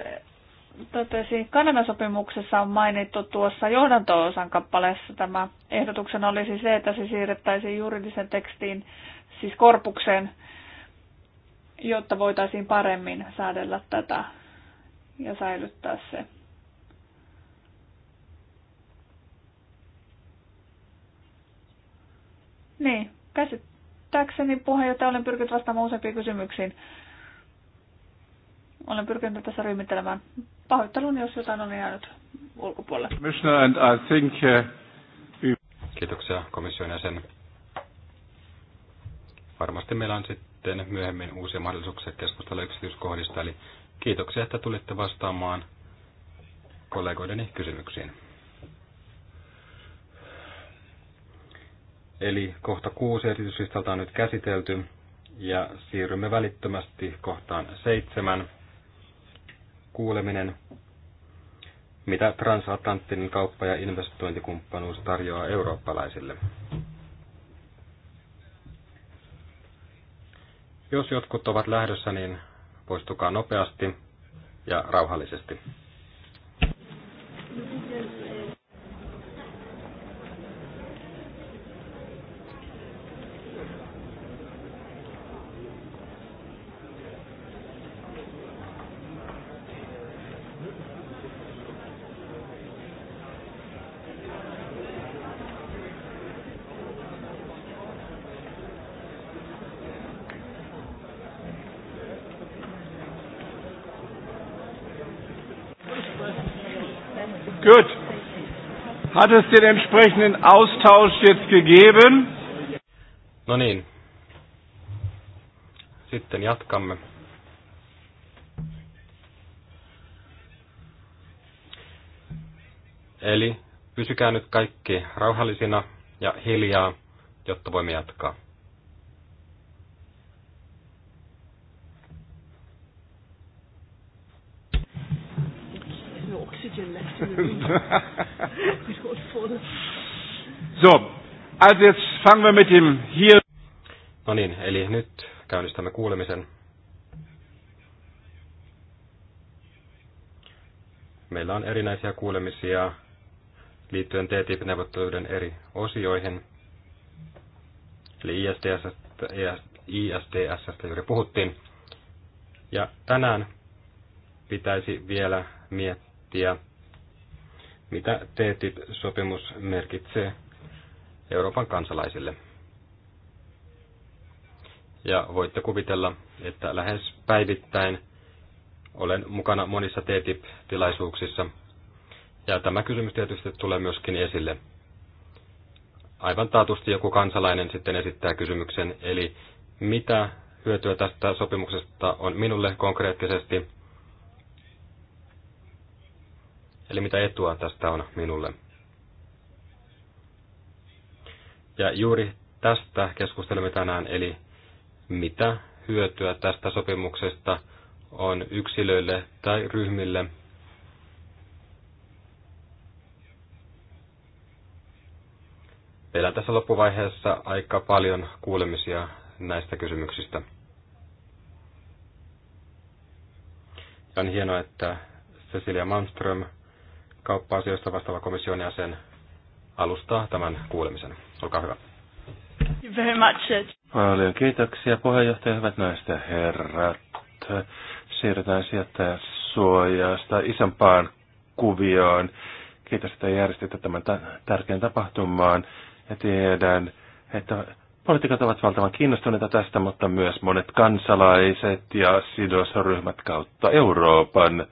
totesi, Kanadan sopimuksessa on mainittu tuossa johdanto-osan kappaleessa tämä ehdotuksen olisi se, että se siirrettäisiin juridisen tekstiin, siis korpukseen, jotta voitaisiin paremmin säädellä tätä ja säilyttää se. Niin, käsittääkseni puheenjohtaja olen pyrkinyt vastaamaan useampiin kysymyksiin. Olen pyrkinyt tässä ryhmittelemään pahoittelun, jos jotain on jäänyt ulkopuolelle. Uh, kiitoksia komission jäsen. Varmasti meillä on sitten myöhemmin uusia mahdollisuuksia keskustella yksityiskohdista, eli kiitoksia, että tulitte vastaamaan kollegoideni kysymyksiin. Eli kohta kuusi esityslistalta on nyt käsitelty ja siirrymme välittömästi kohtaan seitsemän kuuleminen, mitä transatlanttinen kauppa- ja investointikumppanuus tarjoaa eurooppalaisille. Jos jotkut ovat lähdössä, niin poistukaa nopeasti ja rauhallisesti. Hat es den entsprechenden Austausch jetzt gegeben? No niin. Sitten jatkamme. Eli pysykää nyt kaikki rauhallisina ja hiljaa, jotta voimme jatkaa. oxygen left in the room. Mikrofon. So, also jetzt fangen wir mit dem hier. No niin, eli nyt käynnistämme kuulemisen. Meillä on erinäisiä kuulemisia liittyen TTIP-neuvotteluiden eri osioihin. Eli ISDS, e ISDS juuri puhuttiin. Ja tänään pitäisi vielä miettiä mitä TTIP-sopimus merkitsee Euroopan kansalaisille. Ja voitte kuvitella, että lähes päivittäin olen mukana monissa TTIP-tilaisuuksissa. Ja tämä kysymys tietysti tulee myöskin esille. Aivan taatusti joku kansalainen sitten esittää kysymyksen, eli mitä hyötyä tästä sopimuksesta on minulle konkreettisesti – Eli mitä etua tästä on minulle? Ja juuri tästä keskustelemme tänään, eli mitä hyötyä tästä sopimuksesta on yksilöille tai ryhmille. Meillä on tässä loppuvaiheessa aika paljon kuulemisia näistä kysymyksistä. Ja on hienoa, että Cecilia Malmström – kauppa-asioista vastaava komission jäsen alustaa tämän kuulemisen. Olkaa hyvä. Very much. Paljon kiitoksia puheenjohtaja, hyvät naiset ja herrat. Siirrytään sieltä suojasta isompaan kuvioon. Kiitos, että järjestitte tämän tärkeän tapahtumaan. Ja tiedän, että poliitikot ovat valtavan kiinnostuneita tästä, mutta myös monet kansalaiset ja sidosryhmät kautta Euroopan.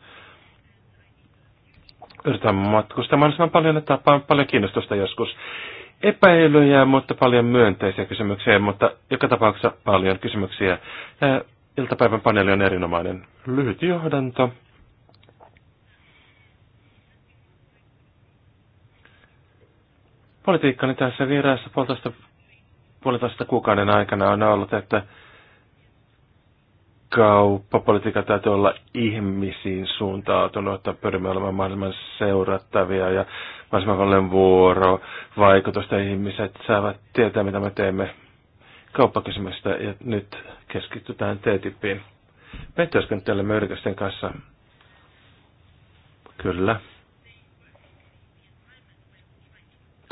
Yritän matkustaa mahdollisimman paljon että tapaan paljon kiinnostusta joskus. Epäilyjä, mutta paljon myönteisiä kysymyksiä, mutta joka tapauksessa paljon kysymyksiä. Ja iltapäivän paneeli on erinomainen. Lyhyt johdanto. Politiikkani tässä vieressä puolitoista, puolitoista kuukauden aikana on ollut, että kauppapolitiikka täytyy olla ihmisiin suuntautunutta, pyrimme olemaan maailman seurattavia ja mahdollisimman paljon vuorovaikutusta. Ihmiset saavat tietää, mitä me teemme kauppakysymystä ja nyt keskitytään TTIPiin. Me työskentelemme yritysten kanssa. Kyllä.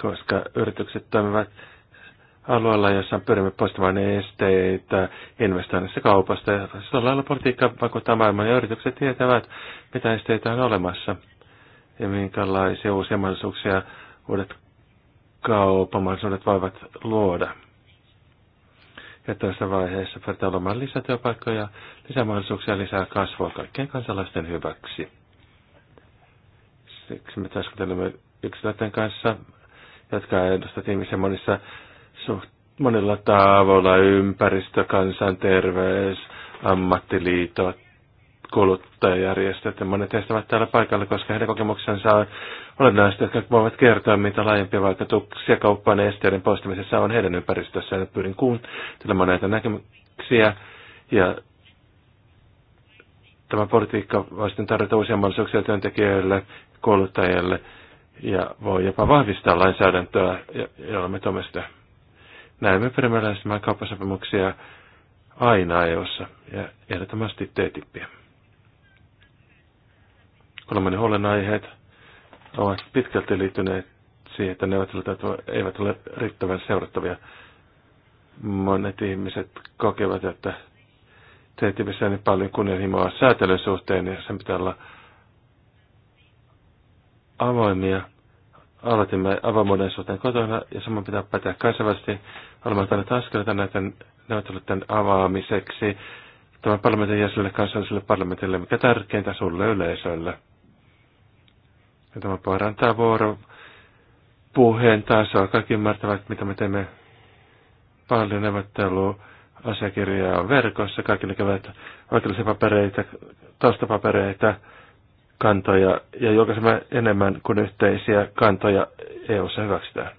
Koska yritykset toimivat alueella, jossa pyrimme poistamaan esteitä investoinnissa kaupasta. Ja sillä lailla politiikka vaikuttaa maailman ja yritykset tietävät, mitä esteitä on olemassa ja minkälaisia uusia mahdollisuuksia uudet kaupamahdollisuudet voivat luoda. Ja tässä vaiheessa pyritään olemaan lisätyöpaikkoja, lisämahdollisuuksia ja lisää kasvua kaikkien kansalaisten hyväksi. Siksi me taskutelemme yksilöiden kanssa, jotka edustavat ihmisiä monissa suht, monella tavalla ympäristö, kansanterveys, ammattiliitot, kuluttajajärjestöt ja monet heistä ovat täällä paikalla, koska heidän kokemuksensa on olennaista, jotka voivat kertoa, mitä laajempia vaikutuksia kauppaan esteiden poistamisessa on heidän ympäristössään. Pyrin kuuntelemaan näitä näkemyksiä ja tämä politiikka voi sitten tarjota uusia mahdollisuuksia työntekijöille, kuluttajille ja voi jopa vahvistaa lainsäädäntöä, jolla me tuomme sitä Näemme me pyrimme kauppasopimuksia aina EUssa ja ehdottomasti TTIPiä. Kolmannen huolenaiheet ovat pitkälti liittyneet siihen, että neuvottelut eivät ole riittävän seurattavia. Monet ihmiset kokevat, että TTIPissä on niin paljon kunnianhimoa säätelyn suhteen ja sen pitää olla avoimia – aloitimme avoimuuden suhteen kotona ja saman pitää päteä kansainvälisesti. Olemme ottaneet askeleita näiden neuvotteluiden avaamiseksi tämän parlamentin jäsenille kansalliselle parlamentille, mikä tärkeintä sulle yleisölle. Ja tämä parantaa puheen tasoa. Kaikki ymmärtävät, mitä me teemme. Paljon neuvottelua asiakirjaa on verkossa. Kaikki näkevät oikeudellisia papereita, taustapapereita kantoja ja julkaisemme enemmän kuin yhteisiä kantoja EU-ssa hyväksytään.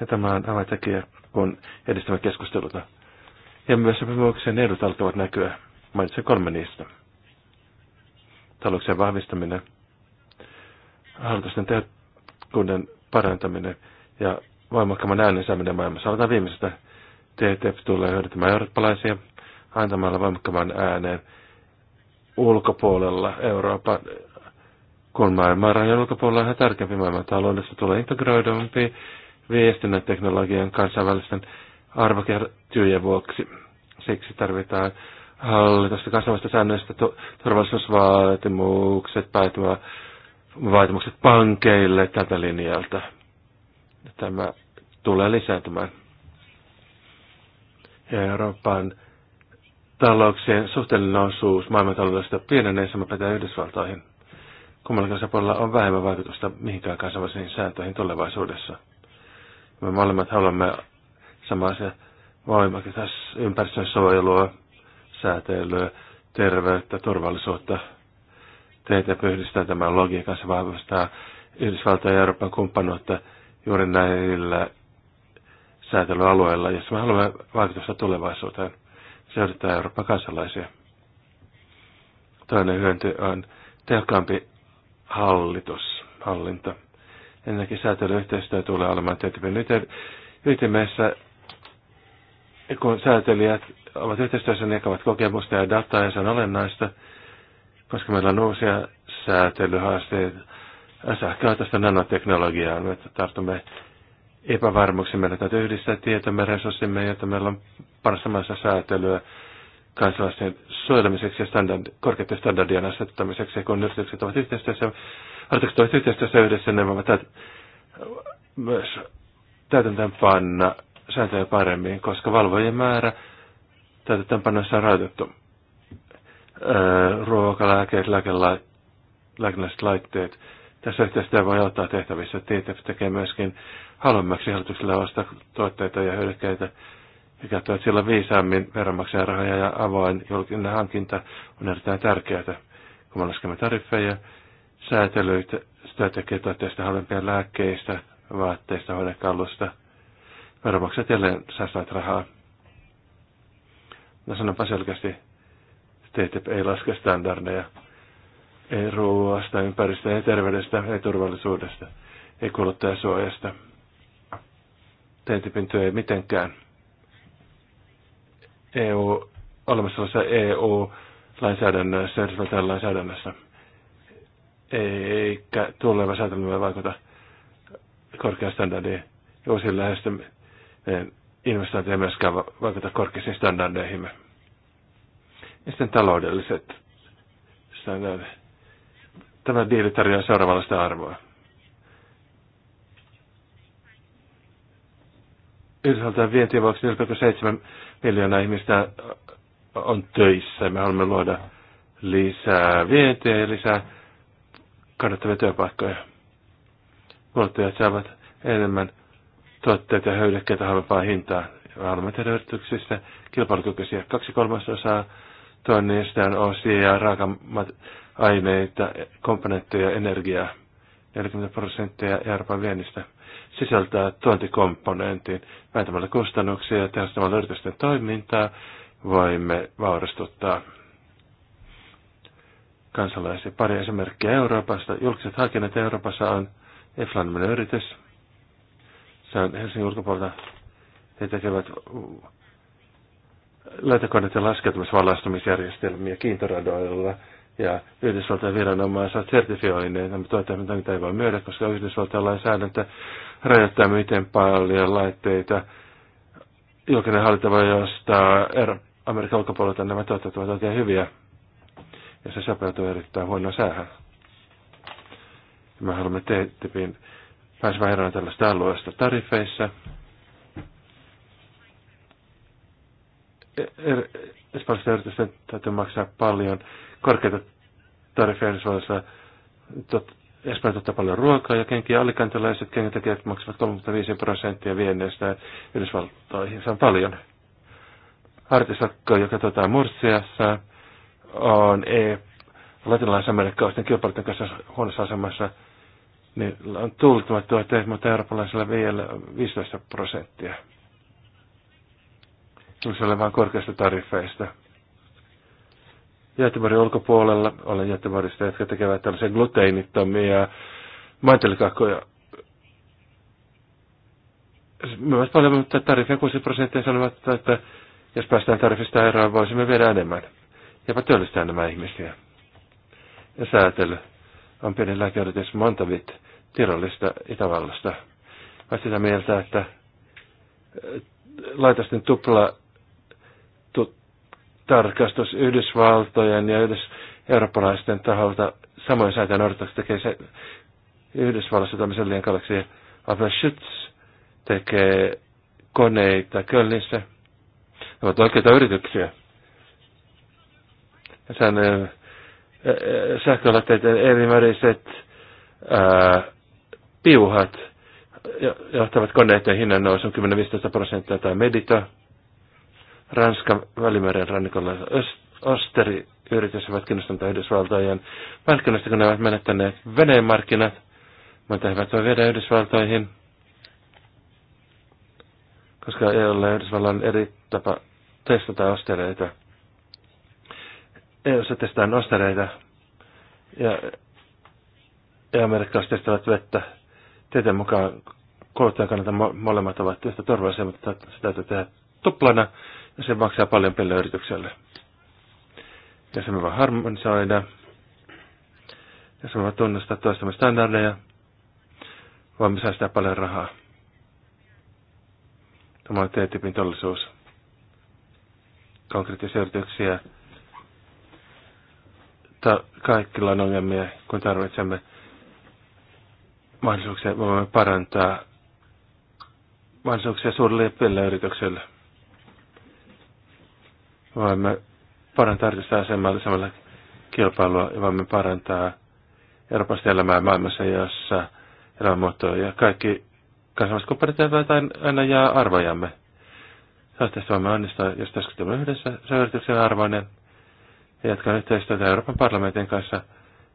Ja tämä on avaintekijä, kun edistämme keskusteluta. Ja myös sopimuksen edut alkavat näkyä. Mainitsen kolme niistä. Talouksien vahvistaminen, hallitusten tehokkuuden parantaminen ja voimakkaamman äänen saaminen maailmassa. Aloitetaan viimeisestä TTF tulee hyödyntämään eurooppalaisia antamalla voimakkaamman ääneen ulkopuolella Euroopan, kun maailman rajan ulkopuolella on yhä tärkeämpi taloudessa, tulee integroidumpi viestinnän teknologian kansainvälisten arvoketjujen vuoksi. Siksi tarvitaan hallitusta kasvavista säännöistä turvallisuusvaatimukset, päätymä, vaatimukset pankeille tätä linjalta. Tämä tulee lisääntymään ja Euroopan talouksien suhteellinen osuus maailmantaloudesta pienenee sama pätee Yhdysvaltoihin. Kummallakin puolella on vähemmän vaikutusta mihinkään kansainvälisiin sääntöihin tulevaisuudessa. Me molemmat haluamme se voimakin tässä ympäristön suojelua, säätelyä, terveyttä, turvallisuutta. Teitä yhdistää tämän logiikan, se vahvistaa Yhdysvaltojen ja Euroopan kumppanuutta juuri näillä säätelyalueella, jos me haluamme vaikutusta tulevaisuuteen. Seurataan Euroopan kansalaisia. Toinen hyönty on tehokkaampi hallitus, hallinta. Ennenkin säätelyyhteistyö tulee olemaan tietyn ytimessä, kun säätelijät ovat yhteistyössä, niin jakavat kokemusta ja dataa, ja se on olennaista, koska meillä on uusia säätelyhaasteita, sähköautosta nanoteknologiaan. että tartumme epävarmuuksia. Meillä täytyy yhdistää tietomme, resurssimme, jotta meillä on parasta säätelyä kansalaisten suojelemiseksi ja standard, korkeiden standardien asettamiseksi. Ja kun yritykset ovat yhteistyössä, artikset ovat yhteistyössä yhdessä, ne voivat täyt, myös täytäntöön panna sääntöjä paremmin, koska valvojien määrä täytäntöönpanossa on rajoitettu. Öö, ruoka, lääkelaitteet, lääkelaitt, tässä yhteydessä voi auttaa tehtävissä. TTIP tekee myöskin halvemmaksi hallitukselle ostaa tuotteita ja hyödykkeitä ja että sillä viisaammin veronmaksajan rahoja ja avoin julkinen hankinta on erittäin tärkeää. Kun me laskemme tariffeja, säätelyitä, sitä tekee tuotteista halvempia lääkkeistä, vaatteista, hoidekalusta. Veronmaksajat jälleen säästävät rahaa. No sanonpa selkeästi, TTIP ei laske standardeja ruoasta, ympäristöstä, ja terveydestä, ja turvallisuudesta, ja kuluttajasuojasta. Tämän työ ei mitenkään. EU, olemassa olevassa EU-lainsäädännössä, Yhdysvaltain lainsäädännössä, eikä tuleva säätelmä vaikuta korkean standardiin ja uusiin lähestyminen investointi ei myöskään vaikuta korkeisiin standardeihimme. Ja sitten taloudelliset standardit. Tämä diili tarjoaa seuraavanlaista arvoa. Yhdysvaltain vientiä vuoksi 4,7 miljoonaa ihmistä on töissä. Me haluamme luoda lisää vientiä ja lisää kannattavia työpaikkoja. Kuluttajat saavat enemmän tuotteita ja höydekkeitä halvempaa hintaa. Me haluamme tehdä yrityksistä kilpailukykyisiä. Kaksi kolmasosaa tuonnista on osia ja raaka aineita, komponentteja, energiaa. 40 prosenttia Euroopan viennistä sisältää tuontikomponentin. Vähentämällä kustannuksia ja tehostamalla yritysten toimintaa voimme vaurastuttaa kansalaisia. Pari esimerkkiä Euroopasta. Julkiset hankinnat Euroopassa on Eflan yritys. Se on Helsingin ulkopuolelta. He tekevät lentokoneiden laskeutumisvalaistumisjärjestelmiä kiintoradoilla – ja Yhdysvaltain viranomaiset sertifioinnin, nämä tuotteet, mitä ei voi myydä, koska Yhdysvaltain lainsäädäntö rajoittaa, miten paljon laitteita julkinen hallinto voi ostaa Amerikan ulkopuolelta nämä tuotteet ovat oikein hyviä. Ja se sopeutuu erittäin huonoa säähän. me haluamme TTIPin pääsevän eroon tällaista alueesta tarifeissa. E- er- espanjalaisten yritysten täytyy maksaa paljon korkeita tarifeja, niin tariffeja Yhdysvalloissa. Espanja tuottaa paljon ruokaa ja kenkiä. alikantilaiset kengitekijät maksavat 35 prosenttia vienneistä Yhdysvaltoihin. Se on paljon. Artisakko, joka tuottaa Mursiassa, on e latinalaisen latinalaisamerikkalaisten kilpailijoiden kanssa huonossa asemassa. niin on tuulittomat tuotteet, mutta eurooppalaisilla vielä 15 prosenttia. Se Tulisi vain korkeista tariffeista. Jättivuoren ulkopuolella. Olen jättivuorista, jotka tekevät tällaisia gluteinittomia mantelikakkoja. Myös paljon, mutta tarifia 6 prosenttia sanovat, että jos päästään tarifista eroon, voisimme viedä enemmän. Jopa työllistää nämä ihmisiä. Ja säätely on pieni lääkeyritys Montavit Tirolista Itävallasta. Mä sitä mieltä, että äh, laitosten tupla tu, tarkastus Yhdysvaltojen ja yhdys, eurooppalaisten taholta samoin sääntöjä noudattaisi tekee se Yhdysvallassa tämmöisen liian kalleksi. Schütz tekee koneita Kölnissä. Ne ovat oikeita yrityksiä. Ja sen sähkölaitteiden erimäriset piuhat johtavat koneiden hinnan nousun 10-15 prosenttia tai medita Ranskan välimeren rannikolla Osteri yritys ovat kiinnostaneet Yhdysvaltojen markkinoista, kun ne ovat menettäneet veneen markkinat, mutta he eivät voi viedä Yhdysvaltoihin, koska EUlla ja Yhdysvallan eri tapa testata ostereita. EUssa testataan ostereita ja, ja amerikkalaiset testaavat vettä. Tieteen mukaan kuluttajan kannalta molemmat ovat yhtä turvallisia, mutta sitä täytyy tehdä tuplana se maksaa paljon pelle yritykselle. Ja se me voi harmonisoida. Ja se me voi tunnustaa toistamme standardeja. Voimme säästää paljon rahaa. Tämä on T-tipin tollisuus. Konkreettisia yrityksiä. Ta- kaikilla on ongelmia, kun tarvitsemme mahdollisuuksia. Voimme parantaa mahdollisuuksia suurille ja yrityksille voimme parantaa tästä asemalla samalla kilpailua ja voimme parantaa Euroopasta elämää maailmassa, jossa elämänmuoto ja kaikki kansalaiskumppanit eivät aina jää arvojamme. Toivottavasti voimme onnistua, jos työskentelemme yhdessä, se arvoinen ja jatkan yhteistyötä Euroopan parlamentin kanssa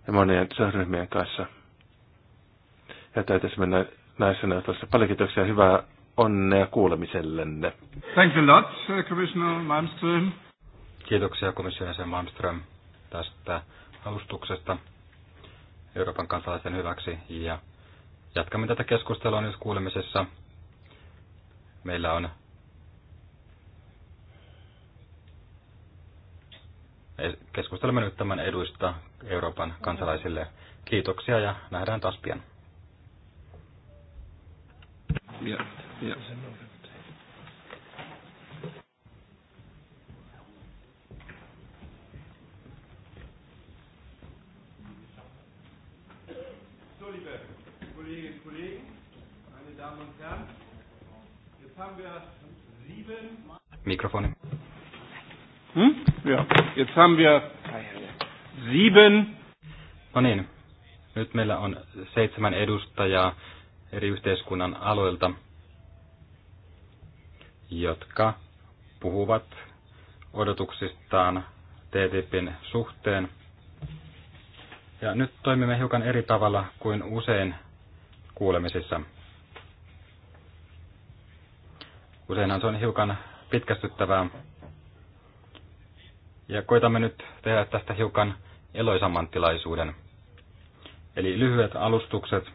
ja monien ryhmien kanssa. Ja täytyisi mennä näissä neuvotteluissa. Paljon kiitoksia hyvää onnea kuulemisellenne. Thank you lot, Commissioner Malmström. Kiitoksia komission jäsen Malmström tästä alustuksesta Euroopan kansalaisen hyväksi ja jatkamme tätä keskustelua nyt kuulemisessa. Meillä on keskustelemme nyt tämän eduista Euroopan kansalaisille. Kiitoksia ja nähdään taas pian. Ja, ja. Mikrofone. Hm? Ja. Jetzt haben wir sieben. No niin. Nyt meillä on seitsemän edustajaa eri yhteiskunnan aloilta, jotka puhuvat odotuksistaan TTIPin suhteen. Ja nyt toimimme hiukan eri tavalla kuin usein kuulemisissa. Usein se on hiukan pitkästyttävää. Ja koitamme nyt tehdä tästä hiukan eloisamman tilaisuuden. Eli lyhyet alustukset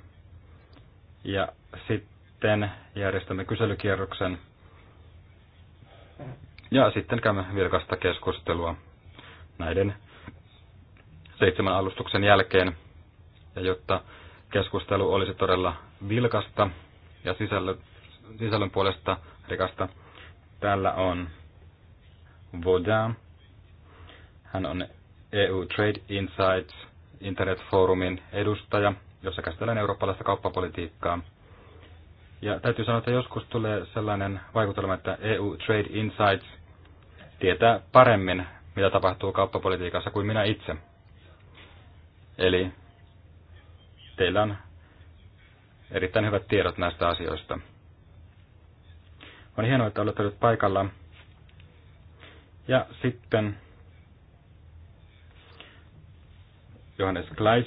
ja sitten järjestämme kyselykierroksen ja sitten käymme vilkasta keskustelua näiden seitsemän alustuksen jälkeen. Ja jotta keskustelu olisi todella vilkasta ja sisällöt sisällön puolesta rikasta. Täällä on Vodan. Hän on EU Trade Insights Internet Forumin edustaja, jossa käsitellään eurooppalaista kauppapolitiikkaa. Ja täytyy sanoa, että joskus tulee sellainen vaikutelma, että EU Trade Insights tietää paremmin, mitä tapahtuu kauppapolitiikassa kuin minä itse. Eli teillä on erittäin hyvät tiedot näistä asioista. On hienoa, että olette nyt paikalla. Ja sitten Johannes Kleis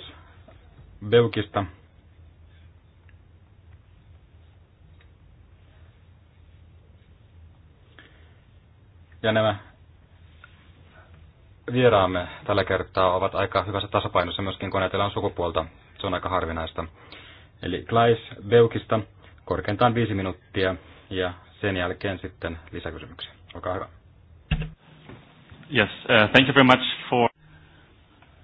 Beukista. Ja nämä vieraamme tällä kertaa ovat aika hyvässä tasapainossa myöskin, kun ajatellaan sukupuolta. Se on aika harvinaista. Eli Klais Beukista korkeintaan viisi minuuttia ja sen jälkeen sitten lisäkysymyksiä. Olkaa hyvä. Yes, uh, thank you very much for...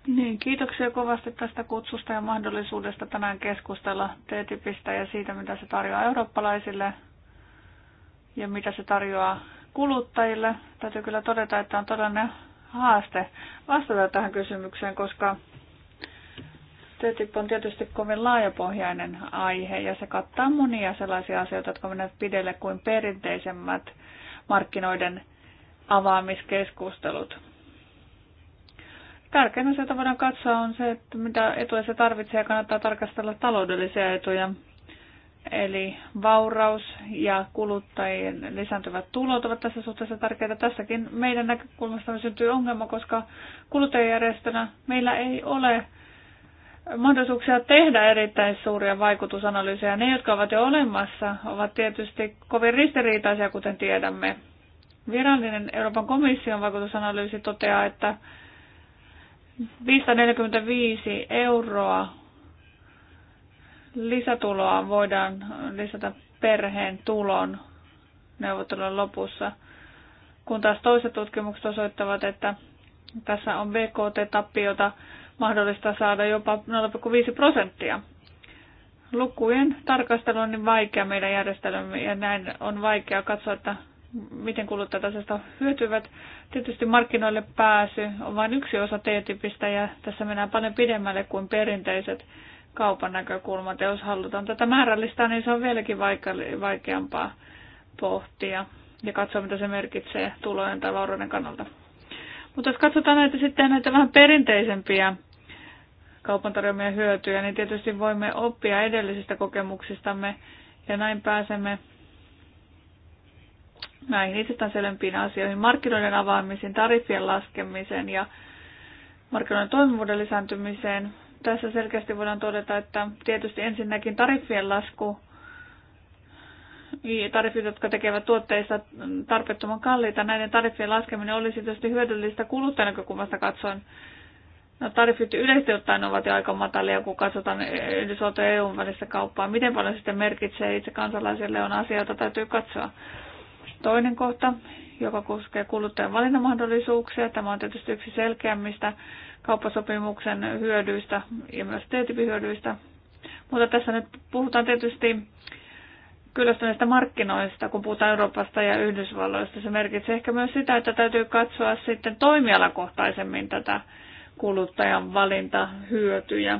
Niin, kiitoksia kovasti tästä kutsusta ja mahdollisuudesta tänään keskustella TTIPistä ja siitä, mitä se tarjoaa eurooppalaisille ja mitä se tarjoaa kuluttajille. Täytyy kyllä todeta, että on todellinen haaste vastata tähän kysymykseen, koska TTIP on tietysti kovin laajapohjainen aihe ja se kattaa monia sellaisia asioita, jotka menevät pidelle kuin perinteisemmät markkinoiden avaamiskeskustelut. Tärkein asia, jota voidaan katsoa, on se, että mitä etuja se tarvitsee ja kannattaa tarkastella taloudellisia etuja. Eli vauraus ja kuluttajien lisääntyvät tulot ovat tässä suhteessa tärkeitä. Tässäkin meidän näkökulmasta syntyy ongelma, koska kuluttajajärjestönä meillä ei ole mahdollisuuksia tehdä erittäin suuria vaikutusanalyysejä. Ne, jotka ovat jo olemassa, ovat tietysti kovin ristiriitaisia, kuten tiedämme. Virallinen Euroopan komission vaikutusanalyysi toteaa, että 545 euroa lisätuloa voidaan lisätä perheen tulon neuvottelun lopussa, kun taas toiset tutkimukset osoittavat, että tässä on BKT-tappiota mahdollista saada jopa 0,5 prosenttia. Lukujen tarkastelu on niin vaikea meidän järjestelmämme ja näin on vaikea katsoa, että miten kuluttajat asiasta hyötyvät. Tietysti markkinoille pääsy on vain yksi osa T-tyypistä ja tässä mennään paljon pidemmälle kuin perinteiset kaupan näkökulmat. Ja jos halutaan tätä määrällistä, niin se on vieläkin vaikeampaa pohtia ja katsoa, mitä se merkitsee tulojen tai vaurauden kannalta. Mutta jos katsotaan näitä sitten näitä vähän perinteisempiä kaupan tarjoamia hyötyjä, niin tietysti voimme oppia edellisistä kokemuksistamme ja näin pääsemme näihin itsestäänselvempiin asioihin, markkinoiden avaamisiin, tariffien laskemiseen ja markkinoiden toimivuuden lisääntymiseen. Tässä selkeästi voidaan todeta, että tietysti ensinnäkin tariffien lasku, tariffit, jotka tekevät tuotteista tarpeettoman kalliita, näiden tariffien laskeminen olisi tietysti hyödyllistä kuluttajan näkökulmasta katsoen, No tarifit yleisesti ottaen ovat jo aika matalia, kun katsotaan Yhdysvaltojen ja EUn välistä kauppaa. Miten paljon sitten merkitsee itse kansalaisille on asia, jota täytyy katsoa. Toinen kohta, joka koskee kuluttajan valinnanmahdollisuuksia. Tämä on tietysti yksi selkeämmistä kauppasopimuksen hyödyistä ja myös TTIP-hyödyistä. Mutta tässä nyt puhutaan tietysti kyllästyneistä markkinoista, kun puhutaan Euroopasta ja Yhdysvalloista. Se merkitsee ehkä myös sitä, että täytyy katsoa sitten toimialakohtaisemmin tätä kuluttajan valintahyötyjä.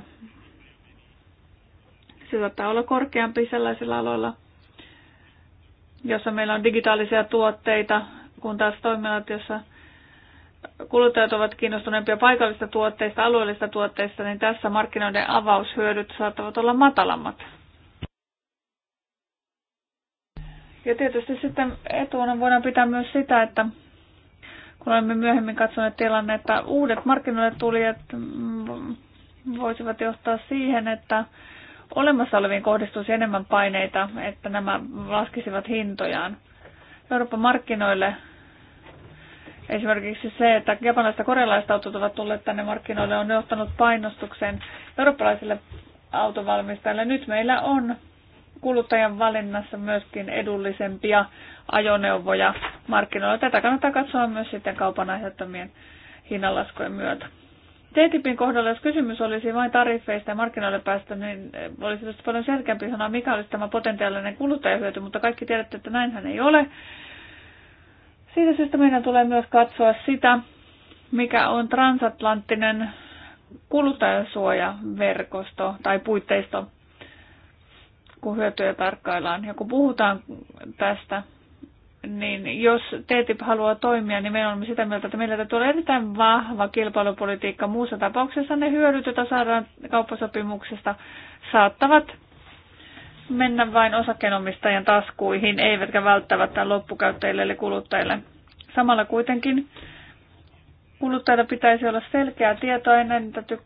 Se saattaa olla korkeampi sellaisilla aloilla, jossa meillä on digitaalisia tuotteita, kun taas toimialat, jossa kuluttajat ovat kiinnostuneempia paikallista tuotteista, alueellista tuotteista, niin tässä markkinoiden avaushyödyt saattavat olla matalammat. Ja tietysti sitten etuna voidaan pitää myös sitä, että Olemme myöhemmin katsoneet tilannetta, että uudet markkinoille tulijat voisivat johtaa siihen, että olemassa oleviin kohdistuisi enemmän paineita, että nämä laskisivat hintojaan. Euroopan markkinoille esimerkiksi se, että japanilaiset ja korealaiset autot ovat tulleet tänne markkinoille, on johtanut painostuksen. eurooppalaisille autovalmistajille. Nyt meillä on kuluttajan valinnassa myöskin edullisempia ajoneuvoja markkinoilla. Tätä kannattaa katsoa myös sitten kaupan aiheuttamien hinnanlaskujen myötä. TTIPin kohdalla, jos kysymys olisi vain tariffeista ja markkinoille päästä, niin eh, olisi tietysti paljon selkeämpi sanoa, mikä olisi tämä potentiaalinen kuluttajahyöty, mutta kaikki tiedätte, että näinhän ei ole. Siitä syystä meidän tulee myös katsoa sitä, mikä on transatlanttinen kuluttajasuojaverkosto tai puitteisto kun hyötyjä tarkkaillaan. Ja kun puhutaan tästä, niin jos TTIP haluaa toimia, niin me olemme sitä mieltä, että meillä täytyy olla erittäin vahva kilpailupolitiikka. Muussa tapauksessa ne hyödyt, joita saadaan kauppasopimuksesta, saattavat mennä vain osakkeenomistajan taskuihin, eivätkä välttämättä loppukäyttäjille eli kuluttajille. Samalla kuitenkin kuluttajilla pitäisi olla selkeää tietoa ennen tätä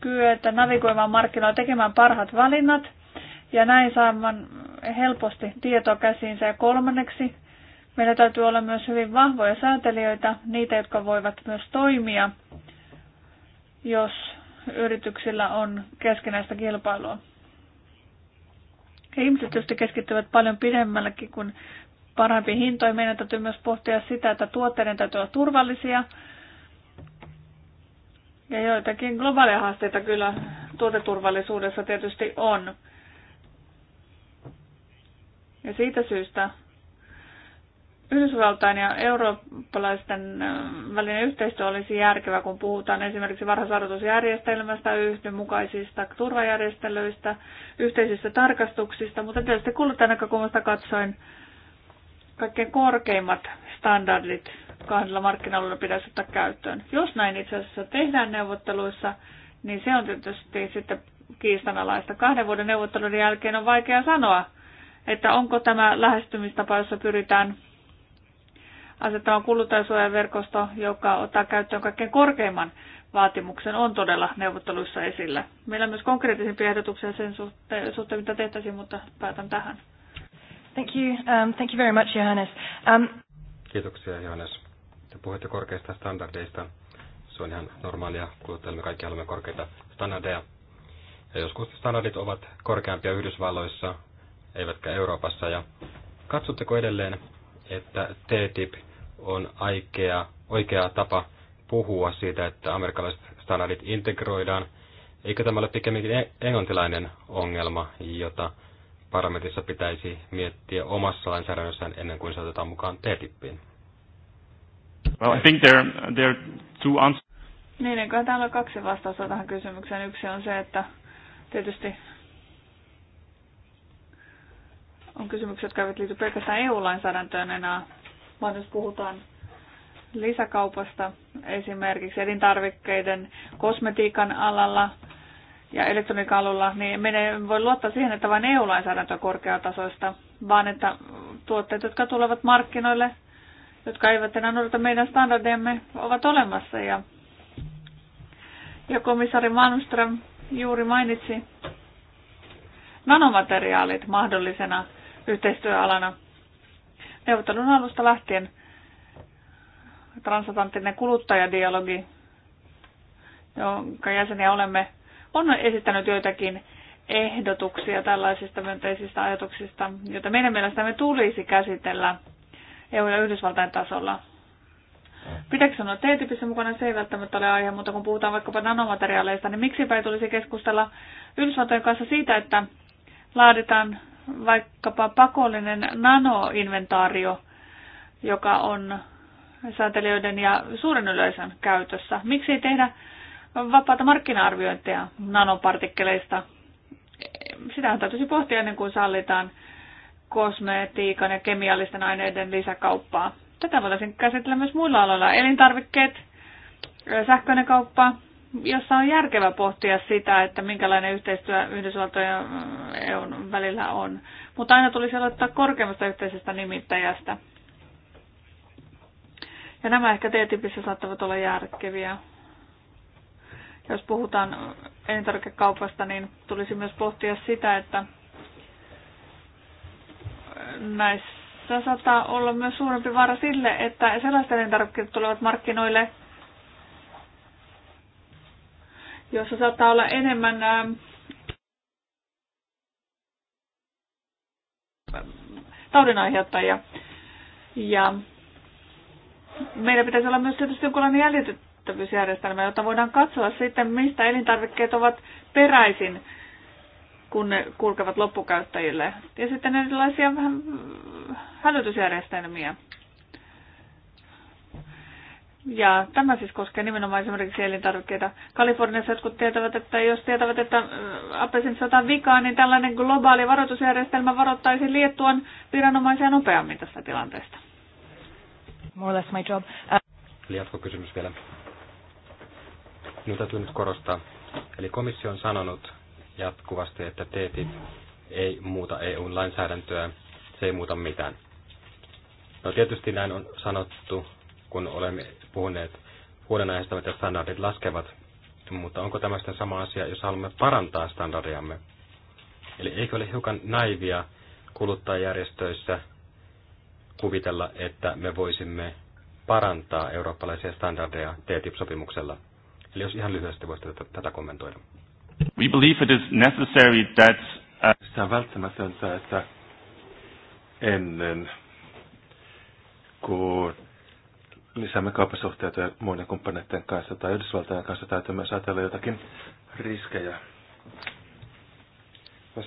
kyetä navigoimaan markkinoilla tekemään parhaat valinnat – ja näin saamaan helposti tietoa käsiinsä. Ja kolmanneksi meillä täytyy olla myös hyvin vahvoja säätelijöitä, niitä, jotka voivat myös toimia, jos yrityksillä on keskinäistä kilpailua. Ja ihmiset tietysti keskittyvät paljon pidemmällekin kuin parhaimpiin hintoihin. Meidän täytyy myös pohtia sitä, että tuotteiden täytyy olla turvallisia. Ja joitakin globaaleja haasteita kyllä tuoteturvallisuudessa tietysti on. Ja siitä syystä Yhdysvaltain ja eurooppalaisten välinen yhteistyö olisi järkevä, kun puhutaan esimerkiksi varhaisarvoitusjärjestelmästä, yhdenmukaisista turvajärjestelyistä, yhteisistä tarkastuksista, mutta tietysti kuluttajan näkökulmasta katsoen kaikkein korkeimmat standardit kahdella markkinoilla pitäisi ottaa käyttöön. Jos näin itse asiassa tehdään neuvotteluissa, niin se on tietysti sitten kiistanalaista. Kahden vuoden neuvottelun jälkeen on vaikea sanoa, että onko tämä lähestymistapa, jossa pyritään asettamaan kuluttajasuojaverkosto, joka ottaa käyttöön kaikkein korkeimman vaatimuksen, on todella neuvotteluissa esillä. Meillä on myös konkreettisempia ehdotuksia sen suhteen, mitä tehtäisiin, mutta päätän tähän. Thank you. Um, thank you very much, Johannes. Um... Kiitoksia, Johannes. Te puhuitte korkeista standardeista. Se on ihan normaalia, kuluttajille me kaikki haluamme korkeita standardeja. Ja joskus standardit ovat korkeampia Yhdysvalloissa eivätkä Euroopassa. Ja katsotteko edelleen, että TTIP on aikea, oikea tapa puhua siitä, että amerikkalaiset standardit integroidaan, Eikö tämä ole pikemminkin e- englantilainen ongelma, jota parlamentissa pitäisi miettiä omassa lainsäädännössään ennen kuin se otetaan mukaan TTIPiin? Well, I think there, there are two answers. Niin, niin täällä on kaksi vastausta tähän kysymykseen. Yksi on se, että tietysti on kysymyksiä, jotka eivät liity pelkästään EU-lainsäädäntöön enää, vaan jos puhutaan lisäkaupasta esimerkiksi elintarvikkeiden, kosmetiikan alalla ja elektroniikan alalla, niin ei voi luottaa siihen, että vain EU-lainsäädäntö on korkeatasoista, vaan että tuotteet, jotka tulevat markkinoille, jotka eivät enää noudata meidän standardeemme, ovat olemassa. Ja, ja komissaari Malmström juuri mainitsi nanomateriaalit mahdollisena yhteistyöalana. Neuvottelun alusta lähtien transatlanttinen kuluttajadialogi, jonka jäseniä olemme, on esittänyt joitakin ehdotuksia tällaisista myönteisistä ajatuksista, joita meidän mielestämme tulisi käsitellä EU- ja Yhdysvaltain tasolla. Pitäisikö sanoa T-tyypissä mukana, se ei välttämättä ole aihe, mutta kun puhutaan vaikkapa nanomateriaaleista, niin miksipä ei tulisi keskustella Yhdysvaltojen kanssa siitä, että laaditaan vaikkapa pakollinen nanoinventaario, joka on säätelijöiden ja suuren yleisön käytössä. Miksi ei tehdä vapaata markkina-arviointia nanopartikkeleista? on täytyisi pohtia ennen kuin sallitaan kosmetiikan ja kemiallisten aineiden lisäkauppaa. Tätä voitaisiin käsitellä myös muilla aloilla. Elintarvikkeet, sähköinen kauppa, jossa on järkevä pohtia sitä, että minkälainen yhteistyö Yhdysvaltojen ja äh, EUn välillä on. Mutta aina tulisi aloittaa korkeammasta yhteisestä nimittäjästä. Ja nämä ehkä TTIPissä saattavat olla järkeviä. Jos puhutaan elintarvikekaupasta, niin tulisi myös pohtia sitä, että näissä saattaa olla myös suurempi vaara sille, että sellaiset elintarvikkeet tulevat markkinoille, jossa saattaa olla enemmän ähm, taudin Ja meillä pitäisi olla myös tietysti jonkunlainen jäljitettävyysjärjestelmä, jotta voidaan katsoa sitten, mistä elintarvikkeet ovat peräisin, kun ne kulkevat loppukäyttäjille. Ja sitten erilaisia vähän hälytysjärjestelmiä. Ja tämä siis koskee nimenomaan esimerkiksi elintarvikkeita. Kaliforniassa jotkut tietävät, että jos tietävät, että äh, apesin jotain vikaa, niin tällainen globaali varoitusjärjestelmä varoittaisi Liettuan viranomaisia nopeammin tästä tilanteesta. More or less my job. Uh, Eli kysymys vielä. Minun täytyy nyt korostaa. Eli komissio on sanonut jatkuvasti, että TTIP ei muuta EUn lainsäädäntöä, se ei muuta mitään. No tietysti näin on sanottu kun olemme puhuneet huolenaiheesta, että standardit laskevat, mutta onko tämä sitten sama asia, jos haluamme parantaa standardiamme? Eli eikö ole hiukan naivia kuluttajajärjestöissä kuvitella, että me voisimme parantaa eurooppalaisia standardeja TTIP-sopimuksella? Eli jos ihan lyhyesti voisi tätä kommentoida. We believe it is necessary that... Uh... Sitä on välttämätöntä, että ennen kuin lisäämme kaupasuhteita ja muiden kumppaneiden kanssa tai Yhdysvaltain kanssa täytyy myös ajatella jotakin riskejä.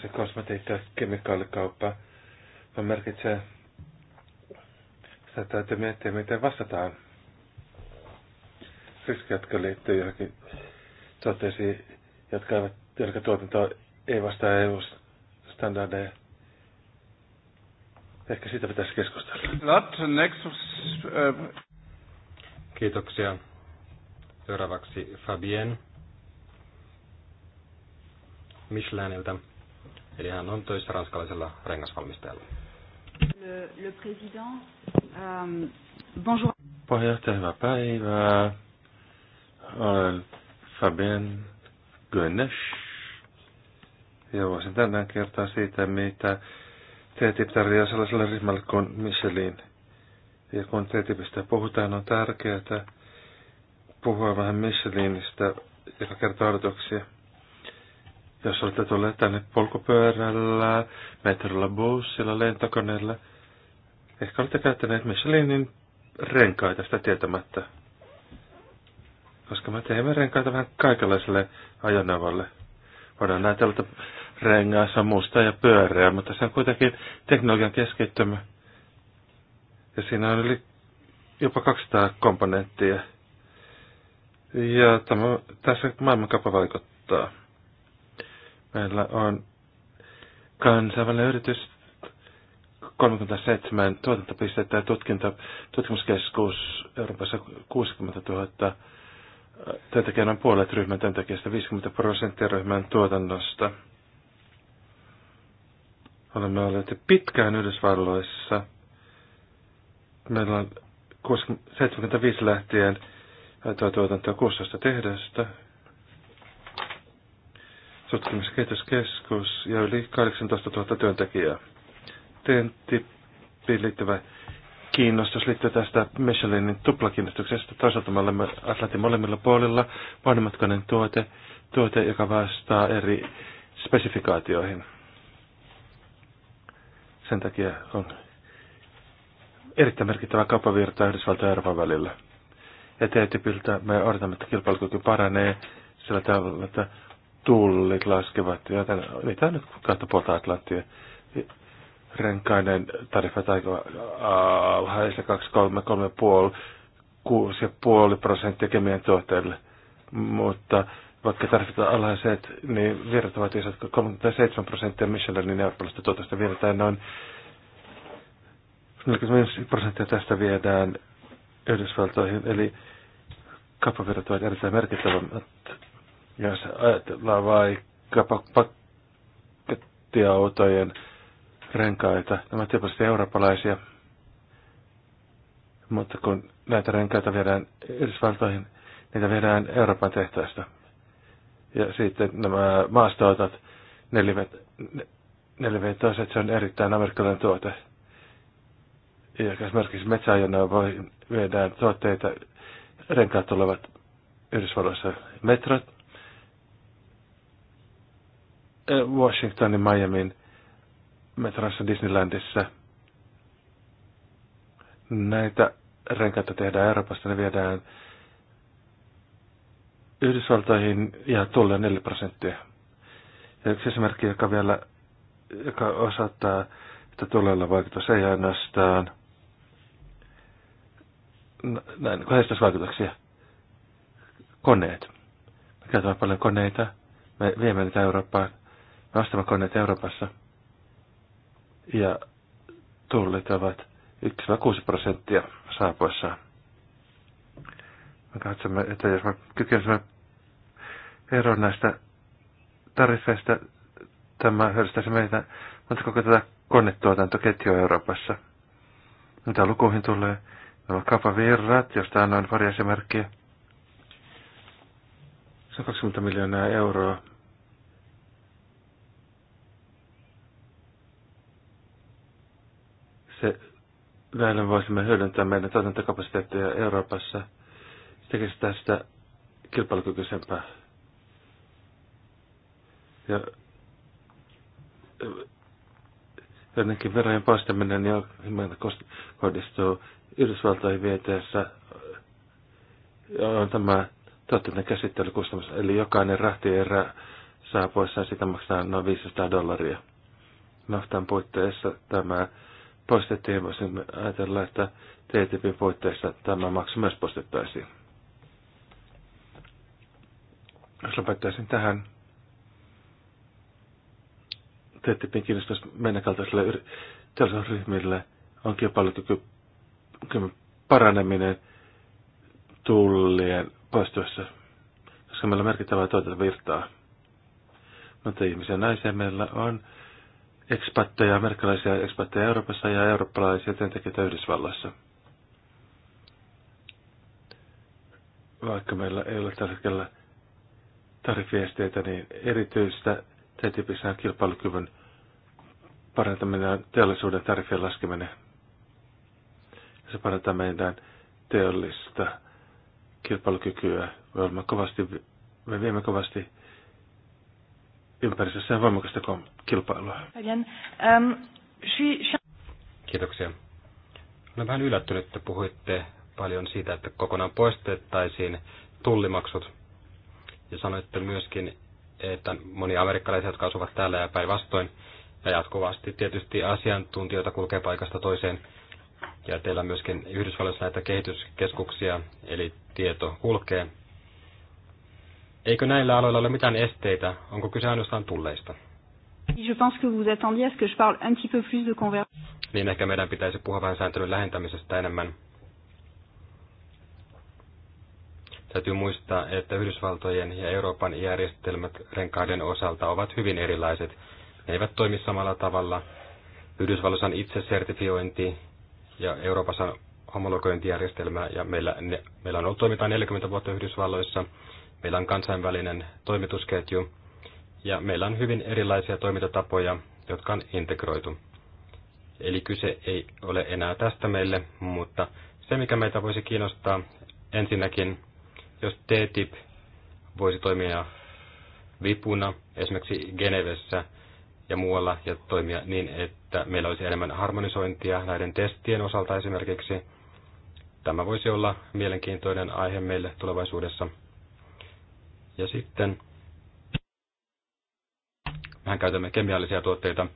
Se kosmetiikka ja kemikaalikauppa on merkitsee sitä täytyy miettiä, miten vastataan riskejä, jotka liittyy johonkin tuotteisiin, jotka eivät, jotka tuotanto ei vastaa EU-standardeja. Ehkä siitä pitäisi keskustella. Not next, uh... Kiitoksia. Seuraavaksi Fabien Micheliniltä. Eli hän on töissä ranskalaisella rengasvalmistajalla. Le, le président, um, bonjour. Puheenjohtaja, hyvää päivää. Olen Fabien Gönnesch. Ja voisin tänään kertoa siitä, mitä teet tarjoaa sellaiselle ryhmälle kuin Michelin ja kun TTIPistä puhutaan, on tärkeää puhua vähän Michelinistä, joka kertoo odotuksia. Jos olette tulleet tänne polkupyörällä, metrolla, bussilla, lentokoneella, ehkä olette käyttäneet Michelinin renkaita sitä tietämättä. Koska me teemme renkaita vähän kaikenlaiselle ajoneuvolle. Voidaan näytellä, että rengas on musta ja pyöreä, mutta se on kuitenkin teknologian keskittymä ja siinä on yli jopa 200 komponenttia. Ja tämä, tässä maailmankaupa vaikuttaa. Meillä on kansainvälinen yritys, 37 tuotantopistettä ja tutkinta, tutkimuskeskus Euroopassa 60 000 työntekijän on puolet ryhmän työntekijästä, 50 prosenttia ryhmän tuotannosta. Olemme olleet pitkään Yhdysvalloissa – Meillä on 75 lähtien tuo tuotantoa 16 tehdasta. Tutkimus- ja kehityskeskus ja yli 18 000 työntekijää. Tentippiin liittyvä kiinnostus liittyy tästä Michelinin tuplakiinnostuksesta. Toisaalta me olemme Atlantin molemmilla puolilla monimatkainen tuote, tuote, joka vastaa eri spesifikaatioihin. Sen takia on erittäin merkittävä kauppavirta Yhdysvaltain ja Euroopan välillä. Ja TTIPiltä me odotamme, että kilpailukyky paranee sillä tavalla, että tullit laskevat, Ja tämän, niitä tämä nyt kautta puolta Atlanttia. Renkainen tarifa aika alhaista 2,3-3,5 prosenttia kemian tuotteille. Mutta vaikka tarvitaan alhaiset, niin virrat ovat isot 37 prosenttia Michelinin eurooppalaisista tuotosta virtaa noin 45 prosenttia tästä viedään Yhdysvaltoihin, eli kauppavirrat ovat erittäin merkittävät. Jos ajatellaan vaikka pakettiautojen renkaita, nämä ovat tietysti eurooppalaisia, mutta kun näitä renkaita viedään Yhdysvaltoihin, niitä viedään Euroopan tehtaista. Ja sitten nämä maastoautot, nelivetoiset, se on erittäin amerikkalainen tuote ja esimerkiksi metsäajoneuvo voi viedään tuotteita, renkaat tulevat Yhdysvalloissa metrot, Washingtonin, Miamiin, metrossa Disneylandissa. Näitä renkaita tehdään Euroopasta, ne viedään Yhdysvaltoihin ja tulee 4 prosenttia. Ja yksi esimerkki, joka vielä joka osoittaa, että tulella vaikutus ei ainoastaan – näin kohdistusvaikutuksia. Koneet. Me käytämme paljon koneita. Me viemme niitä Eurooppaan. Me ostamme koneita Euroopassa. Ja tullit ovat 1-6 prosenttia saapuessaan. Me katsomme, että jos me kykenemme eroon näistä tariffeista, tämä hyödyttäisi meitä, mutta koko tätä konetuotantoketjua Euroopassa. Mitä lukuihin tulee, Nämä kaupavirrat, josta annoin pari esimerkkiä. 120 miljoonaa euroa. Se näillä voisimme hyödyntää meidän tuotantokapasiteettia Euroopassa. Se tekisi tästä kilpailukykyisempää. Ja jotenkin verojen poistaminen, jo kohdistuu Yhdysvaltoihin vieteessä on tämä tuotteiden käsittelykustannus, eli jokainen rahtierä saa poissaan sitä maksaa noin 500 dollaria. Naftan puitteissa tämä poistettiin, voisin ajatella, että TTIPin puitteissa tämä maksu myös poistettaisiin. Jos lopettaisin tähän TTIPin kiinnostus meidän kaltaisille teollisuusryhmille on kilpailukyky paraneminen tullien poistuessa, koska meillä on merkittävää tuotetta virtaa. Mutta ihmisiä naisia meillä on ekspatteja, amerikkalaisia ekspatteja Euroopassa ja eurooppalaisia työntekijöitä Yhdysvalloissa. Vaikka meillä ei ole tällä hetkellä tarifiesteitä, niin erityistä TTIPissä on kilpailukyvyn parantaminen ja teollisuuden tarifien laskeminen se parantaa meidän teollista kilpailukykyä. Me, olemme kovasti, me viemme kovasti ympäristössä voimakasta kilpailua. Um, Kiitoksia. Olen vähän yllättynyt, että puhuitte paljon siitä, että kokonaan poistettaisiin tullimaksut. Ja sanoitte myöskin, että moni amerikkalaisia, jotka asuvat täällä ja päinvastoin, ja jatkuvasti tietysti asiantuntijoita kulkee paikasta toiseen, ja teillä on myöskin Yhdysvalloissa näitä kehityskeskuksia, eli tieto kulkee. Eikö näillä aloilla ole mitään esteitä? Onko kyse ainoastaan tulleista? Je pense que vous attendiez à ce que je parle un petit peu plus de conversion. Niin ehkä meidän pitäisi puhua vähän sääntelyn lähentämisestä enemmän. Täytyy muistaa, että Yhdysvaltojen ja Euroopan järjestelmät renkaiden osalta ovat hyvin erilaiset. Ne eivät toimi samalla tavalla. Yhdysvalloissa on itsesertifiointi ja Euroopassa on homologointijärjestelmää ja meillä, ne, meillä on ollut toimintaa 40 vuotta Yhdysvalloissa, meillä on kansainvälinen toimitusketju ja meillä on hyvin erilaisia toimintatapoja, jotka on integroitu. Eli kyse ei ole enää tästä meille, mutta se mikä meitä voisi kiinnostaa ensinnäkin, jos TTIP voisi toimia vipuna esimerkiksi Genevessä – ja muualla ja toimia niin, että meillä olisi enemmän harmonisointia näiden testien osalta esimerkiksi. Tämä voisi olla mielenkiintoinen aihe meille tulevaisuudessa. Ja sitten mehän käytämme kemiallisia tuotteita.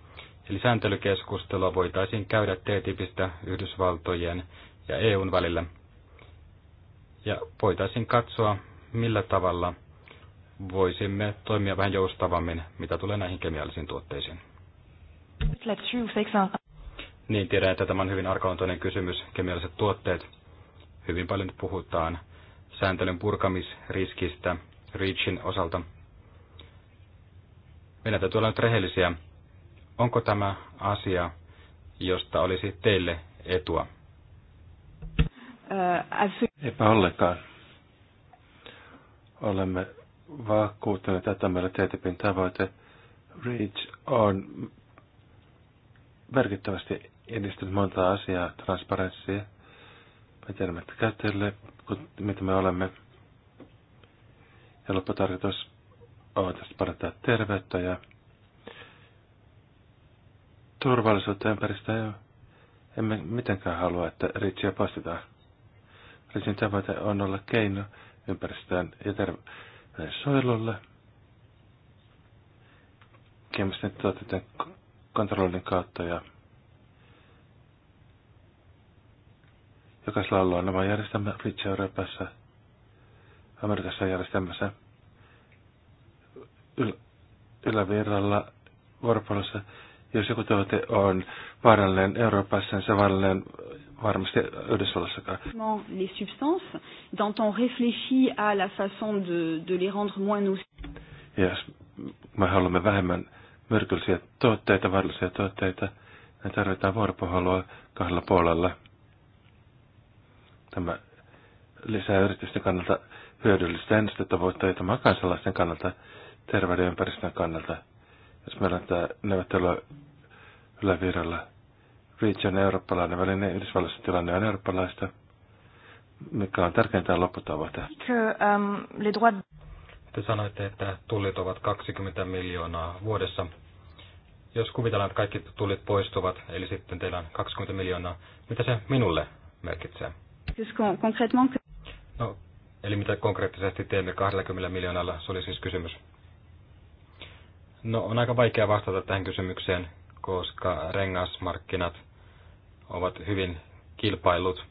Eli sääntelykeskustelua voitaisiin käydä T-tipistä Yhdysvaltojen ja EUn välillä. Ja voitaisiin katsoa, millä tavalla – voisimme toimia vähän joustavammin, mitä tulee näihin kemiallisiin tuotteisiin. Niin, tiedän, että tämä on hyvin arkaluontoinen kysymys, kemialliset tuotteet. Hyvin paljon puhutaan sääntelyn purkamisriskistä REACHin osalta. Meidän täytyy olla nyt rehellisiä. Onko tämä asia, josta olisi teille etua? Uh, Eipä ollenkaan. Olemme vakuuttunut, että on meillä TTPin tavoite. REACH on merkittävästi edistynyt monta asiaa, transparenssia. Me tiedämme, että käyttäjille, mitä me olemme. Ja lopputarkoitus on tästä parantaa terveyttä ja turvallisuutta ympäristöä. Emme mitenkään halua, että REACHia poistetaan. Richin tavoite on olla keino ympäristöön ja terveyteen nyt tuota tämän kontrollin kautta ja jokaisella alueella nämä järjestämme Rich Euroopassa, Amerikassa järjestämässä yl- ylävirralla Vorpolossa. Jos joku tuote on vaarallinen Euroopassa, niin se vaarallinen varmasti Yhdysvallassakaan. Les substances, dont on réfléchit à la façon de, de les rendre moins nous. Yes, me haluamme vähemmän myrkyllisiä tuotteita, vaarallisia tuotteita. Me tarvitaan vuoropuhelua kahdella puolella. Tämä lisää yritysten kannalta hyödyllistä ennustettavuutta ja kansalaisten kannalta, terveyden ympäristön kannalta. Jos meillä on tämä neuvottelu yläviralla, Reach on eurooppalainen väline, Yhdysvalloissa tilanne on eurooppalaista. Mikä on tärkeintä lopputavoite? Um, Te sanoitte, että tullit ovat 20 miljoonaa vuodessa. Jos kuvitellaan, että kaikki tullit poistuvat, eli sitten teillä on 20 miljoonaa, mitä se minulle merkitsee? No, eli mitä konkreettisesti teemme 20 miljoonalla, se oli siis kysymys. No, on aika vaikea vastata tähän kysymykseen, koska rengasmarkkinat – ovat hyvin kilpailut.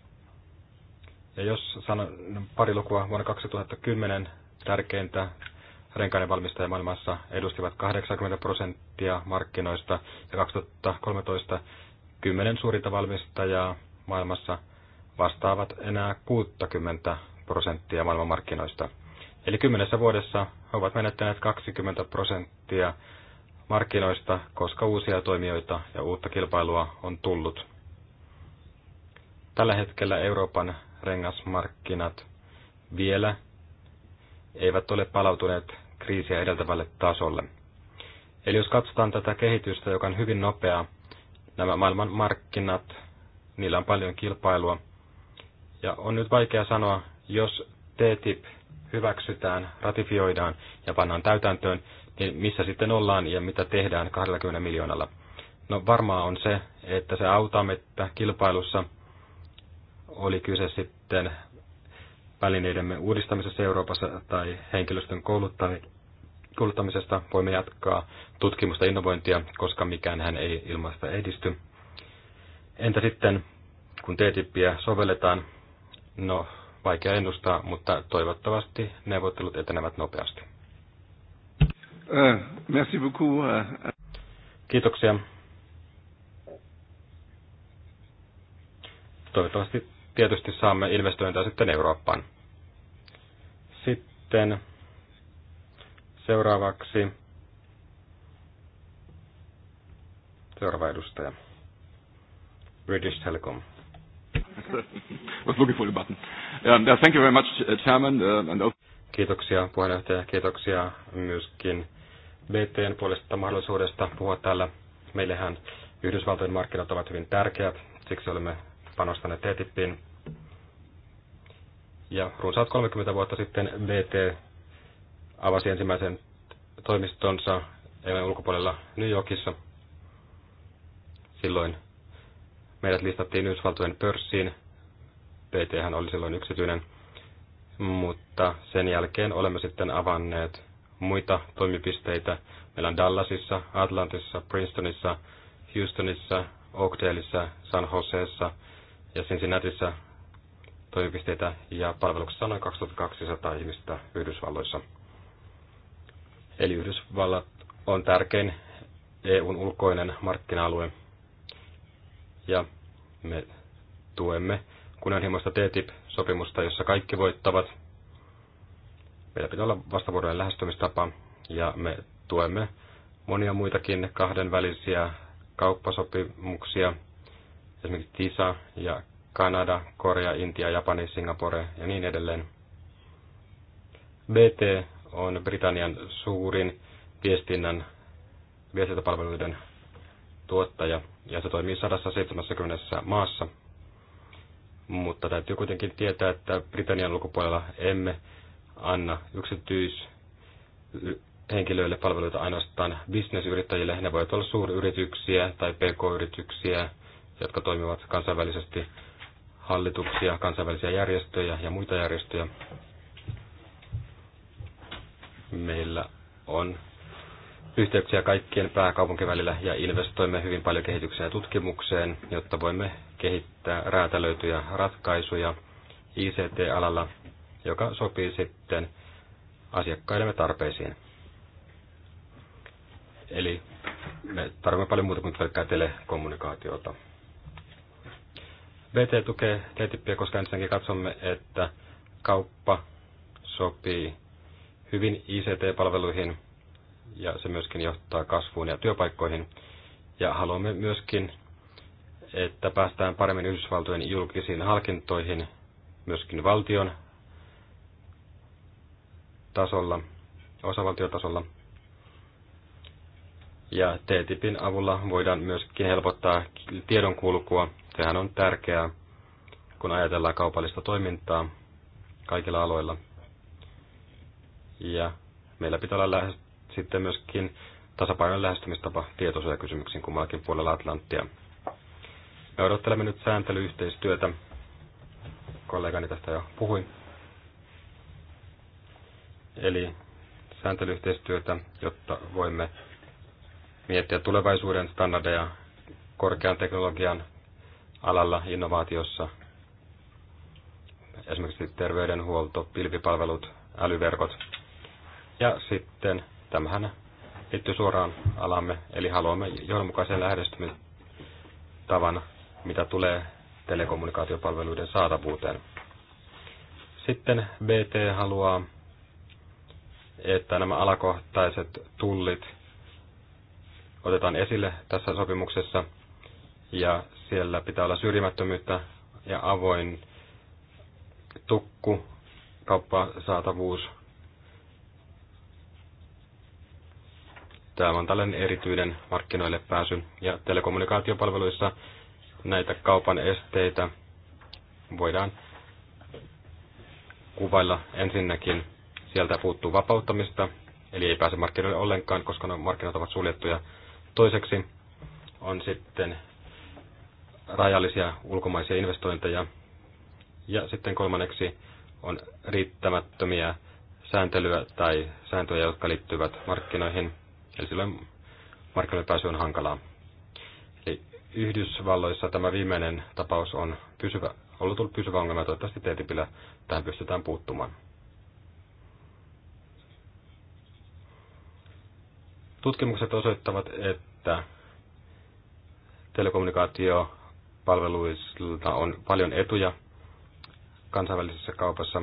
Ja jos sanon pari lukua, vuonna 2010 tärkeintä renkaiden valmistajia maailmassa edustivat 80 prosenttia markkinoista ja 2013 10 suurinta valmistajaa maailmassa vastaavat enää 60 prosenttia maailmanmarkkinoista. Eli kymmenessä vuodessa he ovat menettäneet 20 prosenttia markkinoista, koska uusia toimijoita ja uutta kilpailua on tullut Tällä hetkellä Euroopan rengasmarkkinat vielä eivät ole palautuneet kriisiä edeltävälle tasolle. Eli jos katsotaan tätä kehitystä, joka on hyvin nopeaa, nämä maailman markkinat, niillä on paljon kilpailua. Ja on nyt vaikea sanoa, jos TTIP hyväksytään, ratifioidaan ja pannaan täytäntöön, niin missä sitten ollaan ja mitä tehdään 20 miljoonalla. No varmaa on se, että se auttaa meitä kilpailussa – oli kyse sitten välineidemme uudistamisessa Euroopassa tai henkilöstön kouluttamisesta, voimme jatkaa tutkimusta ja innovointia, koska mikään hän ei ilmaista edisty. Entä sitten, kun T-tippiä sovelletaan? No, vaikea ennustaa, mutta toivottavasti neuvottelut etenevät nopeasti. Euh, merci beaucoup. Euh. Kiitoksia. Toivottavasti tietysti saamme investointeja sitten Eurooppaan. Sitten seuraavaksi seuraava edustaja. British Telecom. was looking for the button. Um, thank you very much, uh, Chairman. Uh, and Kiitoksia puheenjohtaja, kiitoksia myöskin BTn puolesta mahdollisuudesta puhua täällä. Meillähän Yhdysvaltojen markkinat ovat hyvin tärkeät, siksi olemme panostaneet TTIPin ja runsaat 30 vuotta sitten BT avasi ensimmäisen toimistonsa EUn ulkopuolella New Yorkissa. Silloin meidät listattiin Yhdysvaltojen pörssiin. BT oli silloin yksityinen, mutta sen jälkeen olemme sitten avanneet muita toimipisteitä. Meillä on Dallasissa, Atlantissa, Princetonissa, Houstonissa, Oakdaleissa, San Joseessa ja Cincinnatissa toimipisteitä ja palveluksessa on noin 2200 ihmistä Yhdysvalloissa. Eli Yhdysvallat on tärkein EUn ulkoinen markkina-alue ja me tuemme kunnianhimoista TTIP-sopimusta, jossa kaikki voittavat. Meillä pitää olla vastavuoroinen lähestymistapa ja me tuemme monia muitakin kahdenvälisiä kauppasopimuksia, esimerkiksi TISA ja Kanada, Korea, Intia, Japani, Singapore ja niin edelleen. BT on Britannian suurin viestinnän viestintäpalveluiden tuottaja ja se toimii 170 maassa. Mutta täytyy kuitenkin tietää, että Britannian ulkopuolella emme anna yksityishenkilöille palveluita ainoastaan bisnesyrittäjille. Ne voivat olla suuryrityksiä tai pk-yrityksiä, jotka toimivat kansainvälisesti hallituksia, kansainvälisiä järjestöjä ja muita järjestöjä. Meillä on yhteyksiä kaikkien pääkaupunkien välillä ja investoimme hyvin paljon kehitykseen ja tutkimukseen, jotta voimme kehittää räätälöityjä ratkaisuja ICT-alalla, joka sopii sitten asiakkaidemme tarpeisiin. Eli me tarvitsemme paljon muuta kuin pelkkää telekommunikaatiota. VT tukee TTIPia, koska ensinnäkin katsomme, että kauppa sopii hyvin ICT-palveluihin ja se myöskin johtaa kasvuun ja työpaikkoihin. Ja haluamme myöskin, että päästään paremmin Yhdysvaltojen julkisiin halkintoihin, myöskin valtion tasolla, osavaltiotasolla. Ja TTIPin avulla voidaan myöskin helpottaa tiedonkulkua Sehän on tärkeää, kun ajatellaan kaupallista toimintaa kaikilla aloilla. Ja meillä pitää olla lähes, sitten myöskin tasapainon lähestymistapa kysymyksiin kummallakin puolella Atlanttia. Me odottelemme nyt sääntelyyhteistyötä. Kollegani tästä jo puhui. Eli sääntelyyhteistyötä, jotta voimme miettiä tulevaisuuden standardeja korkean teknologian alalla, innovaatiossa, esimerkiksi terveydenhuolto, pilvipalvelut, älyverkot. Ja sitten tämähän liittyy suoraan alamme, eli haluamme johdonmukaisen lähestymistavan, mitä tulee telekommunikaatiopalveluiden saatavuuteen. Sitten BT haluaa, että nämä alakohtaiset tullit otetaan esille tässä sopimuksessa – ja siellä pitää olla syrjimättömyyttä ja avoin tukku, kauppasaatavuus. Tämä on tällainen erityinen markkinoille pääsy. Ja telekommunikaatiopalveluissa näitä kaupan esteitä voidaan kuvailla ensinnäkin. Sieltä puuttuu vapauttamista, eli ei pääse markkinoille ollenkaan, koska markkinat ovat suljettuja. Toiseksi on sitten rajallisia ulkomaisia investointeja. Ja sitten kolmanneksi on riittämättömiä sääntelyä tai sääntöjä, jotka liittyvät markkinoihin. Eli silloin markkinoille pääsy on hankalaa. Eli Yhdysvalloissa tämä viimeinen tapaus on pysyvä, ollut ollut pysyvä ongelma. Toivottavasti TTIPillä tähän pystytään puuttumaan. Tutkimukset osoittavat, että telekommunikaatio palveluista on paljon etuja kansainvälisessä kaupassa.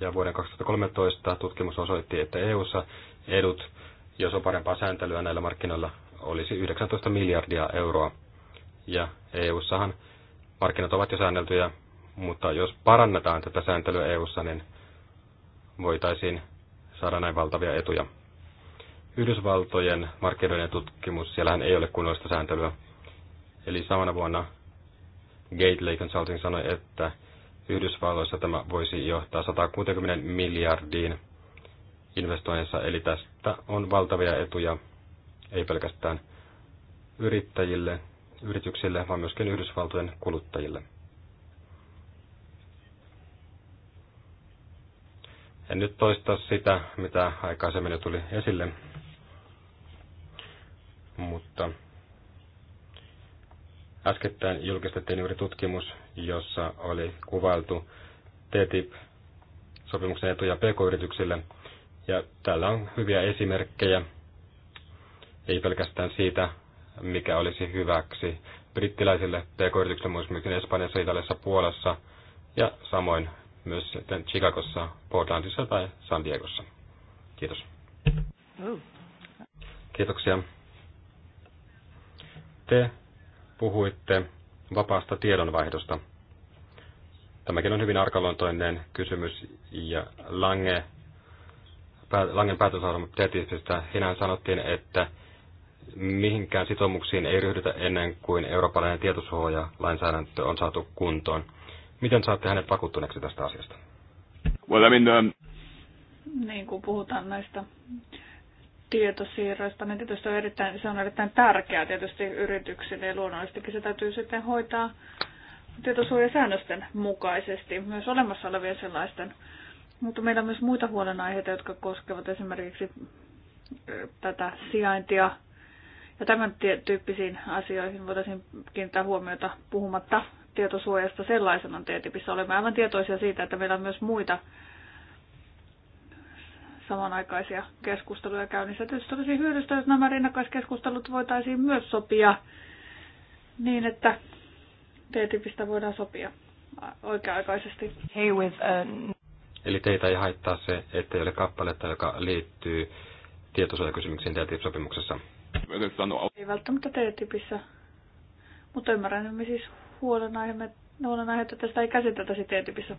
Ja vuoden 2013 tutkimus osoitti, että EU:ssa edut, jos on parempaa sääntelyä näillä markkinoilla, olisi 19 miljardia euroa. Ja EU:ssahan markkinat ovat jo säänneltyjä, mutta jos parannetaan tätä sääntelyä EU:ssa, niin voitaisiin saada näin valtavia etuja. Yhdysvaltojen markkinoiden tutkimus, siellähän ei ole kunnoista sääntelyä. Eli samana vuonna Gateley Consulting sanoi, että Yhdysvalloissa tämä voisi johtaa 160 miljardiin investoinnissa, eli tästä on valtavia etuja, ei pelkästään yrittäjille, yrityksille, vaan myöskin Yhdysvaltojen kuluttajille. En nyt toista sitä, mitä aikaisemmin jo tuli esille, mutta Äskettäin julkistettiin juuri tutkimus, jossa oli kuvailtu TTIP-sopimuksen etuja pk-yrityksille. Ja täällä on hyviä esimerkkejä, ei pelkästään siitä, mikä olisi hyväksi brittiläisille pk-yrityksille, myös Espanjassa, Italiassa, Puolassa ja samoin myös sitten Chicagossa, Portlandissa tai San Diegossa. Kiitos. Oh. Kiitoksia. Te puhuitte vapaasta tiedonvaihdosta. Tämäkin on hyvin arkaluontoinen kysymys ja Lange, Langen päätösohjelma tietysti hinään sanottiin, että mihinkään sitoumuksiin ei ryhdytä ennen kuin eurooppalainen tietosuoja-lainsäädäntö on saatu kuntoon. Miten saatte hänet vakuuttuneeksi tästä asiasta? Well, I mean, um... Niin kuin puhutaan näistä tietosiirroista, niin tietysti on erittäin, se on erittäin tärkeää tietysti yrityksille ja luonnollisestikin se täytyy sitten hoitaa tietosuojasäännösten mukaisesti, myös olemassa olevien sellaisten. Mutta meillä on myös muita huolenaiheita, jotka koskevat esimerkiksi tätä sijaintia ja tämän tyyppisiin asioihin voitaisiin kiinnittää huomiota puhumatta tietosuojasta sellaisena TTIPissä. Olemme aivan tietoisia siitä, että meillä on myös muita samanaikaisia keskusteluja käynnissä. Tietysti olisi hyödystä, jos nämä rinnakkaiskeskustelut voitaisiin myös sopia niin, että T-tipistä voidaan sopia oikea-aikaisesti. Hey with, a... Uh, Eli teitä ei haittaa se, ettei ole kappaletta, joka liittyy tietosuojakysymyksiin TTIP-sopimuksessa. Ei välttämättä TTIPissä, mutta me siis huolenaiheita, että tästä ei käsiteltäisi TTIPissä.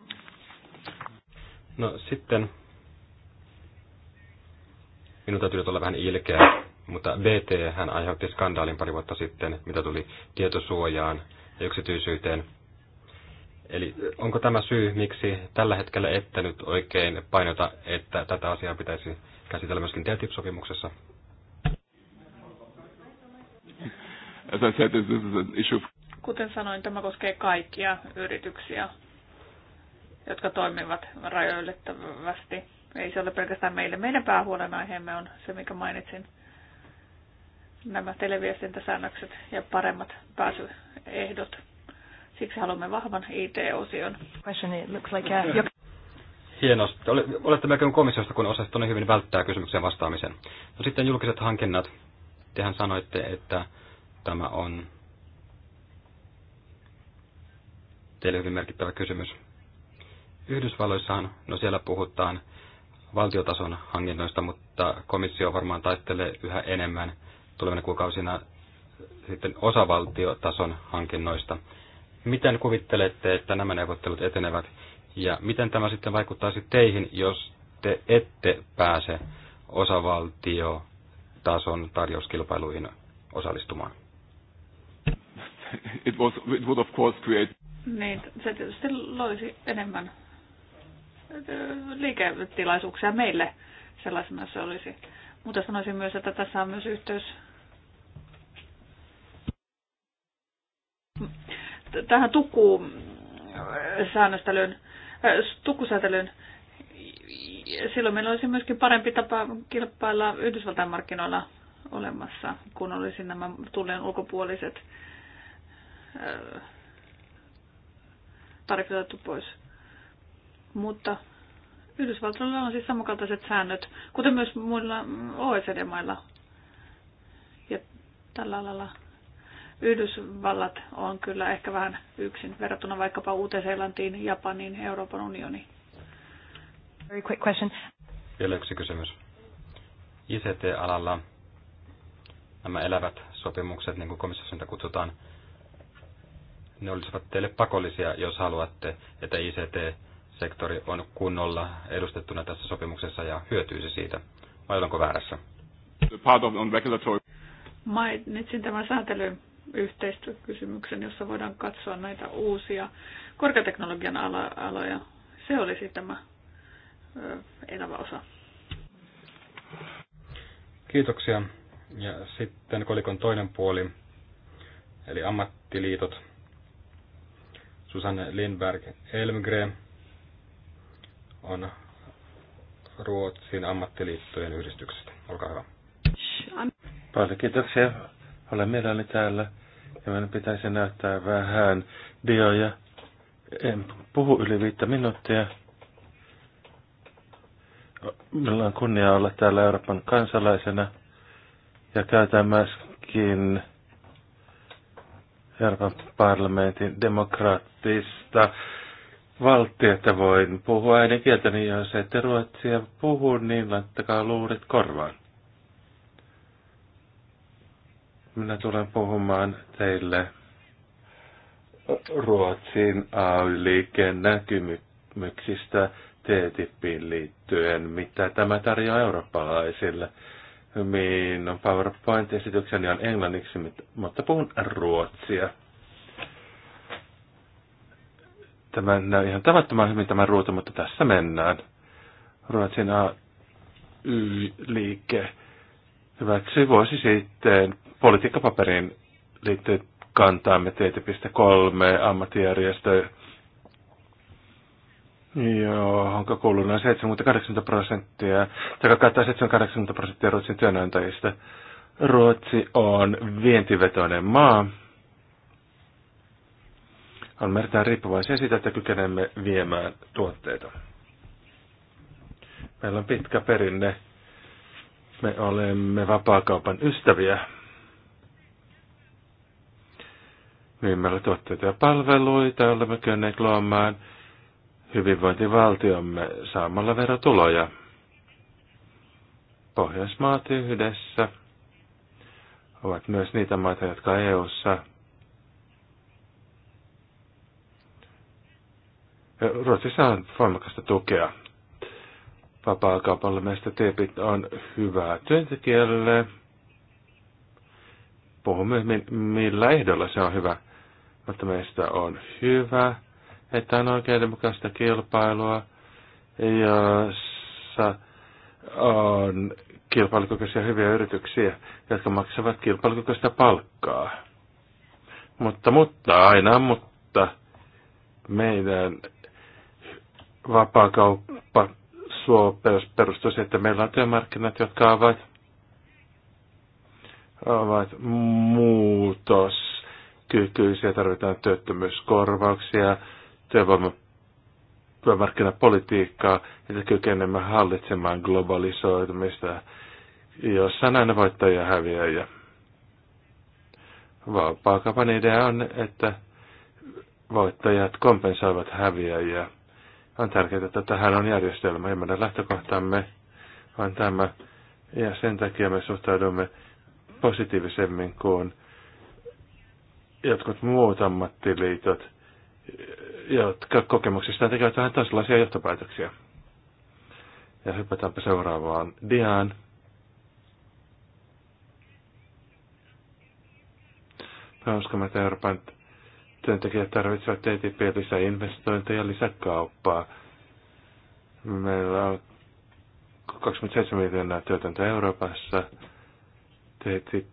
No sitten Minun täytyy olla vähän ilkeä, mutta BT hän aiheutti skandaalin pari vuotta sitten, mitä tuli tietosuojaan ja yksityisyyteen. Eli onko tämä syy, miksi tällä hetkellä ette nyt oikein painota, että tätä asiaa pitäisi käsitellä myöskin TTIP-sopimuksessa? Kuten sanoin, tämä koskee kaikkia yrityksiä, jotka toimivat rajoillettavasti. Ei se ole pelkästään meille. Meidän päähuolenaiheemme on se, mikä mainitsin. Nämä televiestintäsäännökset ja paremmat pääsyehdot. Siksi haluamme vahvan IT-osion. Uh, Hienosti. Olette melkein komissiosta, kun osaston hyvin välttää kysymykseen vastaamisen. No sitten julkiset hankinnat. Tehän sanoitte, että tämä on teille hyvin merkittävä kysymys. Yhdysvalloissahan, no siellä puhutaan valtiotason hankinnoista, mutta komissio varmaan taistelee yhä enemmän tulevina kuukausina sitten osavaltiotason hankinnoista. Miten kuvittelette, että nämä neuvottelut etenevät ja miten tämä sitten vaikuttaisi teihin, jos te ette pääse osavaltiotason tarjouskilpailuihin osallistumaan? It, was, it would of course create... Niin, se tietysti loisi enemmän liiketilaisuuksia meille sellaisena se olisi. Mutta sanoisin myös, että tässä on myös yhteys tähän tukkusäännöstelyyn, tukkusäätelyyn. Silloin meillä olisi myöskin parempi tapa kilpailla Yhdysvaltain markkinoilla olemassa, kun olisi nämä tulleen ulkopuoliset tarkoitettu pois. Mutta Yhdysvaltoilla on siis samankaltaiset säännöt, kuten myös muilla OECD-mailla. Ja tällä alalla Yhdysvallat on kyllä ehkä vähän yksin verrattuna vaikkapa Uuteen-Seelantiin, Japaniin, Euroopan unioniin. Very quick question. Vielä yksi kysymys. ICT-alalla nämä elävät sopimukset, niin kuin komissiossa kutsutaan, ne olisivat teille pakollisia, jos haluatte, että ICT sektori on kunnolla edustettuna tässä sopimuksessa ja hyötyisi siitä. Vai olenko väärässä? Mainitsin tämän sääntelyn yhteistyökysymyksen, jossa voidaan katsoa näitä uusia korkeateknologian aloja. Se olisi tämä elävä osa. Kiitoksia. Ja sitten kolikon toinen puoli, eli ammattiliitot. Susanne Lindberg, Elmgren, on Ruotsin ammattiliittojen yhdistyksestä. Olkaa hyvä. Paljon kiitoksia. Olen mielelläni täällä ja meidän pitäisi näyttää vähän dioja. En puhu yli viittä minuuttia. Meillä on kunnia olla täällä Euroopan kansalaisena ja käytän myöskin Euroopan parlamentin demokraattista valtti, että voin puhua äidinkieltäni, niin jos ette ruotsia puhu, niin laittakaa luurit korvaan. Minä tulen puhumaan teille Ruotsin AY-liikkeen näkymyksistä TTIPiin liittyen, mitä tämä tarjoaa eurooppalaisille. Minun PowerPoint-esitykseni on englanniksi, mutta puhun ruotsia. Tämä näy äh, ihan tavattoman hyvin tämä ruutu, mutta tässä mennään. Ruotsin AY-liike hyväksyi vuosi sitten politiikkapaperiin liittyy kantaamme TT.3 ammattijärjestö, onko kuuluu noin 70-80 prosenttia, tai kattaa 70-80 prosenttia Ruotsin työnantajista. Ruotsi on vientivetoinen maa on merkittävä riippuvaisia siitä, että kykenemme viemään tuotteita. Meillä on pitkä perinne. Me olemme vapaakaupan ystäviä. Myymällä tuotteita ja palveluita olemme kyenneet luomaan hyvinvointivaltiomme saamalla verotuloja. Pohjoismaat yhdessä ovat myös niitä maita, jotka EU:ssa ssa Ruotsissa on voimakasta tukea. vapaa-kaupalla. meistä teepit on hyvää työntekijälle. Puhumme, millä ehdolla se on hyvä. Mutta meistä on hyvä, että on oikeudenmukaista kilpailua, jossa on kilpailukykyisiä hyviä yrityksiä, jotka maksavat kilpailukykyistä palkkaa. Mutta, mutta, aina mutta, meidän vapaakauppa suo perustuu siihen, että meillä on työmarkkinat, jotka ovat, ovat muutoskykyisiä. Tarvitaan työttömyyskorvauksia, työvoima, työmarkkinapolitiikkaa, että kykenemme hallitsemaan globalisoitumista, jossa on aina voittajia häviäjiä. Vapaakaupan idea on, että voittajat kompensoivat häviäjiä on tärkeää, että tähän on järjestelmä ja meidän lähtökohtamme on tämä. Ja sen takia me suhtaudumme positiivisemmin kuin jotkut muut ammattiliitot, jotka kokemuksistaan tekevät vähän toisenlaisia johtopäätöksiä. Ja hypätäänpä seuraavaan diaan. Mä uskomme, että Euroopan Työntekijät tarvitsevat TTP lisää investointeja, lisäkauppaa. Meillä on 27 miljoonaa työtöntä Euroopassa. TTIP.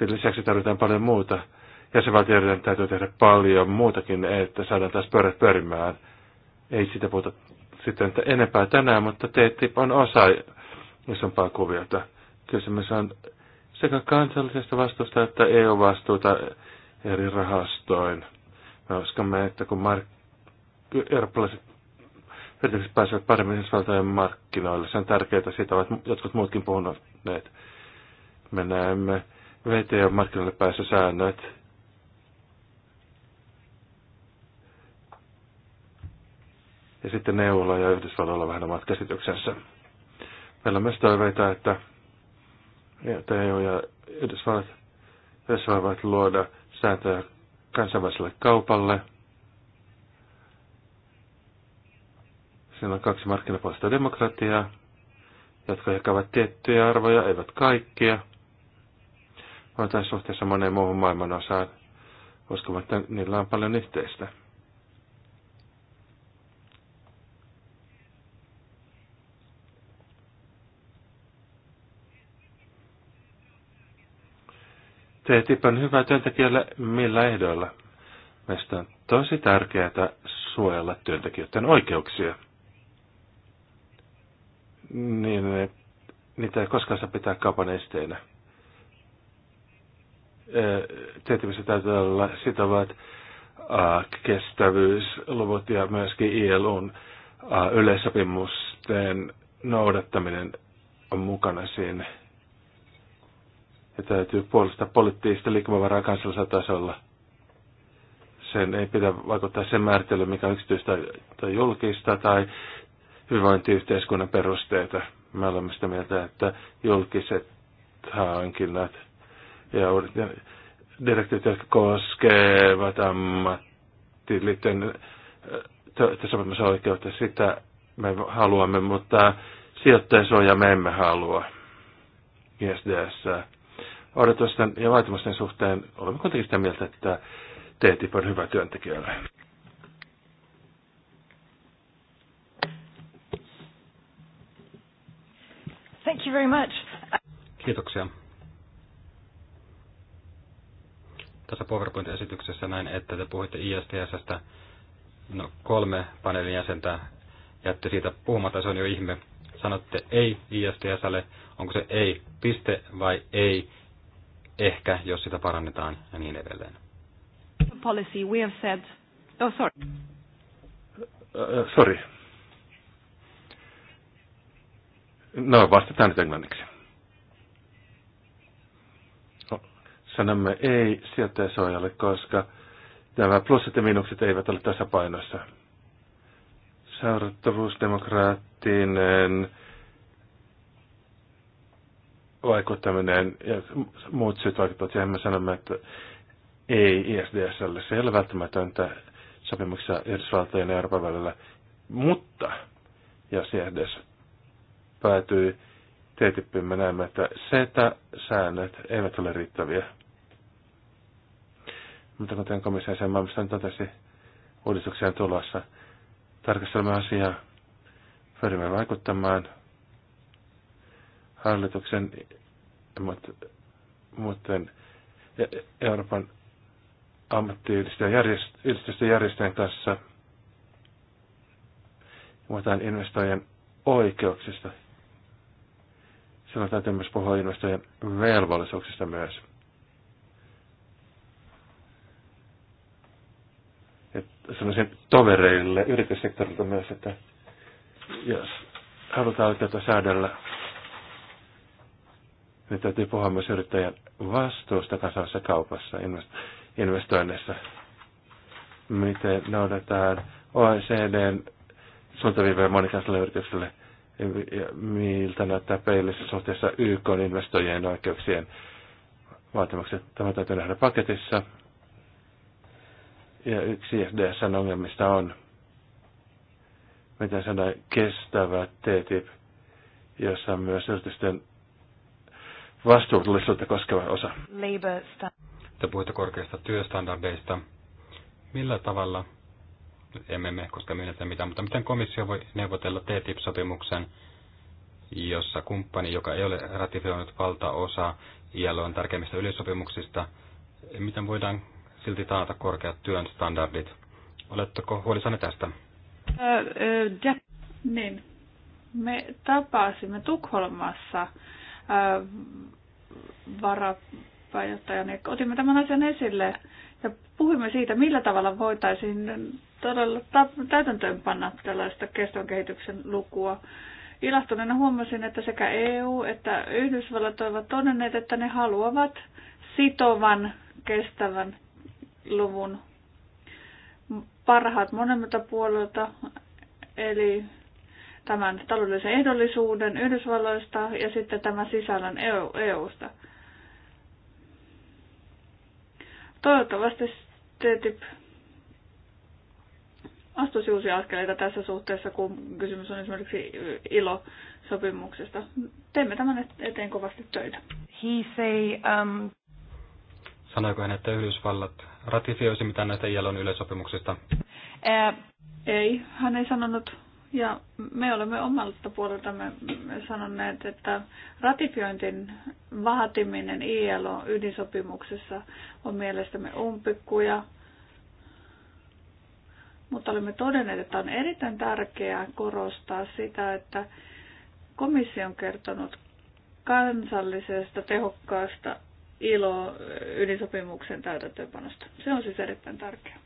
Lisäksi tarvitaan paljon muuta. Jäsenvaltioiden täytyy tehdä paljon muutakin, että saadaan taas pyörät pyörimään. Ei sitä puhuta sitten enempää tänään, mutta TTIP on osa isompaa kuviota. Kysymys on sekä kansallisesta vastuusta että EU-vastuuta eri rahastoin. Me uskomme, että kun mark- eurooppalaiset yritykset pääsevät paremmin Yhdysvaltojen markkinoille, se on tärkeää, siitä ovat jotkut muutkin puhuneet. Me näemme VTO-markkinoille säännöt. ja sitten EUlla ja Yhdysvalloilla vähän omat käsityksensä. Meillä on myös toiveita, että että EU ja Yhdysvallat, Yhdysvallat voivat luoda sääntöjä kansainväliselle kaupalle. Siinä on kaksi markkinapuolista demokratiaa, jotka jakavat tiettyjä arvoja, eivät kaikkia. tässä suhteessa moneen muuhun maailman osaan, uskomatta niillä on paljon yhteistä. Tee on hyvää työntekijälle millä ehdoilla. Meistä on tosi tärkeää suojella työntekijöiden oikeuksia. Niin, niitä ei koskaan saa pitää kaupan esteenä. TTIPissä täytyy olla sitovat kestävyysluvut ja myöskin ILUn yleissopimusten noudattaminen on mukana siinä ja täytyy puolustaa poliittista liikkumavaraa kansallisella tasolla. Sen ei pidä vaikuttaa sen määrittelyyn, mikä on yksityistä tai julkista tai hyvinvointiyhteiskunnan perusteita. Me olemme sitä mieltä, että julkiset hankinnat ja direktiivit, jotka koskevat ammattiliittojen äh, oikeutta sitä me haluamme, mutta suojaa me emme halua. ISDS. Äh odotusten ja vaatimusten suhteen olemme kuitenkin sitä mieltä, että TTIP on hyvä työntekijälle. Thank you very much. Kiitoksia. Tässä PowerPoint-esityksessä näin, että te puhuitte ISTSstä. No, kolme paneelin jäsentä jätti siitä puhumatta, se on jo ihme. Sanotte ei ISTSlle, onko se ei piste vai ei ehkä, jos sitä parannetaan ja niin edelleen. Policy, we have said... Oh, sorry. Uh, sorry. No, vastataan nyt englanniksi. No, sanomme ei sieltä sojalle, koska nämä plussat ja miinukset eivät ole tasapainossa. Seurattavuus, demokraattinen, vaikuttaminen ja muut syyt vaikuttavat siihen. mä sanomme, että ei ISDSL, Se ei ole välttämätöntä sopimuksessa Yhdysvaltojen ja Euroopan välillä. Mutta jos ISDS päätyy TTIPin, me näemme, että SETA-säännöt eivät ole riittäviä. Mutta kuten komission sen maailmasta totesi, uudistuksen tulossa. Tarkastelemme asiaa, pyrimme vaikuttamaan – hallituksen muuten e-, Euroopan ammattiyhdistysten järjestöjen kanssa muutaan investoijien oikeuksista. Silloin täytyy myös puhua investoijien velvollisuuksista myös. Sanoisin tovereille yrityssektorilta myös, että jos halutaan oikeutta säädellä nyt täytyy puhua myös yrittäjän vastuusta kasvassa kaupassa, investoinneissa. Miten noudataan OECDn suuntaviivoja monikansalliselle yritykselle ja miltä näyttää peilissä suhteessa YK investoijien oikeuksien vaatimukset. Tämä täytyy nähdä paketissa. Ja yksi SDSn ongelmista on, miten saadaan kestävä TTIP, jossa myös yritysten vastuullisuutta koskeva osa. Te puhuitte korkeista työstandardeista. Millä tavalla, emme me koska myönnetä mitään, mutta miten komissio voi neuvotella TTIP-sopimuksen, jossa kumppani, joka ei ole ratifioinut valtaosa ILOn tärkeimmistä ylisopimuksista, miten voidaan silti taata korkeat työn standardit? Oletteko huolissanne tästä? Uh, uh, niin. Me tapasimme Tukholmassa varapääjohtaja, niin otimme tämän asian esille ja puhuimme siitä, millä tavalla voitaisiin todella täytäntöönpanna tällaista keston kehityksen lukua. Ilahtuneena huomasin, että sekä EU että Yhdysvallat ovat todenneet, että ne haluavat sitovan kestävän luvun parhaat monemmilta puolelta, eli tämän taloudellisen ehdollisuuden Yhdysvalloista ja sitten tämän sisällön EU, e sta Toivottavasti TTIP astuisi uusia askeleita tässä suhteessa, kun kysymys on esimerkiksi ILO-sopimuksesta. Teemme tämän eteen kovasti töitä. He say, um... Sanoiko hän, että Yhdysvallat ratifioisi mitään näistä ILOn yleisopimuksista? Uh... Eh, ei, hän ei sanonut ja me olemme omalta puoleltamme sanoneet, että ratifiointin vaatiminen ILO-ydinsopimuksessa on mielestämme umpikkuja, mutta olemme todenneet, että on erittäin tärkeää korostaa sitä, että komissio on kertonut kansallisesta tehokkaasta ILO-ydinsopimuksen täytäntöönpanosta. Se on siis erittäin tärkeää.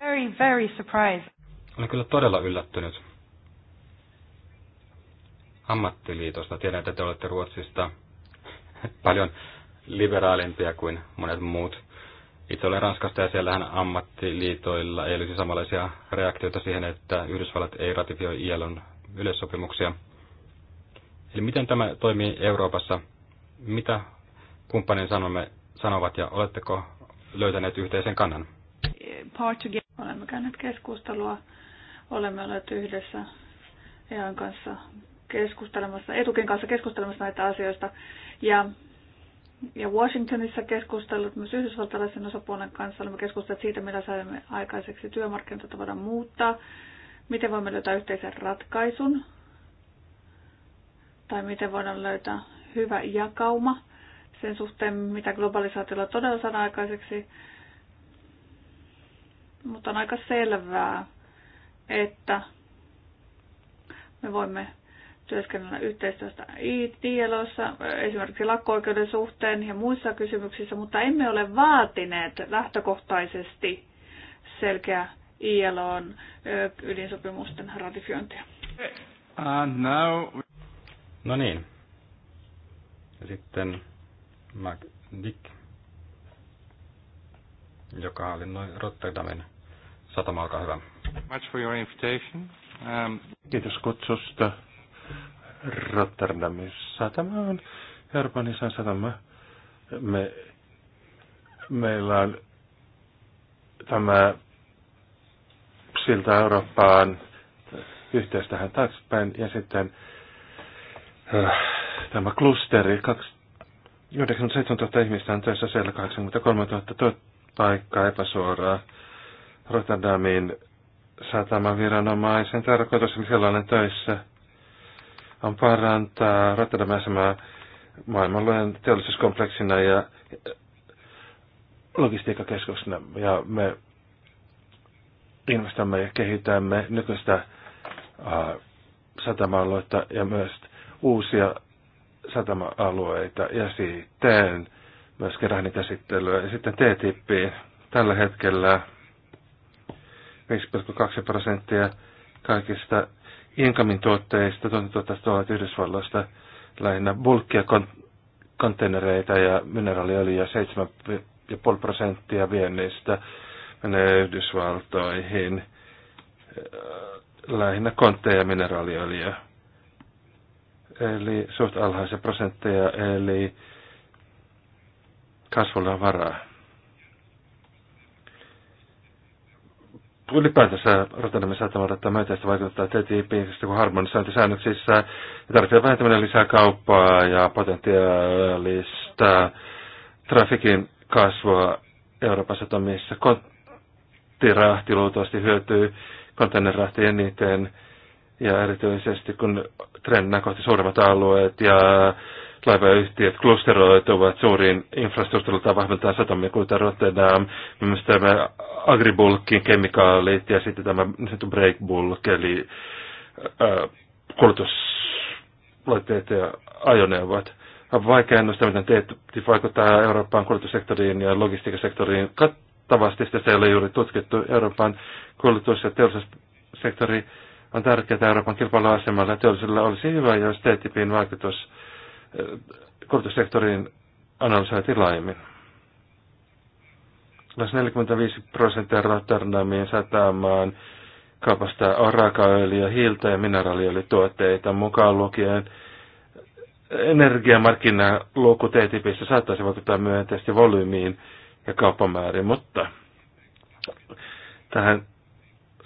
Very, very surprised. Olen kyllä todella yllättynyt ammattiliitosta. Tiedän, että te olette Ruotsista paljon liberaalimpia kuin monet muut. Itse olen Ranskasta ja siellähän ammattiliitoilla ei olisi samanlaisia reaktioita siihen, että Yhdysvallat ei ratifioi ILOn yleissopimuksia. Eli miten tämä toimii Euroopassa? Mitä kumppanin sanomme sanovat ja oletteko löytäneet yhteisen kannan? Olemme käyneet keskustelua, olemme olleet yhdessä EAN kanssa keskustelemassa, etukin kanssa keskustelemassa näitä asioista. Ja, ja Washingtonissa keskustellut myös yhdysvaltalaisen osapuolen kanssa olemme keskustelleet siitä, millä saamme aikaiseksi työmarkkinoita voidaan muuttaa, miten voimme löytää yhteisen ratkaisun tai miten voidaan löytää hyvä jakauma sen suhteen, mitä globalisaatiolla todella saadaan aikaiseksi. Mutta on aika selvää, että me voimme työskennellä yhteistyössä tielossa, esimerkiksi lakko-oikeuden suhteen ja muissa kysymyksissä, mutta emme ole vaatineet lähtökohtaisesti selkeä ILOn ydinsopimusten ratifiointia. Uh, now... No niin. Ja sitten Mac Dick, joka noin Rotterdamin satama, olkaa hyvä. Much for your invitation. Um... Kiitos kutsusta Rotterdamin satama on Euroopan isän satama. Me, meillä on tämä siltä Eurooppaan yhteys tähän taaksepäin ja sitten äh, tämä klusteri, 97 000 ihmistä on töissä siellä, 83 000 paikkaa epäsuoraa. Rotterdamin satamaviranomaisen tarkoitus, missä on töissä on parantaa Rotterdamin asemaa maailmanlaajan teollisuuskompleksina ja logistiikkakeskuksena. Ja me investoimme ja kehitämme nykyistä satama alueita ja myös uusia satama-alueita ja sitten myöskin käsittelyä Ja sitten T-tippiin tällä hetkellä 5,2 prosenttia kaikista Incomin tuotteista, tuotantotuotteista ovat Yhdysvalloista lähinnä bulkkia kontainereita ja mineraaliöljyä 7,5 prosenttia viennistä menee Yhdysvaltoihin äh, lähinnä kontteja ja mineraaliöljyä. Eli suht alhaisia prosentteja, eli kasvulla on varaa. ylipäätänsä Rotterdamin säätämällä myönteistä vaikuttaa TTIPistä kuin harmonisointisäännöksissä ja tarvitsee vähentäminen lisää kauppaa ja potentiaalista trafikin kasvua Euroopassa toimissa. Konttirahti luultavasti hyötyy kontennerahti eniten ja erityisesti kun trennää kohti suuremmat alueet ja laivayhtiöt klusteroituvat suuriin infrastruktuuriltaan vahvintaan satamia, kuten Rotterdam, myös tämä agribulkin kemikaalit ja sitten tämä niin breakbulk, eli äh, kulutuslaitteet ja ajoneuvot. On vaikea ennustaa, miten TTIP vaikuttaa Euroopan kulutussektoriin ja logistiikasektoriin, kattavasti. Sitä ei ole juuri tutkittu. Euroopan kulutus- ja teollisuussektori on tärkeää Euroopan kilpailuasemalla, ja teollisuudella olisi hyvä, jos TTIPin vaikutus koulutussektorin analysointi laajemmin. Lähes 45 prosenttia Rotterdamin satamaan kaupasta on raakaöljyä, hiiltä ja mineraaliöljytuotteita mukaan lukien energiamarkkinaluku TTIPissä saattaisi vaikuttaa myönteisesti volyymiin ja kauppamääriin, mutta tähän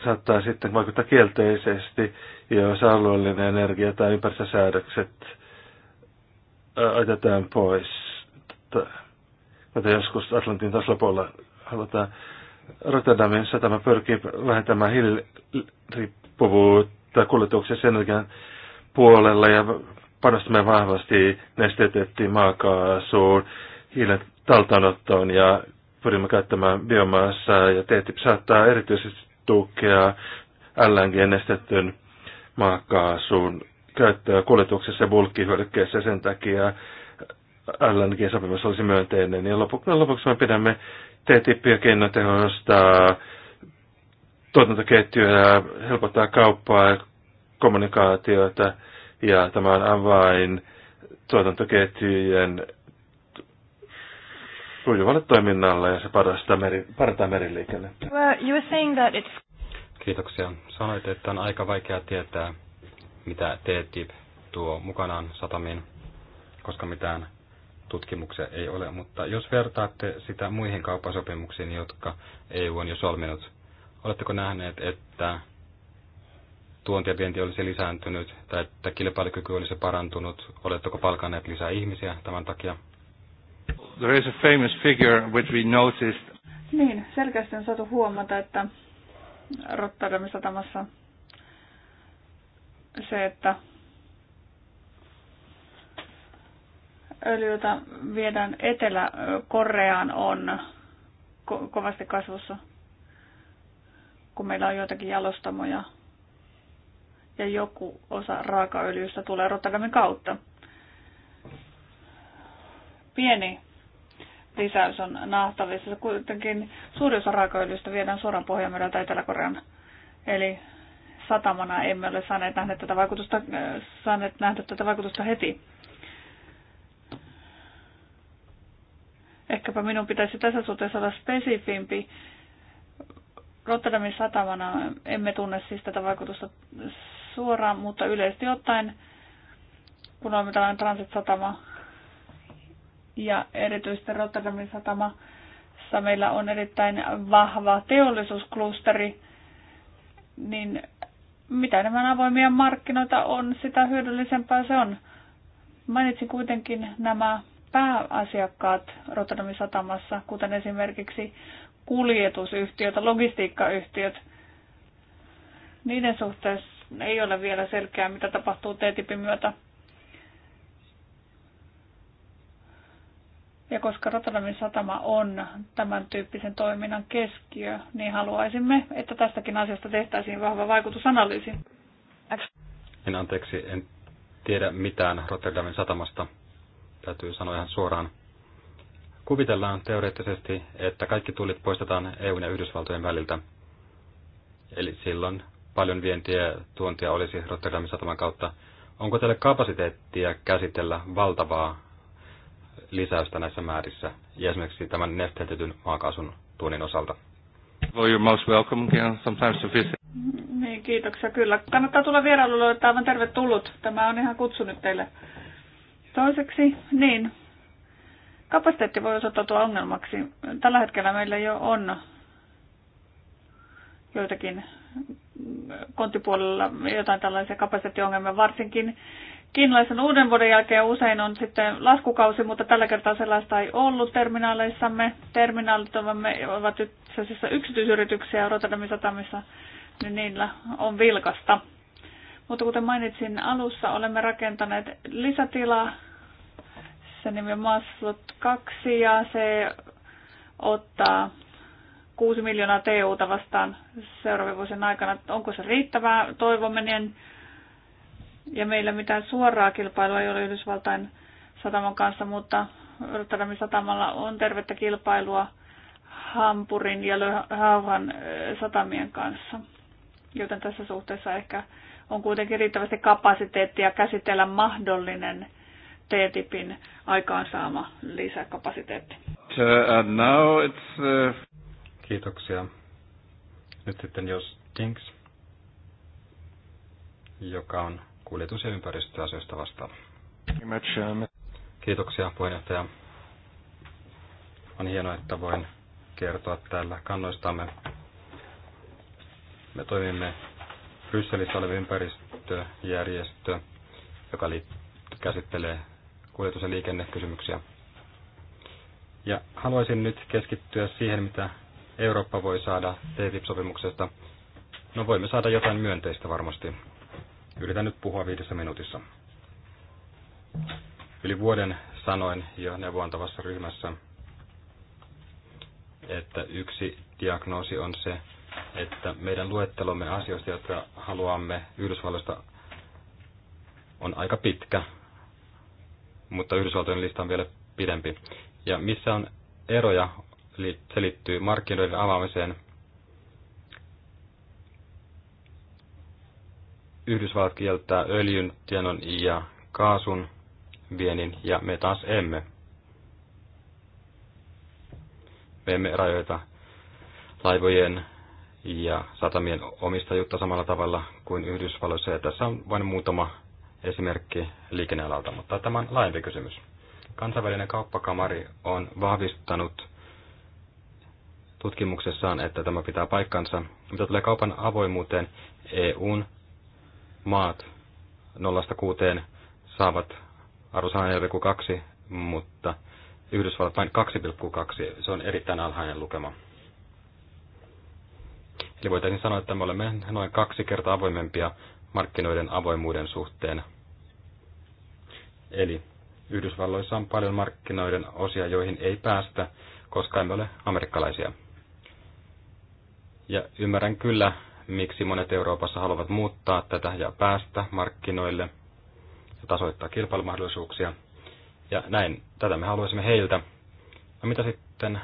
saattaa sitten vaikuttaa kielteisesti, jos alueellinen energia- tai ympäristösäädökset otetaan pois. Mutta joskus Atlantin tasapuolella halutaan Rotterdamin satama pyrkii vähentämään hiiliriippuvuutta sen jälkeen puolella ja panostamme vahvasti nestetettiin maakaasuun, hiilen taltaanottoon ja pyrimme käyttämään biomassaa ja TTIP saattaa erityisesti tukea LNG-nestetyn maakaasuun käyttöä kuljetuksessa ja bulkkihyödykkeessä sen takia LNG-sopimus olisi myönteinen. Ja lopuksi, no lopuksi me pidämme TTIPia keinotehosta, tuotantoketjuja, helpottaa kauppaa ja kommunikaatiota. Ja tämä on avain tuotantoketjujen sujuvalle toiminnalle ja se parantaa meri, parantaa meriliikennettä. Well, you were saying that it's... Kiitoksia. Sanoit, että on aika vaikea tietää, mitä TTIP tuo mukanaan satamiin, koska mitään tutkimuksia ei ole. Mutta jos vertaatte sitä muihin kauppasopimuksiin, jotka EU on jo solminut, oletteko nähneet, että tuonti ja vienti olisi lisääntynyt tai että kilpailukyky olisi parantunut? Oletteko palkanneet lisää ihmisiä tämän takia? There is a famous figure which we noticed. Niin, selkeästi on saatu huomata, että Rotterdamin satamassa se, että öljy, jota viedään Etelä-Koreaan, on ko- kovasti kasvussa, kun meillä on joitakin jalostamoja ja joku osa raakaöljystä tulee Rotterdamin kautta. Pieni lisäys on nähtävissä. Kuitenkin suuri osa raakaöljystä viedään suoraan Pohjanmereltä Etelä-Korean. Eli satamana emme ole saaneet nähdä tätä vaikutusta, äh, saaneet nähdä tätä vaikutusta heti. Ehkäpä minun pitäisi tässä suhteessa olla spesifimpi. Rotterdamin satamana emme tunne siis tätä vaikutusta suoraan, mutta yleisesti ottaen, kun olemme tällainen transit-satama ja erityisesti Rotterdamin satama, meillä on erittäin vahva teollisuusklusteri, niin mitä enemmän avoimia markkinoita on, sitä hyödyllisempää se on. Mainitsin kuitenkin nämä pääasiakkaat Rotterdamin satamassa, kuten esimerkiksi kuljetusyhtiöt, logistiikkayhtiöt. Niiden suhteessa ei ole vielä selkeää, mitä tapahtuu TTIPin myötä. Ja koska Rotterdamin satama on tämän tyyppisen toiminnan keskiö, niin haluaisimme, että tästäkin asiasta tehtäisiin vahva vaikutusanalyysi. En anteeksi, en tiedä mitään Rotterdamin satamasta. Täytyy sanoa ihan suoraan. Kuvitellaan teoreettisesti, että kaikki tulit poistetaan EUn ja Yhdysvaltojen väliltä. Eli silloin paljon vientiä ja tuontia olisi Rotterdamin sataman kautta. Onko teille kapasiteettia käsitellä valtavaa lisäystä näissä määrissä, ja esimerkiksi tämän nesteytetyn maakaasun tuonnin osalta. Well, you're most welcome again, sometimes to visit. Niin, kiitoksia kyllä. Kannattaa tulla vierailulle, että aivan tervetullut. Tämä on ihan kutsunut teille. Toiseksi, niin, kapasiteetti voi osoittautua ongelmaksi. Tällä hetkellä meillä jo on joitakin kontipuolella jotain tällaisia kapasiteettiongelmia, varsinkin kiinalaisen uuden vuoden jälkeen usein on sitten laskukausi, mutta tällä kertaa sellaista ei ollut terminaaleissamme. Terminaalit ovat itse asiassa yksityisyrityksiä Rotterdamin satamissa, niin niillä on vilkasta. Mutta kuten mainitsin alussa, olemme rakentaneet lisätilaa. Se nimi on Maslot 2 ja se ottaa 6 miljoonaa TUta vastaan seuraavien vuosien aikana. Onko se riittävää? Toivomme, niin ja meillä mitään suoraa kilpailua ei ole Yhdysvaltain sataman kanssa, mutta Rotterdamin satamalla on tervettä kilpailua Hampurin ja Hauhan eh, satamien kanssa. Joten tässä suhteessa ehkä on kuitenkin riittävästi kapasiteettia käsitellä mahdollinen T-tipin aikaansaama lisäkapasiteetti. And now it's, uh... Kiitoksia. Nyt sitten jos Tinks, joka on kuljetus- ja ympäristöasioista vastaava. Um, Kiitoksia puheenjohtaja. On hienoa, että voin kertoa täällä kannoistamme. Me toimimme Brysselissä oleva ympäristöjärjestö, joka käsittelee kuljetus- ja liikennekysymyksiä. Ja haluaisin nyt keskittyä siihen, mitä Eurooppa voi saada TTIP-sopimuksesta. No voimme saada jotain myönteistä varmasti. Yritän nyt puhua viidessä minuutissa. Yli vuoden sanoin jo neuvontavassa ryhmässä, että yksi diagnoosi on se, että meidän luettelomme asioista, jotka haluamme Yhdysvalloista, on aika pitkä, mutta Yhdysvaltojen lista on vielä pidempi. Ja missä on eroja, se liittyy markkinoiden avaamiseen, Yhdysvallat kieltää öljyn, tienon ja kaasun vienin ja me taas emme. Me emme rajoita laivojen ja satamien omistajuutta samalla tavalla kuin Yhdysvalloissa. Ja tässä on vain muutama esimerkki liikennealalta, mutta tämä on laajempi kysymys. Kansainvälinen kauppakamari on vahvistanut tutkimuksessaan, että tämä pitää paikkansa. Mitä tulee kaupan avoimuuteen, EUn maat 0-6 saavat arvosanan 4,2, mutta Yhdysvallat vain 2,2. Se on erittäin alhainen lukema. Eli voitaisiin sanoa, että me olemme noin kaksi kertaa avoimempia markkinoiden avoimuuden suhteen. Eli Yhdysvalloissa on paljon markkinoiden osia, joihin ei päästä, koska emme ole amerikkalaisia. Ja ymmärrän kyllä miksi monet Euroopassa haluavat muuttaa tätä ja päästä markkinoille ja tasoittaa kilpailumahdollisuuksia. Ja näin, tätä me haluaisimme heiltä. No mitä sitten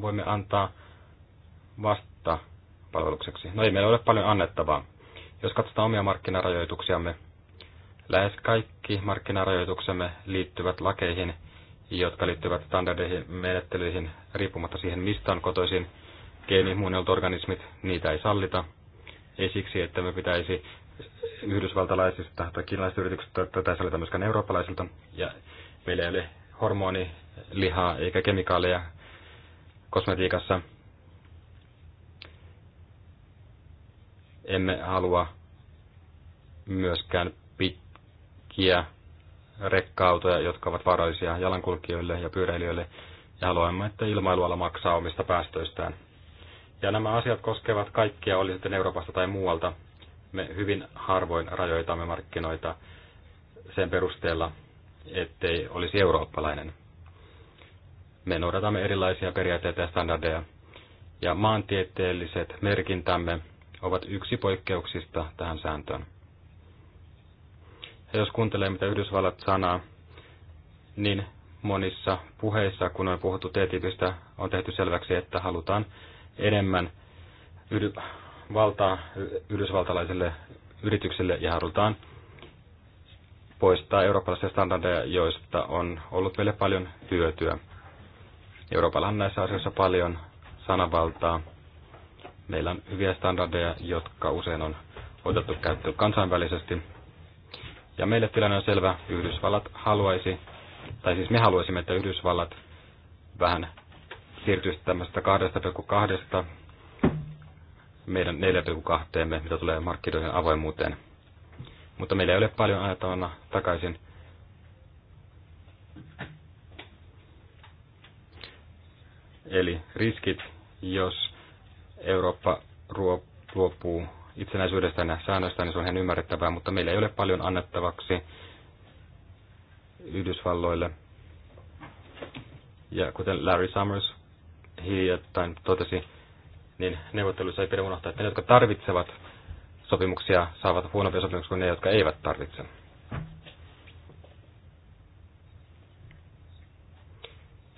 voimme antaa vasta palvelukseksi? No ei meillä ole paljon annettavaa. Jos katsotaan omia markkinarajoituksiamme, lähes kaikki markkinarajoituksemme liittyvät lakeihin, jotka liittyvät standardeihin, menettelyihin, riippumatta siihen, mistä on kotoisin. geenimuunneltu organismit, niitä ei sallita. Ei siksi, että me pitäisi yhdysvaltalaisista tai kiinalaisista yrityksistä tätä sallita myöskään eurooppalaisilta. Ja meillä ei ole lihaa eikä kemikaaleja kosmetiikassa. Emme halua myöskään pitkiä rekka-autoja, jotka ovat vaarallisia jalankulkijoille ja pyöräilijöille, ja haluamme, että ilmailuala maksaa omista päästöistään. Ja nämä asiat koskevat kaikkia, oli sitten Euroopasta tai muualta. Me hyvin harvoin rajoitamme markkinoita sen perusteella, ettei olisi eurooppalainen. Me noudatamme erilaisia periaatteita ja standardeja, ja maantieteelliset merkintämme ovat yksi poikkeuksista tähän sääntöön. Ja jos kuuntelee, mitä Yhdysvallat sanaa, niin monissa puheissa, kun on puhuttu TTIPistä, on tehty selväksi, että halutaan enemmän yhdy- valtaa yhdysvaltalaiselle yritykselle ja halutaan poistaa eurooppalaisia standardeja, joista on ollut meille paljon hyötyä. Euroopalla on näissä asioissa paljon sananvaltaa. Meillä on hyviä standardeja, jotka usein on otettu käyttöön kansainvälisesti. Ja meille tilanne on selvä. Yhdysvallat haluaisi, tai siis me haluaisimme, että Yhdysvallat vähän siirtyisi tämmöistä 2,2 meidän 4,2, mitä tulee markkinoiden avoimuuteen. Mutta meillä ei ole paljon ajatavana takaisin. Eli riskit, jos Eurooppa luopuu itsenäisyydestään ja säännöistään, niin se on ihan ymmärrettävää, mutta meillä ei ole paljon annettavaksi Yhdysvalloille. Ja kuten Larry Summers hiljattain totesi, niin neuvotteluissa ei pidä unohtaa, että ne, jotka tarvitsevat sopimuksia, saavat huonompia sopimuksia kuin ne, jotka eivät tarvitse.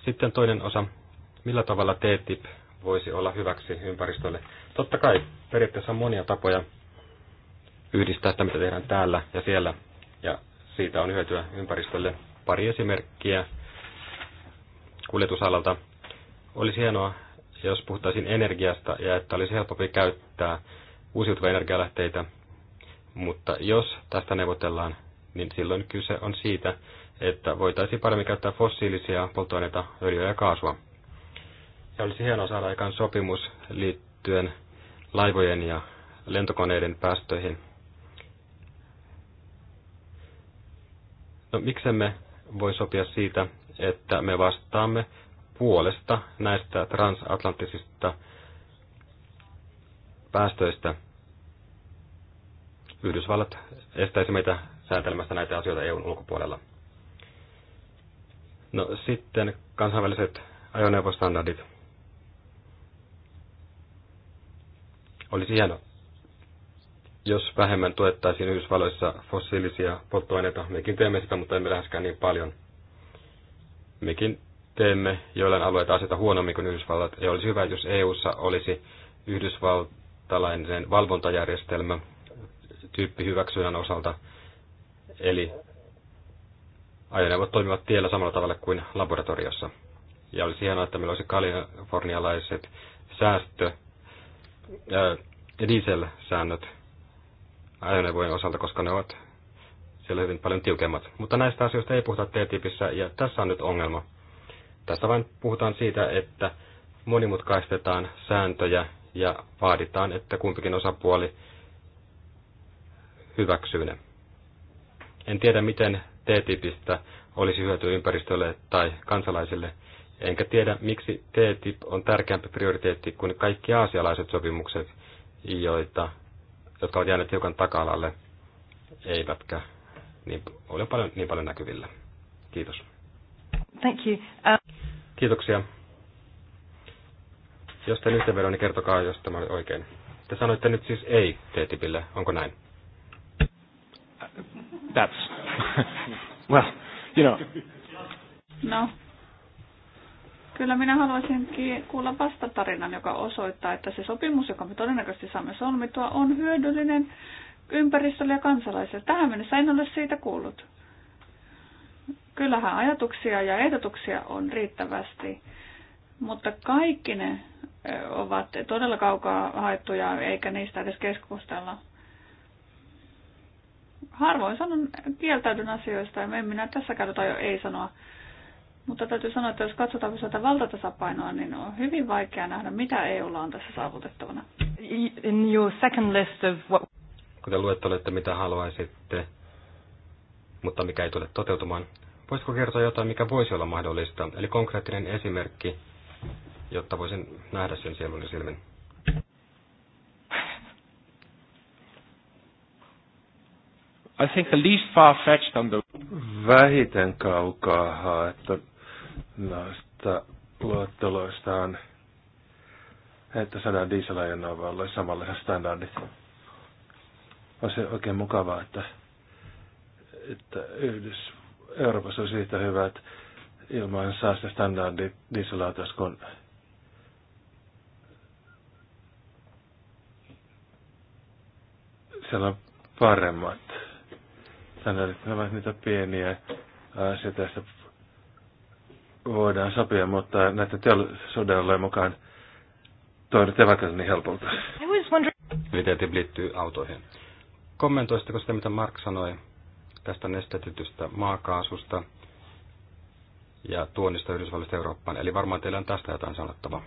Sitten toinen osa, millä tavalla TTIP voisi olla hyväksi ympäristölle. Totta kai periaatteessa on monia tapoja yhdistää sitä, mitä tehdään täällä ja siellä, ja siitä on hyötyä ympäristölle. Pari esimerkkiä kuljetusalalta. Olisi hienoa, jos puhuttaisiin energiasta ja että olisi helpompi käyttää uusiutuvia energialähteitä, mutta jos tästä neuvotellaan, niin silloin kyse on siitä, että voitaisiin paremmin käyttää fossiilisia polttoaineita, öljyä ja kaasua. Ja olisi hienoa saada aikaan sopimus liittyen laivojen ja lentokoneiden päästöihin. No miksemme voi sopia siitä, että me vastaamme huolesta näistä transatlanttisista päästöistä. Yhdysvallat estäisi meitä sääntelemästä näitä asioita EUn ulkopuolella. No sitten kansainväliset ajoneuvostandardit. Olisi hienoa, jos vähemmän tuettaisiin Yhdysvalloissa fossiilisia polttoaineita. Mekin teemme sitä, mutta emme läheskään niin paljon. Mekin teemme joillain alueita asioita huonommin kuin Yhdysvallat. Ja olisi hyvä, jos EU:ssa olisi yhdysvaltalainen valvontajärjestelmä tyyppihyväksynnän osalta. Eli ajoneuvot toimivat tiellä samalla tavalla kuin laboratoriossa. Ja olisi hienoa, että meillä olisi kalifornialaiset säästö, ja diesel-säännöt ajoneuvojen osalta, koska ne ovat siellä hyvin paljon tiukemmat. Mutta näistä asioista ei puhuta TTIPissä, ja tässä on nyt ongelma. Tässä vain puhutaan siitä, että monimutkaistetaan sääntöjä ja vaaditaan, että kumpikin osapuoli hyväksyy ne. En tiedä, miten t T-tipistä olisi hyötyä ympäristölle tai kansalaisille, enkä tiedä, miksi T-tip on tärkeämpi prioriteetti kuin kaikki aasialaiset sopimukset, joita, jotka ovat jääneet hiukan taka-alalle, eivätkä niin, ole paljon, niin paljon näkyvillä. Kiitos. Thank you. Uh, Kiitoksia. Jos teen yhteenvedon, niin kertokaa, jos tämä oli oikein. Te sanoitte nyt siis ei TTIPille, onko näin? That's... well, you know. No. Kyllä minä haluaisin kuulla vastatarinan, joka osoittaa, että se sopimus, joka me todennäköisesti saamme solmitua, on hyödyllinen ympäristölle ja kansalaisille. Tähän mennessä en ole siitä kuullut. Kyllähän ajatuksia ja ehdotuksia on riittävästi, mutta kaikki ne ovat todella kaukaa haettuja, eikä niistä edes keskustella. Harvoin sanon, kieltäydyn asioista, ja en minä tässä kertaa jo ei sanoa. Mutta täytyy sanoa, että jos katsotaan tätä valtatasapainoa, niin on hyvin vaikea nähdä, mitä EUlla on tässä saavutettavana. In your second list of what... Kun te luettelette, mitä haluaisitte, mutta mikä ei tule toteutumaan, Voisitko kertoa jotain, mikä voisi olla mahdollista? Eli konkreettinen esimerkki, jotta voisin nähdä sen sielun ja silmin. I think the least far-fetched on the... Vähiten kaukaa haettu noista luotteloista on, että saadaan samalla samanlaiset standardit. On se oikein mukavaa, että, että Yhdys, Euroopassa on siitä hyvät ilman saastestandardit dieselautoissa kun siellä on paremmat standardit. Ne ovat niitä pieniä asioita, voidaan sopia, mutta näiden teollisuudelle mukaan toivat eivät niin helpolta. Mitä liittyy autoihin? Kommentoisitteko sitä, mitä Mark sanoi tästä nestetytystä maakaasusta ja tuonnista Yhdysvalloista Eurooppaan. Eli varmaan teillä on tästä jotain sanottavaa.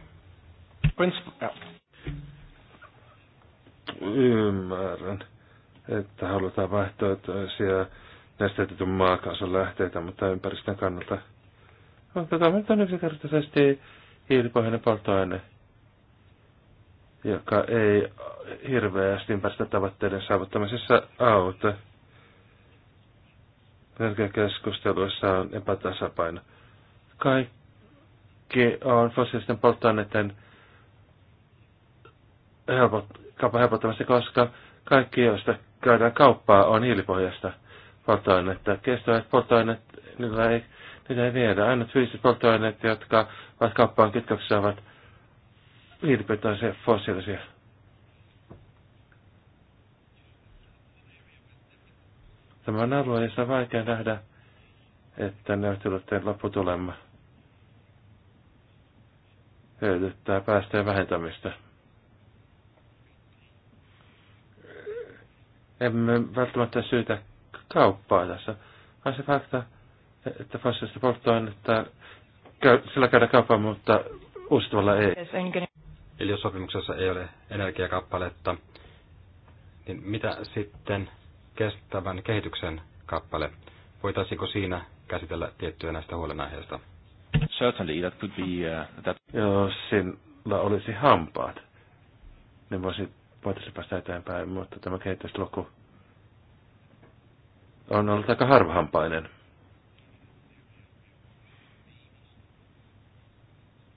Ymmärrän, että halutaan vaihtoehtoisia nestetetyn maakaasun lähteitä, mutta ympäristön kannalta. Mutta tämä on yksinkertaisesti hiilipohjainen polttoaine, joka ei hirveästi ympäristötavoitteiden saavuttamisessa auta energiakeskusteluissa on epätasapaino. Kaikki on fossiilisten polttoaineiden helpot, kaupan helpottamista, koska kaikki, joista käydään kauppaa, on hiilipohjasta polttoainetta. Kestävät polttoaineet, niillä ei, niitä ei viedä. Ainut fyysiset polttoaineet, jotka ovat kauppaan kytköksessä, ovat hiilipitoisia fossiilisia Tämä on jossa on vaikea nähdä, että neuvotteluiden lopputulema hyödyttää päästöjen vähentämistä. Emme välttämättä syytä kauppaa tässä, vaan se fakta, että fossiilista polttoainetta sillä käydä kauppaa, mutta uusiutuvalla ei. Eli jos sopimuksessa ei ole energiakappaletta, niin mitä sitten kestävän kehityksen kappale. Voitaisiinko siinä käsitellä tiettyjä näistä huolenaiheista? Certainly, that could be, uh, that... Joo, sillä olisi hampaat. Ne voisi, voitaisiin päästä eteenpäin, mutta tämä kehitysluku on ollut aika harvahampainen.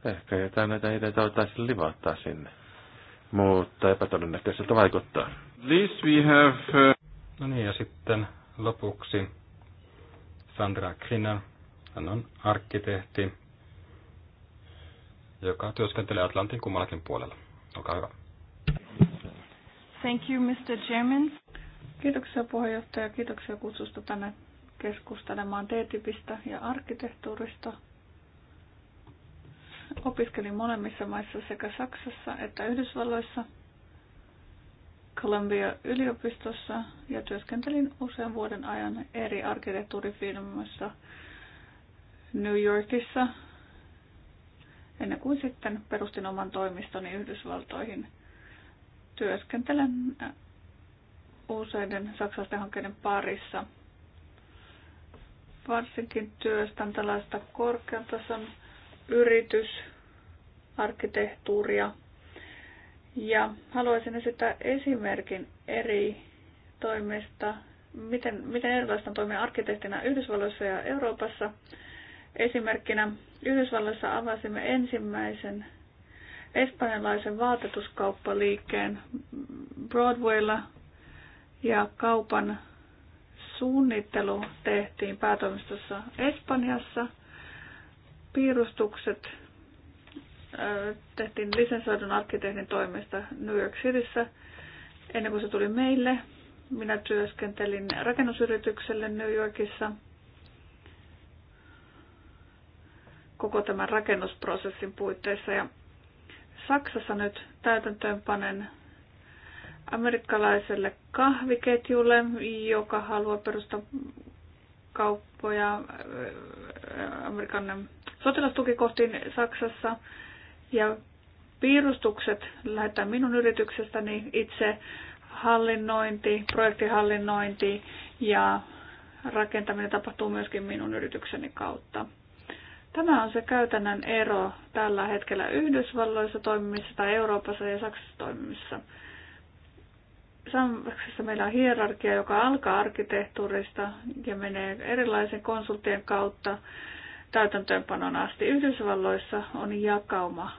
Ehkä jotain näitä ideitä voitaisiin livauttaa sinne. Mutta epätodennäköiseltä vaikuttaa. This we have, uh, No niin, ja sitten lopuksi Sandra Klinner. Hän on arkkitehti, joka työskentelee Atlantin kummallakin puolella. Olkaa hyvä. Thank you, Mr. Chairman. Kiitoksia puheenjohtaja, kiitoksia kutsusta tänne keskustelemaan T-typistä ja arkkitehtuurista. Opiskelin molemmissa maissa sekä Saksassa että Yhdysvalloissa – Columbia yliopistossa ja työskentelin usean vuoden ajan eri arkkitehtuurifirmoissa New Yorkissa ennen kuin sitten perustin oman toimistoni Yhdysvaltoihin. Työskentelen äh, useiden saksalaisten hankkeiden parissa. Varsinkin työstän tällaista korkean tason arkkitehtuuria ja haluaisin esittää esimerkin eri toimista, miten, miten erilaista on toimia arkkitehtina Yhdysvalloissa ja Euroopassa. Esimerkkinä Yhdysvalloissa avasimme ensimmäisen espanjalaisen vaatetuskauppaliikkeen Broadwaylla ja kaupan suunnittelu tehtiin päätoimistossa Espanjassa. Piirustukset tehtiin lisensoidun arkkitehdin toimesta New York Cityssä. Ennen kuin se tuli meille, minä työskentelin rakennusyritykselle New Yorkissa koko tämän rakennusprosessin puitteissa. Ja Saksassa nyt täytäntöönpanen amerikkalaiselle kahviketjulle, joka haluaa perustaa kauppoja äh, äh, Amerikan sotilastukikohtiin Saksassa. Ja piirustukset lähettää minun yrityksestäni itse hallinnointi, projektihallinnointi ja rakentaminen tapahtuu myöskin minun yritykseni kautta. Tämä on se käytännön ero tällä hetkellä Yhdysvalloissa toimimissa tai Euroopassa ja Saksassa toimimissa. Saksassa meillä on hierarkia, joka alkaa arkkitehtuurista ja menee erilaisen konsulttien kautta täytäntöönpanon asti. Yhdysvalloissa on jakauma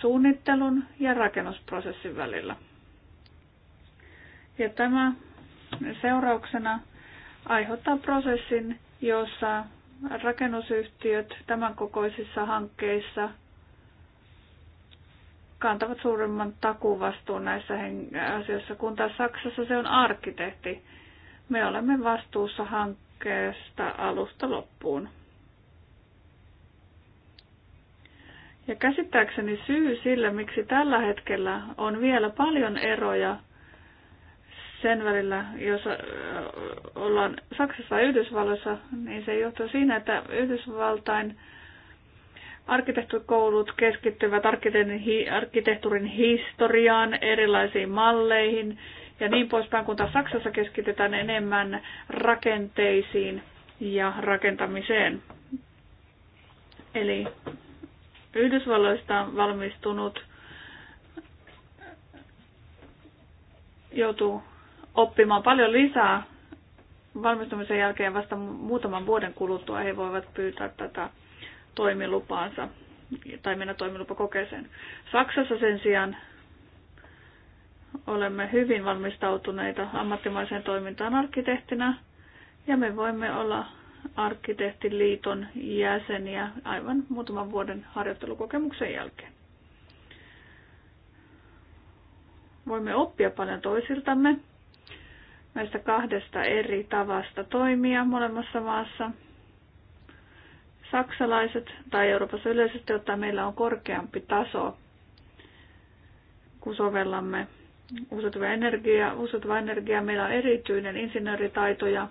suunnittelun ja rakennusprosessin välillä. Ja tämä seurauksena aiheuttaa prosessin, jossa rakennusyhtiöt tämän kokoisissa hankkeissa kantavat suuremman takuvastuun näissä asioissa, kun taas Saksassa se on arkkitehti. Me olemme vastuussa hankkeesta alusta loppuun. Ja käsittääkseni syy sille, miksi tällä hetkellä on vielä paljon eroja sen välillä, jos äh, ollaan Saksassa ja Yhdysvalloissa, niin se johtuu siinä, että Yhdysvaltain arkkitehtuurikoulut keskittyvät arkkitehtuurin historiaan, erilaisiin malleihin ja niin poispäin, kun taas Saksassa keskitetään enemmän rakenteisiin ja rakentamiseen. Eli Yhdysvalloista valmistunut joutuu oppimaan paljon lisää valmistumisen jälkeen vasta muutaman vuoden kuluttua he voivat pyytää tätä toimilupaansa tai mennä toimilupakokeeseen. Saksassa sen sijaan olemme hyvin valmistautuneita ammattimaiseen toimintaan arkkitehtinä ja me voimme olla arkkitehtiliiton jäseniä aivan muutaman vuoden harjoittelukokemuksen jälkeen. Voimme oppia paljon toisiltamme näistä kahdesta eri tavasta toimia molemmassa maassa. Saksalaiset tai Euroopassa yleisesti ottaen meillä on korkeampi taso, kun sovellamme uusiutuvaa energiaa. Uusiutuva energiaa meillä on erityinen insinööritaito ja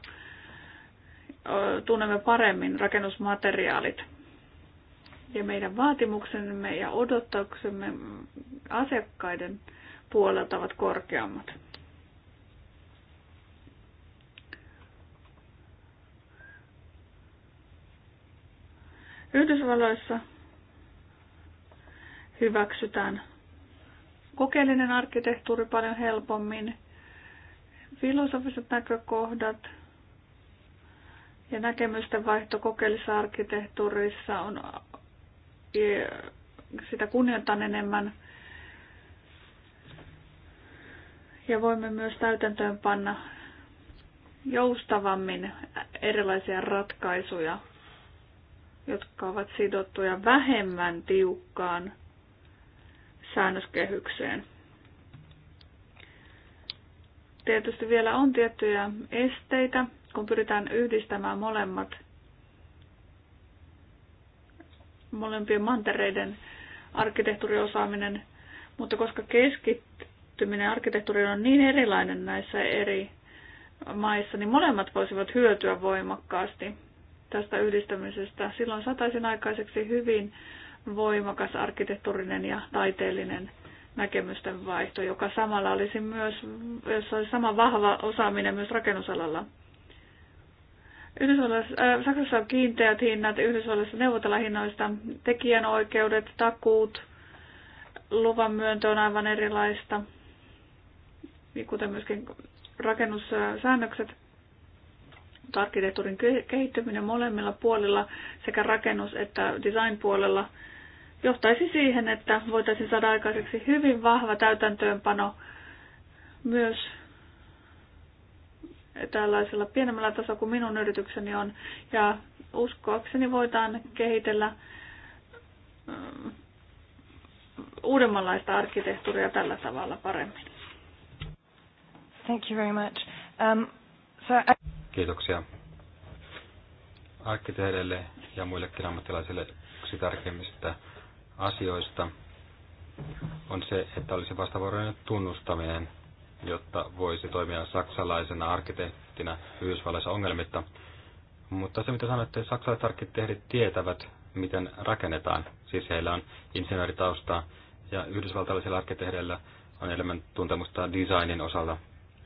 tunnemme paremmin rakennusmateriaalit. Ja meidän vaatimuksemme ja odotuksemme asiakkaiden puolelta ovat korkeammat. Yhdysvalloissa hyväksytään kokeellinen arkkitehtuuri paljon helpommin, filosofiset näkökohdat – ja näkemysten vaihto kokeellisessa arkkitehtuurissa on, e, sitä kunnioitan enemmän. Ja voimme myös täytäntöön panna joustavammin erilaisia ratkaisuja, jotka ovat sidottuja vähemmän tiukkaan säännöskehykseen. Tietysti vielä on tiettyjä esteitä, kun pyritään yhdistämään molemmat molempien mantereiden arkkitehtuuriosaaminen, mutta koska keskittyminen arkkitehtuuriin on niin erilainen näissä eri maissa, niin molemmat voisivat hyötyä voimakkaasti tästä yhdistämisestä. Silloin sataisin aikaiseksi hyvin voimakas arkkitehtuurinen ja taiteellinen näkemysten vaihto, joka samalla olisi myös, jos olisi sama vahva osaaminen myös rakennusalalla. Yhdysvalloissa, äh, Saksassa on kiinteät hinnat, Yhdysvalloissa neuvotellaan hinnoista, tekijänoikeudet, takuut, luvan myöntö on aivan erilaista, niin kuten myöskin rakennussäännökset, arkkitehtuurin kehittyminen molemmilla puolilla sekä rakennus- että design-puolella johtaisi siihen, että voitaisiin saada aikaiseksi hyvin vahva täytäntöönpano myös tällaisella pienemmällä tasolla kuin minun yritykseni on. Ja uskoakseni voidaan kehitellä mm, uudemmanlaista arkkitehtuuria tällä tavalla paremmin. Thank you very much. Um, so I... Kiitoksia. Arkkitehdelle ja muillekin ammattilaisille yksi tärkeimmistä asioista on se, että olisi vastavuoroinen tunnustaminen – jotta voisi toimia saksalaisena arkkitehtina Yhdysvalloissa ongelmitta. Mutta se, mitä sanoitte, saksalaiset arkkitehdit tietävät, miten rakennetaan. Siis heillä on insinööritaustaa ja yhdysvaltalaisilla arkkitehdeillä on enemmän tuntemusta designin osalta.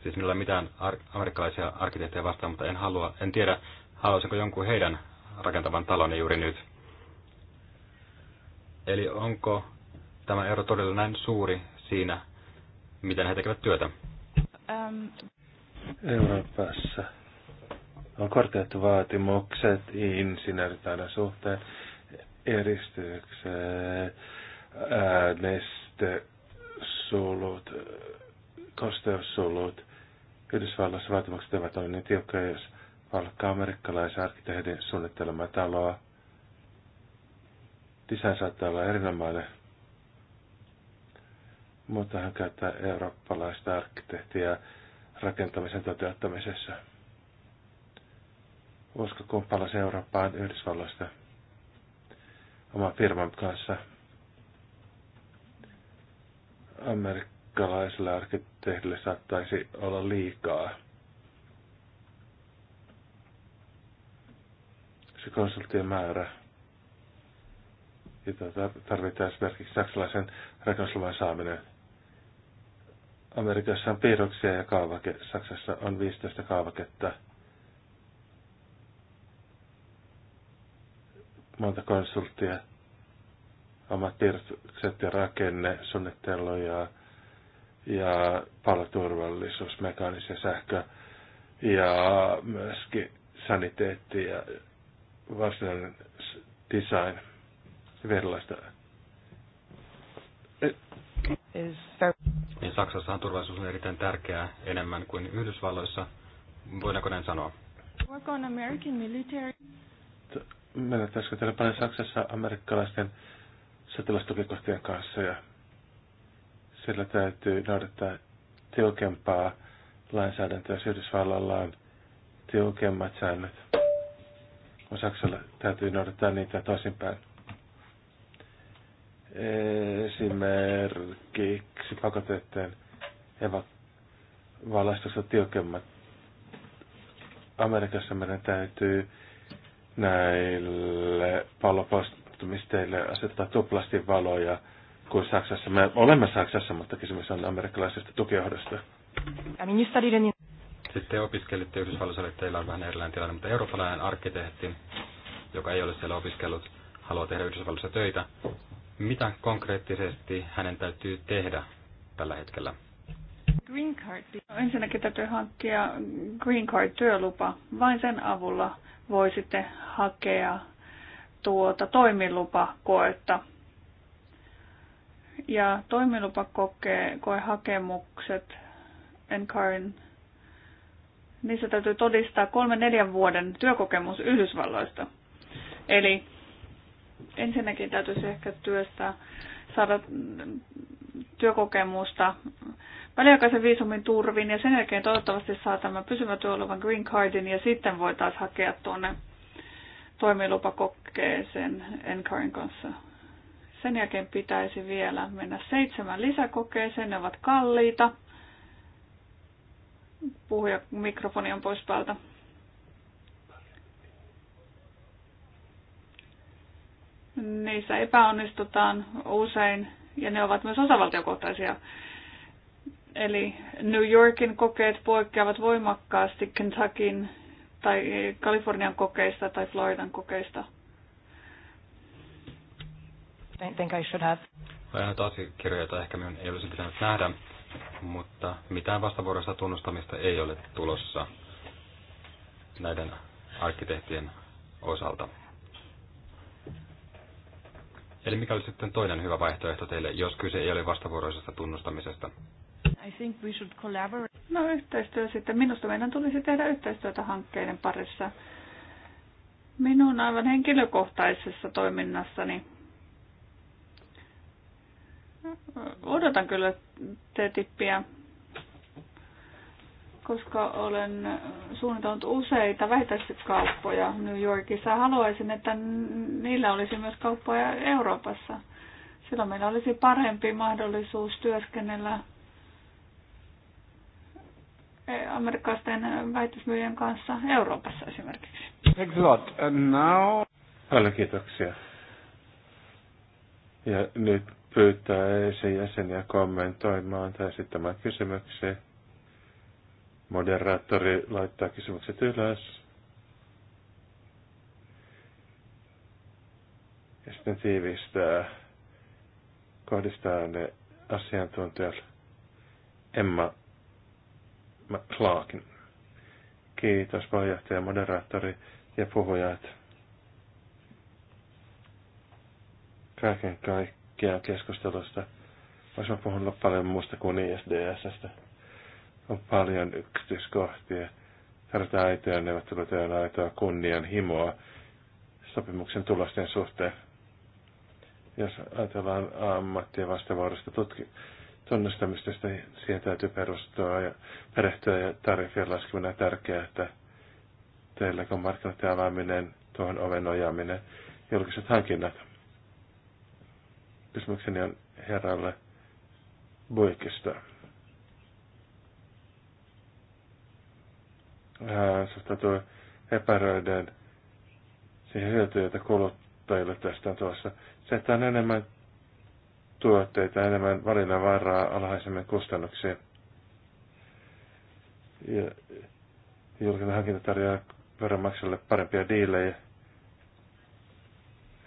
Siis minulla ei ole mitään ar- amerikkalaisia arkkitehtejä vastaan, mutta en halua, en tiedä, haluaisinko jonkun heidän rakentavan talon juuri nyt. Eli onko tämä ero todella näin suuri siinä, miten he tekevät työtä? Um. Euroopassa on korkeat vaatimukset aina suhteen, eristykseen, nestesulut, kosteussulut. Yhdysvalloissa vaatimukset ovat olleet niin tiukkoja, jos palkkaa amerikkalaisen arkkitehdin suunnittelemaa taloa. Design saattaa olla erinomainen, mutta hän käyttää eurooppalaista arkkitehtiä rakentamisen toteuttamisessa. Usko kumppalas Eurooppaan Yhdysvalloista oman firman kanssa. Amerikkalaisella arkkitehdille saattaisi olla liikaa. Se konsulttien määrä, jota tarvitaan esimerkiksi saksalaisen rakennusluvan saaminen – Amerikassa on piirroksia ja kaavake. Saksassa on 15 kaavaketta. Monta konsulttia, omat piirrokset ja rakenne, suunnittelu ja, ja paloturvallisuus, mekaanisia sähkö ja myöskin saniteetti ja varsinainen design. Hyvin erilaista niin on turvallisuus on erittäin tärkeää enemmän kuin Yhdysvalloissa. Voidaanko näin sanoa? Work on American military. Menettäisikö teillä paljon Saksassa amerikkalaisten sotilastukikohtien kanssa ja sillä täytyy noudattaa tiukempaa lainsäädäntöä, jos Yhdysvalloilla on tiukemmat säännöt. Saksalla täytyy noudattaa niitä toisinpäin esimerkiksi pakotteiden valaistossa tiukemmat. Amerikassa meidän täytyy näille pallopostumisteille asettaa tuplasti valoja kuin Saksassa. Me olemme Saksassa, mutta kysymys on amerikkalaisesta tukijohdosta. Sitten opiskelitte Yhdysvalloissa, että teillä on vähän erilainen tilanne, mutta eurooppalainen arkkitehti, joka ei ole siellä opiskellut, haluaa tehdä Yhdysvalloissa töitä, mitä konkreettisesti hänen täytyy tehdä tällä hetkellä? Green card. No, ensinnäkin täytyy hankkia green card työlupa. Vain sen avulla voi sitten hakea tuota toimilupakoetta. Ja toimilupakoehakemukset NCARin, niissä täytyy todistaa kolmen neljän vuoden työkokemus Yhdysvalloista. Eli ensinnäkin täytyisi ehkä työstä saada työkokemusta väliaikaisen viisumin turvin ja sen jälkeen toivottavasti saa tämän pysyvän työluvan green cardin ja sitten voitaisiin hakea tuonne toimilupakokeeseen Encarin kanssa. Sen jälkeen pitäisi vielä mennä seitsemän lisäkokeeseen, ne ovat kalliita. Puhuja mikrofoni on pois päältä. niissä epäonnistutaan usein ja ne ovat myös osavaltiokohtaisia. Eli New Yorkin kokeet poikkeavat voimakkaasti Kentuckyn tai Kalifornian kokeista tai Floridan kokeista. I think I should have. taas kirjoja, joita ehkä minun ei olisi pitänyt nähdä, mutta mitään vastavuoroista tunnustamista ei ole tulossa näiden arkkitehtien osalta. Eli mikä olisi sitten toinen hyvä vaihtoehto teille, jos kyse ei ole vastavuoroisesta tunnustamisesta? I think we should collaborate. No yhteistyö sitten. Minusta meidän tulisi tehdä yhteistyötä hankkeiden parissa. Minun aivan henkilökohtaisessa toiminnassani odotan kyllä tippiä koska olen suunnitellut useita vähittäiskauppoja New Yorkissa. Haluaisin, että niillä olisi myös kauppoja Euroopassa. Silloin meillä olisi parempi mahdollisuus työskennellä amerikkalaisten väitösmyyjien kanssa Euroopassa esimerkiksi. Thanks a lot. And now... Paljon kiitoksia. Ja nyt pyytää jäseniä kommentoimaan tai esittämään kysymyksiä. Moderaattori laittaa kysymykset ylös. Ja sitten tiivistää, kohdistaa ne asiantuntijat Emma McClarkin. Kiitos puheenjohtaja, moderaattori ja puhujat. Kaiken kaikkiaan keskustelusta. Olisin puhunut paljon muusta kuin ISDSstä on paljon yksityiskohtia. Tarvitaan aitoja neuvottelutyön aitoa kunnianhimoa sopimuksen tulosten suhteen. Jos ajatellaan ammattia vastavuorosta tunnustamista, sitä siihen täytyy perustua ja perehtyä ja tariffien laskeminen on tärkeää, että teillä on markkinoiden avaaminen, tuohon oven ojaaminen, julkiset hankinnat. Kysymykseni on herralle Buikista. suhtautuu epäröiden siihen hyötyyn, jota kuluttajille tästä on tuossa. Se, että on enemmän tuotteita, enemmän valinnanvaraa alhaisemmin kustannuksiin. Ja julkinen hankinta tarjoaa veronmaksajille parempia diilejä.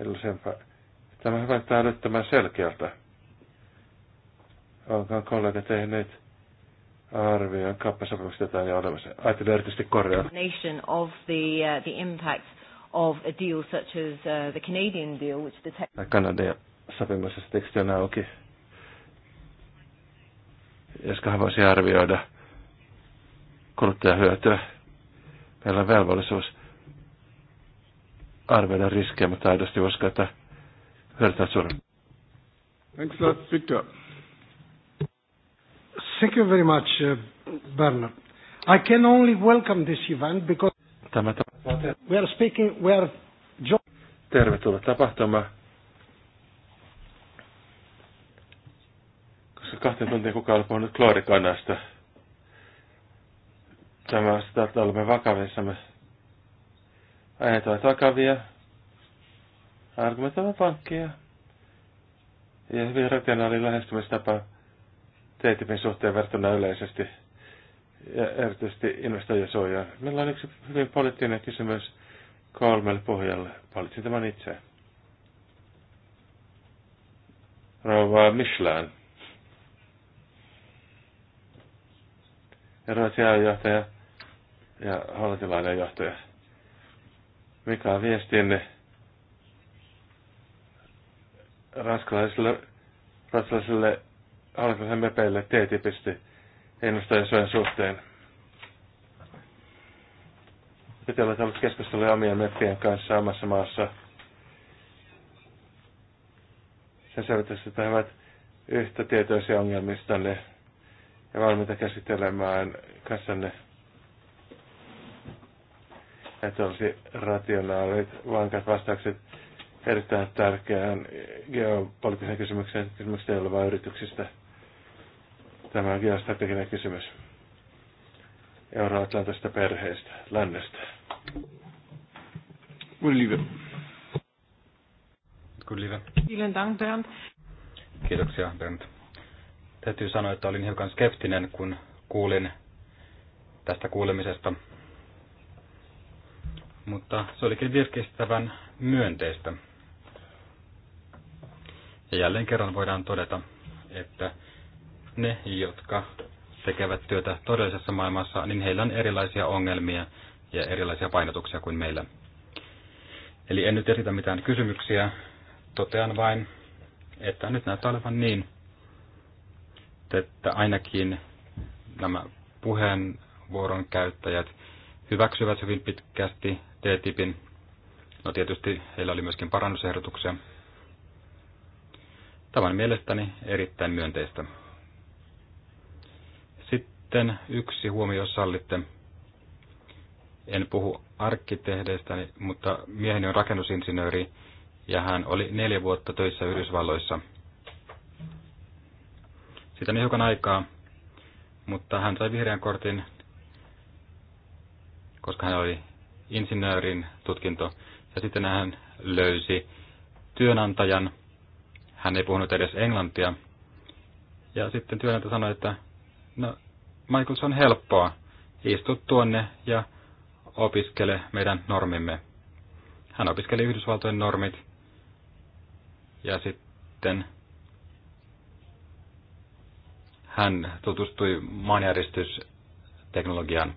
Edullisempaa. Tämä näyttää älyttömän selkeältä. Onko kollega tehnyt arvion kappasopimuksesta jota ei ole olemassa. Ajattelen erityisesti Korea. Of the, uh, the impact of a deal such as uh, the Canadian deal, which the tech... Kanadian sopimus, jossa teksti on auki. Joskohan voisi arvioida kuluttajahyötyä. Meillä on velvollisuus arvioida riskejä, mutta aidosti voisi että hyödytään suuremmin. Thanks a lot, Victor. Thank you very much, uh, Bernard. I can only welcome this event because Tämä we are speaking, we are Tervetuloa tapahtuma. Koska kahteen tuntia kukaan on puhunut kloorikannasta. Tämä on sitä, että olemme vakavissamme. Aiheet ovat vakavia. Argumentoimme pankkia. Ja hyvin rationaalinen lähestymistapa TTIPin suhteen verrattuna yleisesti ja erityisesti suojaan. Meillä on yksi hyvin poliittinen kysymys kolmelle pohjalle. Valitsin tämän itse. Rouva Michelin. Ruotsin johtaja ja hollantilainen johtaja. Mikä on viestinne ranskalaisille, ruotsalaisille alkoihan mepeille T-tipisti ennustajansuojan suhteen. Nyt olet ollut keskustelua omien meppien kanssa omassa maassa. Sen selvitystä, että he ovat yhtä tietoisia ongelmistanne ja valmiita käsittelemään kanssanne. Että olisi rationaalit, vankat vastaukset erittäin tärkeään geopoliittiseen kysymykseen, kysymykseen ei vain yrityksistä. Tämä on strateginen kysymys euroatlantista perheistä, lännestä. Live. Live. Vielen Dank, Bernd. Kiitoksia, Bernd. Täytyy sanoa, että olin hiukan skeptinen, kun kuulin tästä kuulemisesta. Mutta se olikin virkistävän myönteistä. Ja jälleen kerran voidaan todeta, että ne, jotka tekevät työtä todellisessa maailmassa, niin heillä on erilaisia ongelmia ja erilaisia painotuksia kuin meillä. Eli en nyt esitä mitään kysymyksiä, totean vain, että nyt näyttää olevan niin, että ainakin nämä puheenvuoron käyttäjät hyväksyvät hyvin pitkästi TTIPin. No tietysti heillä oli myöskin parannusehdotuksia. Tämä on mielestäni erittäin myönteistä. Sitten yksi huomio, jos sallitte. En puhu arkkitehdeistä, mutta mieheni on rakennusinsinööri ja hän oli neljä vuotta töissä Yhdysvalloissa. Siitä on hiukan aikaa, mutta hän sai vihreän kortin, koska hän oli insinöörin tutkinto. Ja sitten hän löysi työnantajan. Hän ei puhunut edes englantia. Ja sitten työnantaja sanoi, että no Michael, se on helppoa. Istu tuonne ja opiskele meidän normimme. Hän opiskeli Yhdysvaltojen normit ja sitten hän tutustui maanjäristysteknologiaan.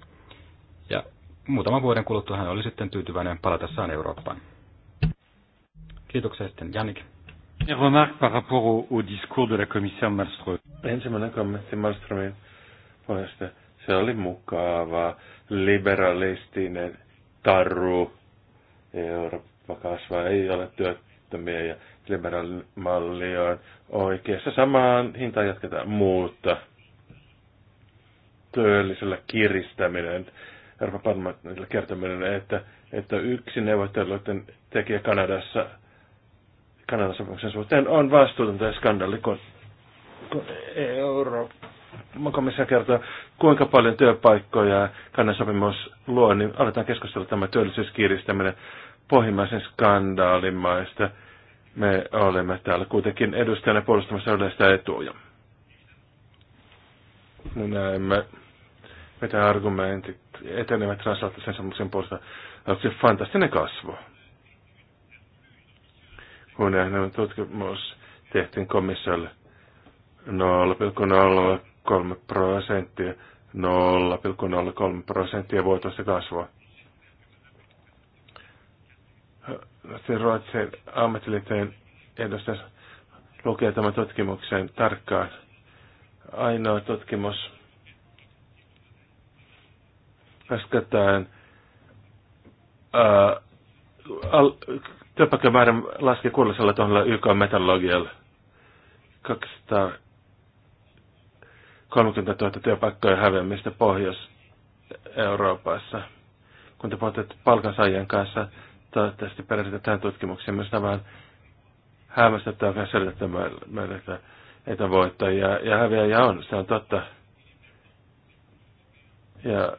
Ja muutaman vuoden kuluttua hän oli sitten tyytyväinen palatessaan Eurooppaan. Kiitoksia sitten, Janik. Remarque par rapport au, au discours de la commissaire Malmström. Ensimmäinen kommentti Malmströmin puolesta. Se oli mukavaa, liberalistinen taru. Eurooppa kasvaa, ei ole työttömiä ja liberaalimalli on oikeassa. Samaan hintaan jatketaan, muutta. työllisellä kiristäminen, Euroopan parlamentilla kertominen, että, että yksi neuvotteluiden tekijä Kanadassa Kanadan sopimuksen suhteen on vastuutonta ja skandaali, kun, kun Eurooppa komissio kertoo, kuinka paljon työpaikkoja kannansopimus luo, niin aletaan keskustella tämä työllisyyskiristäminen pohjimmaisen skandaalimaista. Me olemme täällä kuitenkin edustajana puolustamassa yleistä etuja. Me näemme, mitä argumentit etenevät transatlanttisen sopimuksen puolesta. Se fantastinen kasvu. Kun tutkimus tehtiin komissiolle 0,0 0,03 prosenttia, 0,03 prosenttia vuotuista kasvua. Se Ruotsin ammattiliittojen edustaja lukee tämän tutkimuksen tarkkaan. Ainoa tutkimus lasketaan työpaikkamäärän laski kuuluisella tuolla YK Metallogialla 200 30 000 työpaikkojen häviämistä Pohjois-Euroopassa. Kun te puhutte palkansaajien kanssa, toivottavasti perehdytte tähän tutkimukseen myös nämä hämmästyttävää myös selitetty meille, että, että voittajia ja häviäjiä on, se on totta. Ja,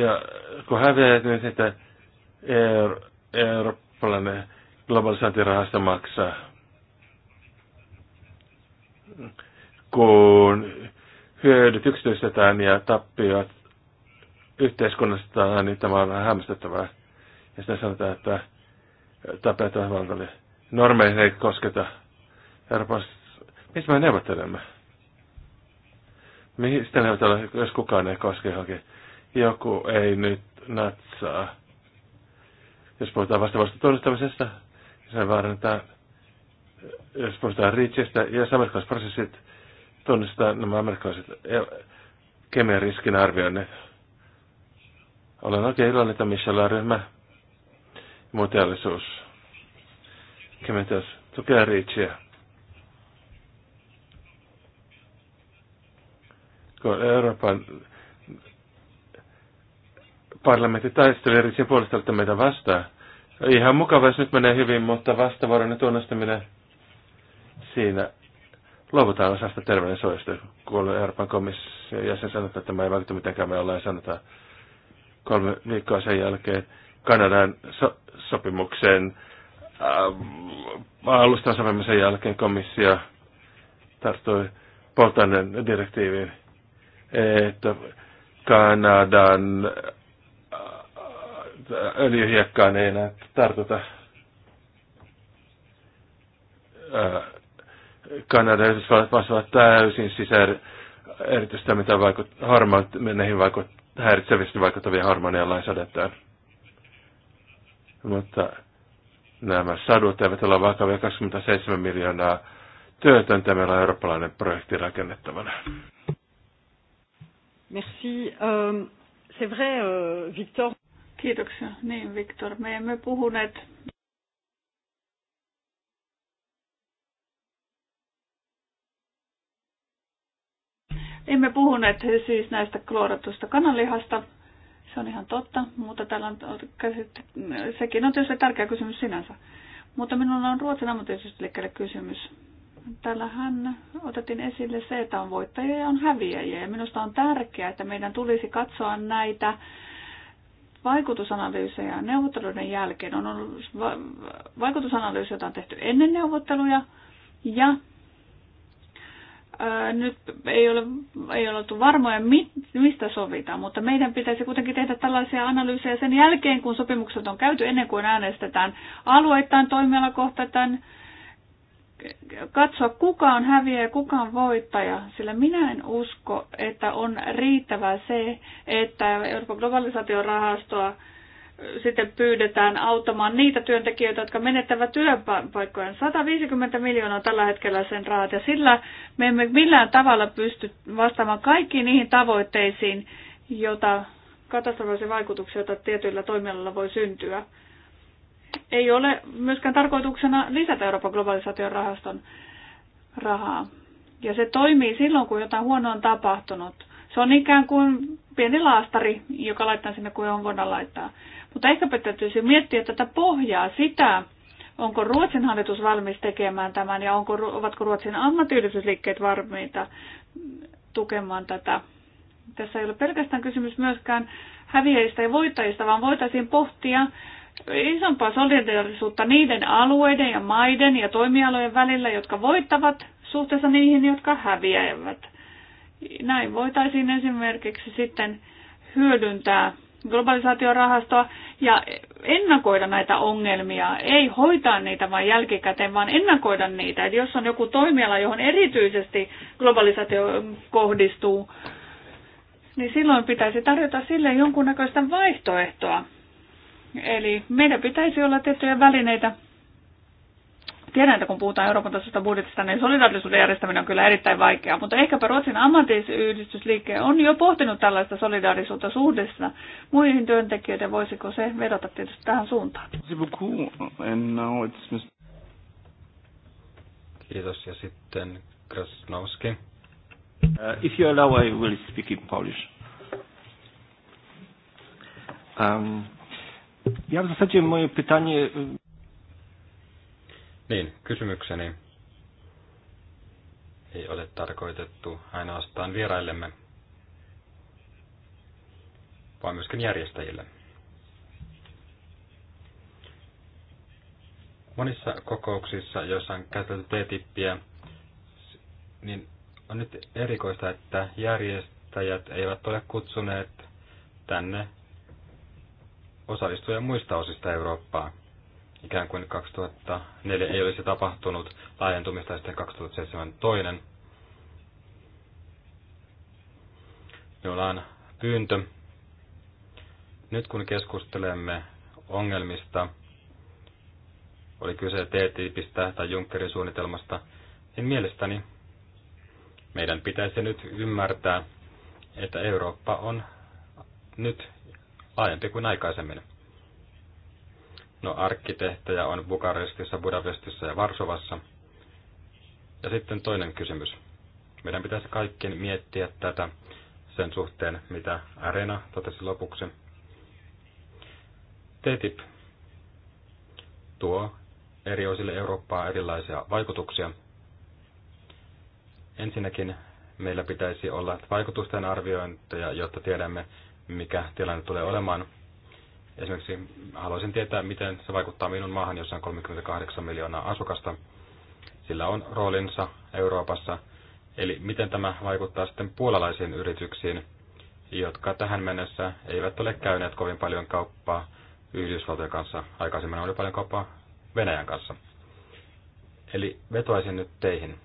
ja kun häviäjät, niin sitten euro, eurooppalainen globalisaatirahasto maksaa. Kun hyödyt yksityistetään ja tappiot yhteiskunnasta, niin tämä on vähän hämmästyttävää. Ja sitten sanotaan, että tapetaan valtavia. Normeihin ei kosketa. Euroopan, mistä me neuvottelemme? Mistä neuvottelemme, jos kukaan ei koske johonkin? Joku ei nyt natsaa. Jos puhutaan vasta vasta niin se vaarantaa, jos puhutaan riitsistä ja samaiskaiset prosessit, tunnistaa nämä amerikkalaiset kemian riskin arvioinnit. Olen oikein iloinen, että Michelin-ryhmä ja muu teollisuus kemianteos tukee Reachia. Kun Euroopan parlamentti taisteli Reachin puolesta, että meitä vastaan. Ihan mukava, jos nyt menee hyvin, mutta vastavuoroinen tunnustaminen siinä luovutaan osasta suojasta, kun Euroopan komissio jäsen sanoi, että tämä ei vaikuta mitenkään me ollaan sanotaan kolme viikkoa sen jälkeen Kanadan so- sopimuksen äh, alustan sopimisen jälkeen komissio tarttui poltainen direktiiviin, että Kanadan äh, öljyhiekkaan ei enää tartuta. Äh, kanadalaiset vastaavat täysin sisär, erityisesti mitä vaikut, harmaan, näihin vaikut, häiritsevästi vaikuttavia harmonia lainsäädäntöön. Mutta nämä sadut eivät ole vakavia 27 miljoonaa työtöntä. Meillä on eurooppalainen projekti rakennettavana. Merci. Um, c'est vrai, uh, Victor. Kiitoksia. Niin, Victor, me emme puhuneet Emme puhuneet siis näistä klooratusta kananlihasta. Se on ihan totta, mutta täällä on, sekin on tietysti tärkeä kysymys sinänsä. Mutta minulla on Ruotsin ammattiyhdistysliikkeelle kysymys. Täällähän otettiin esille se, että on voittajia ja on häviäjiä. Ja minusta on tärkeää, että meidän tulisi katsoa näitä vaikutusanalyysejä neuvotteluiden jälkeen. On ollut vaikutusanalyysi, jota on tehty ennen neuvotteluja ja nyt ei ole, ei ole oltu varmoja, mistä sovitaan, mutta meidän pitäisi kuitenkin tehdä tällaisia analyysejä sen jälkeen, kun sopimukset on käyty, ennen kuin äänestetään alueittain, toimialakohtaan, katsoa kuka on häviäjä ja kuka on voittaja, sillä minä en usko, että on riittävää se, että Euroopan globalisaatiorahastoa rahastoa sitten pyydetään auttamaan niitä työntekijöitä, jotka menettävät työpaikkoja. 150 miljoonaa tällä hetkellä sen rahat ja sillä me emme millään tavalla pysty vastaamaan kaikkiin niihin tavoitteisiin, joita katastrofaalisia vaikutuksia, joita tietyillä toimialoilla voi syntyä. Ei ole myöskään tarkoituksena lisätä Euroopan globalisaation rahaston rahaa. Ja se toimii silloin, kun jotain huonoa on tapahtunut. Se on ikään kuin pieni laastari, joka laittaa sinne, kun on voida laittaa. Mutta ehkäpä täytyisi miettiä tätä pohjaa, sitä, onko Ruotsin hallitus valmis tekemään tämän ja onko, ovatko Ruotsin ammattiyhdistysliikkeet varmiita tukemaan tätä. Tässä ei ole pelkästään kysymys myöskään häviäjistä ja voittajista, vaan voitaisiin pohtia isompaa solidarisuutta niiden alueiden ja maiden ja toimialojen välillä, jotka voittavat suhteessa niihin, jotka häviävät. Näin voitaisiin esimerkiksi sitten hyödyntää globalisaatiorahastoa ja ennakoida näitä ongelmia, ei hoitaa niitä vain jälkikäteen, vaan ennakoida niitä. Et jos on joku toimiala, johon erityisesti globalisaatio kohdistuu, niin silloin pitäisi tarjota sille jonkunnäköistä vaihtoehtoa. Eli meidän pitäisi olla tiettyjä välineitä, Tiedän, että kun puhutaan Euroopan tasosta budjetista, niin solidaarisuuden järjestäminen on kyllä erittäin vaikeaa, mutta ehkäpä Ruotsin ammattiyhdistysliike on jo pohtinut tällaista solidaarisuutta suhdessa muihin työntekijöiden. Voisiko se vedota tietysti tähän suuntaan? Kiitos. Ja sitten Krasnowski. Uh, if you allow, I will speak in Polish. Um, ja w zasadzie moje pytanie niin, kysymykseni ei ole tarkoitettu ainoastaan vieraillemme, vaan myöskin järjestäjille. Monissa kokouksissa, joissa on käytetty T-tippiä, niin on nyt erikoista, että järjestäjät eivät ole kutsuneet tänne osallistujia muista osista Eurooppaa ikään kuin 2004 ei olisi tapahtunut laajentumista sitten 2007 toinen. Minulla on pyyntö. Nyt kun keskustelemme ongelmista, oli kyse T-tiipistä tai Junckerin suunnitelmasta, niin mielestäni meidän pitäisi nyt ymmärtää, että Eurooppa on nyt laajempi kuin aikaisemmin. No arkkitehtejä on Bukarestissa, Budapestissa ja Varsovassa. Ja sitten toinen kysymys. Meidän pitäisi kaikkien miettiä tätä sen suhteen, mitä Arena totesi lopuksi. TTIP tuo eri osille Eurooppaa erilaisia vaikutuksia. Ensinnäkin meillä pitäisi olla vaikutusten arviointeja, jotta tiedämme, mikä tilanne tulee olemaan. Esimerkiksi haluaisin tietää, miten se vaikuttaa minun maahan, jossa on 38 miljoonaa asukasta. Sillä on roolinsa Euroopassa. Eli miten tämä vaikuttaa sitten puolalaisiin yrityksiin, jotka tähän mennessä eivät ole käyneet kovin paljon kauppaa Yhdysvaltojen kanssa. Aikaisemmin oli paljon kauppaa Venäjän kanssa. Eli vetoaisin nyt teihin.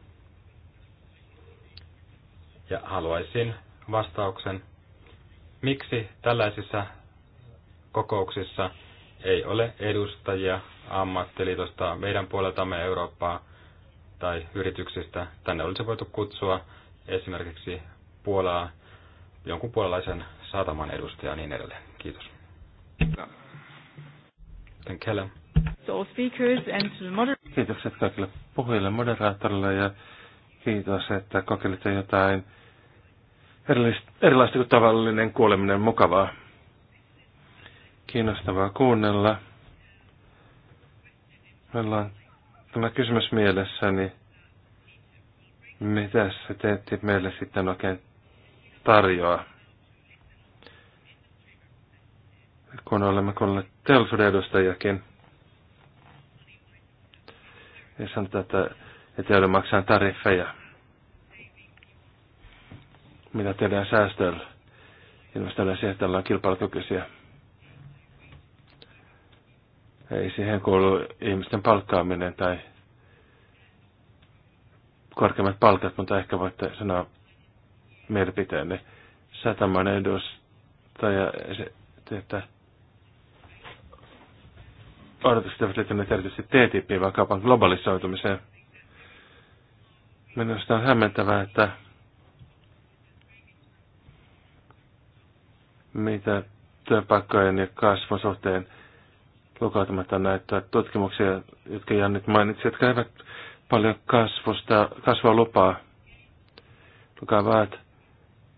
Ja haluaisin vastauksen, miksi tällaisissa kokouksissa ei ole edustajia ammattiliitosta meidän puoleltamme Eurooppaa tai yrityksistä. Tänne olisi voitu kutsua esimerkiksi Puolaa, jonkun puolalaisen saataman edustajaa niin edelleen. Kiitos. Keller. Kiitokset kaikille puhujille, moderaattorille ja kiitos, että kokeilitte jotain erilaista kuin tavallinen kuoleminen mukavaa kiinnostavaa kuunnella. Meillä on tämä kysymys mielessäni, mitä se teetti meille sitten oikein tarjoaa. Kun olemme kuulleet teollisuuden edustajakin, ja sanotaan, että, että joudu tariffeja, mitä tehdään säästöllä. Ilmeisesti siihen, että ollaan kilpailukykyisiä. Ei siihen kuulu ihmisten palkkaaminen tai korkeimmat palkat, mutta ehkä voitte sanoa mielipiteenne. Sataman edustaja että odotukset ovat liittyneet erityisesti TTIPin vaan kaupan globalisoitumiseen. Minusta on hämmentävää, että mitä työpaikkojen ja kasvun suhteen lukautumatta näitä tutkimuksia, jotka Jannit mainitsi, jotka eivät paljon kasvusta, kasvua lupaa. että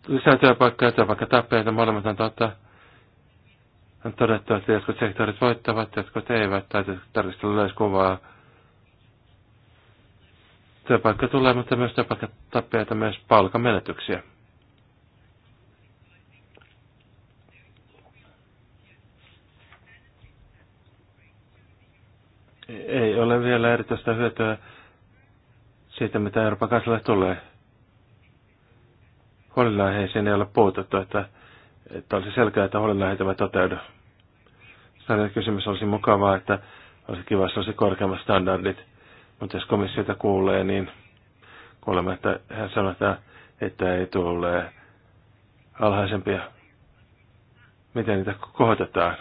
lisää työpaikkoja, työpaikka tappeita, molemmat on totta. On todettu, että jotkut sektorit voittavat, jotkut eivät, tai tarkistella yleiskuvaa. Työpaikka tulee, mutta myös työpaikka tappeita, myös palkamenetyksiä. ei ole vielä erityistä hyötyä siitä, mitä Euroopan kansalle tulee. Huolenaiheisiin ei ole puututtu, että, että olisi selkeää, että huolenaiheet eivät toteudu. Sellainen kysymys olisi mukavaa, että olisi kiva, jos olisi korkeammat standardit. Mutta jos komissiota kuulee, niin kuulemme, että hän sanotaan, että ei tule alhaisempia. Miten niitä kohotetaan?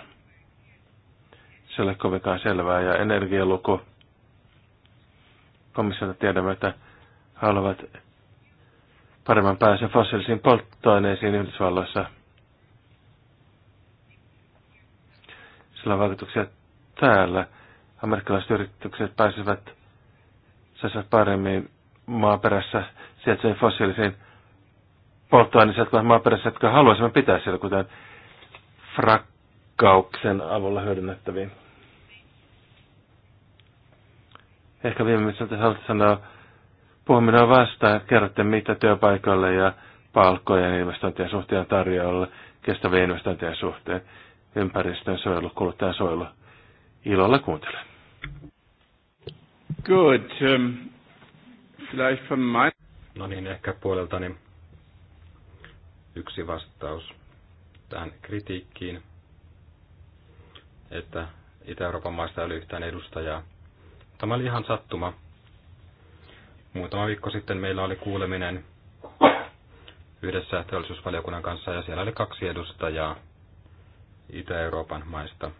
se ole kovinkaan selvää. Ja energialuku, komissiota tiedämme, että haluavat paremman pääsen fossiilisiin polttoaineisiin Yhdysvalloissa. Sillä on vaikutuksia täällä. Amerikkalaiset yritykset pääsevät saisivat paremmin maaperässä sijaitseviin fossiilisiin polttoaineisiin, jotka maaperässä, jotka haluaisimme pitää siellä, kuten frakkauksen avulla hyödynnettäviin. Ehkä viimeiseltä haluaisin sanoa, puhuminen on vastaan, että kerrotte mitä työpaikalle ja palkkojen investointien suhteen tarjolla, kestävien investointien suhteen, ympäristön suojelu, kuluttajan suojelu. Ilolla kuuntelen. Good. Um, No niin, ehkä puoleltani yksi vastaus tähän kritiikkiin, että Itä-Euroopan maista ei ole yhtään edustajaa. Tämä oli ihan sattuma. Muutama viikko sitten meillä oli kuuleminen yhdessä teollisuusvaliokunnan kanssa ja siellä oli kaksi edustajaa Itä-Euroopan maista.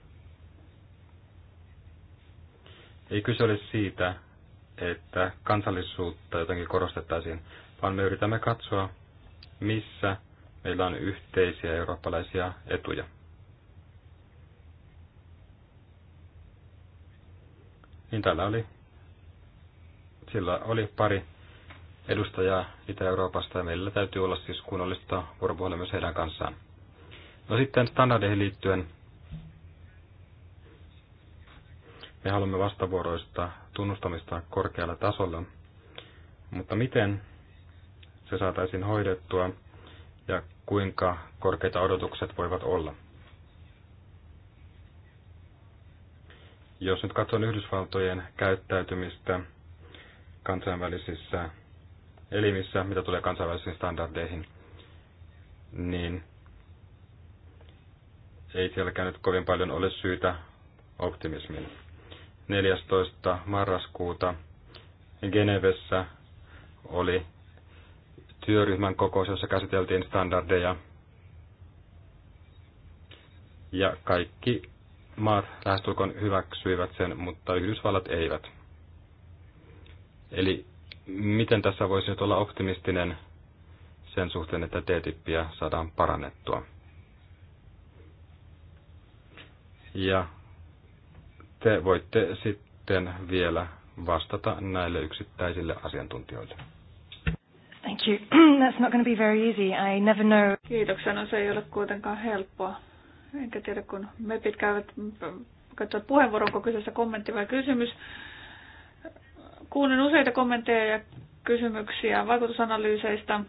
Ei kyse ole siitä, että kansallisuutta jotenkin korostettaisiin, vaan me yritämme katsoa, missä meillä on yhteisiä eurooppalaisia etuja. niin täällä oli, sillä oli pari edustajaa Itä-Euroopasta ja meillä täytyy olla siis kunnollista vuoropuhelua myös heidän kanssaan. No sitten standardeihin liittyen me haluamme vastavuoroista tunnustamista korkealla tasolla, mutta miten se saataisiin hoidettua ja kuinka korkeita odotukset voivat olla. Jos nyt katson Yhdysvaltojen käyttäytymistä kansainvälisissä elimissä, mitä tulee kansainvälisiin standardeihin, niin ei sielläkään nyt kovin paljon ole syytä optimismiin. 14. marraskuuta Genevessä oli työryhmän kokous, jossa käsiteltiin standardeja. Ja kaikki maat lähestulkoon hyväksyivät sen, mutta Yhdysvallat eivät. Eli miten tässä voisi nyt olla optimistinen sen suhteen, että TTIPiä saadaan parannettua? Ja te voitte sitten vielä vastata näille yksittäisille asiantuntijoille. Thank you. That's not going to be very easy. I never know. Kiitoksena no, se ei ole kuitenkaan helppoa. Enkä tiedä, kun me pitkään katsoa puheenvuoron, onko kyseessä kommentti vai kysymys. Kuulen useita kommentteja ja kysymyksiä vaikutusanalyyseistä.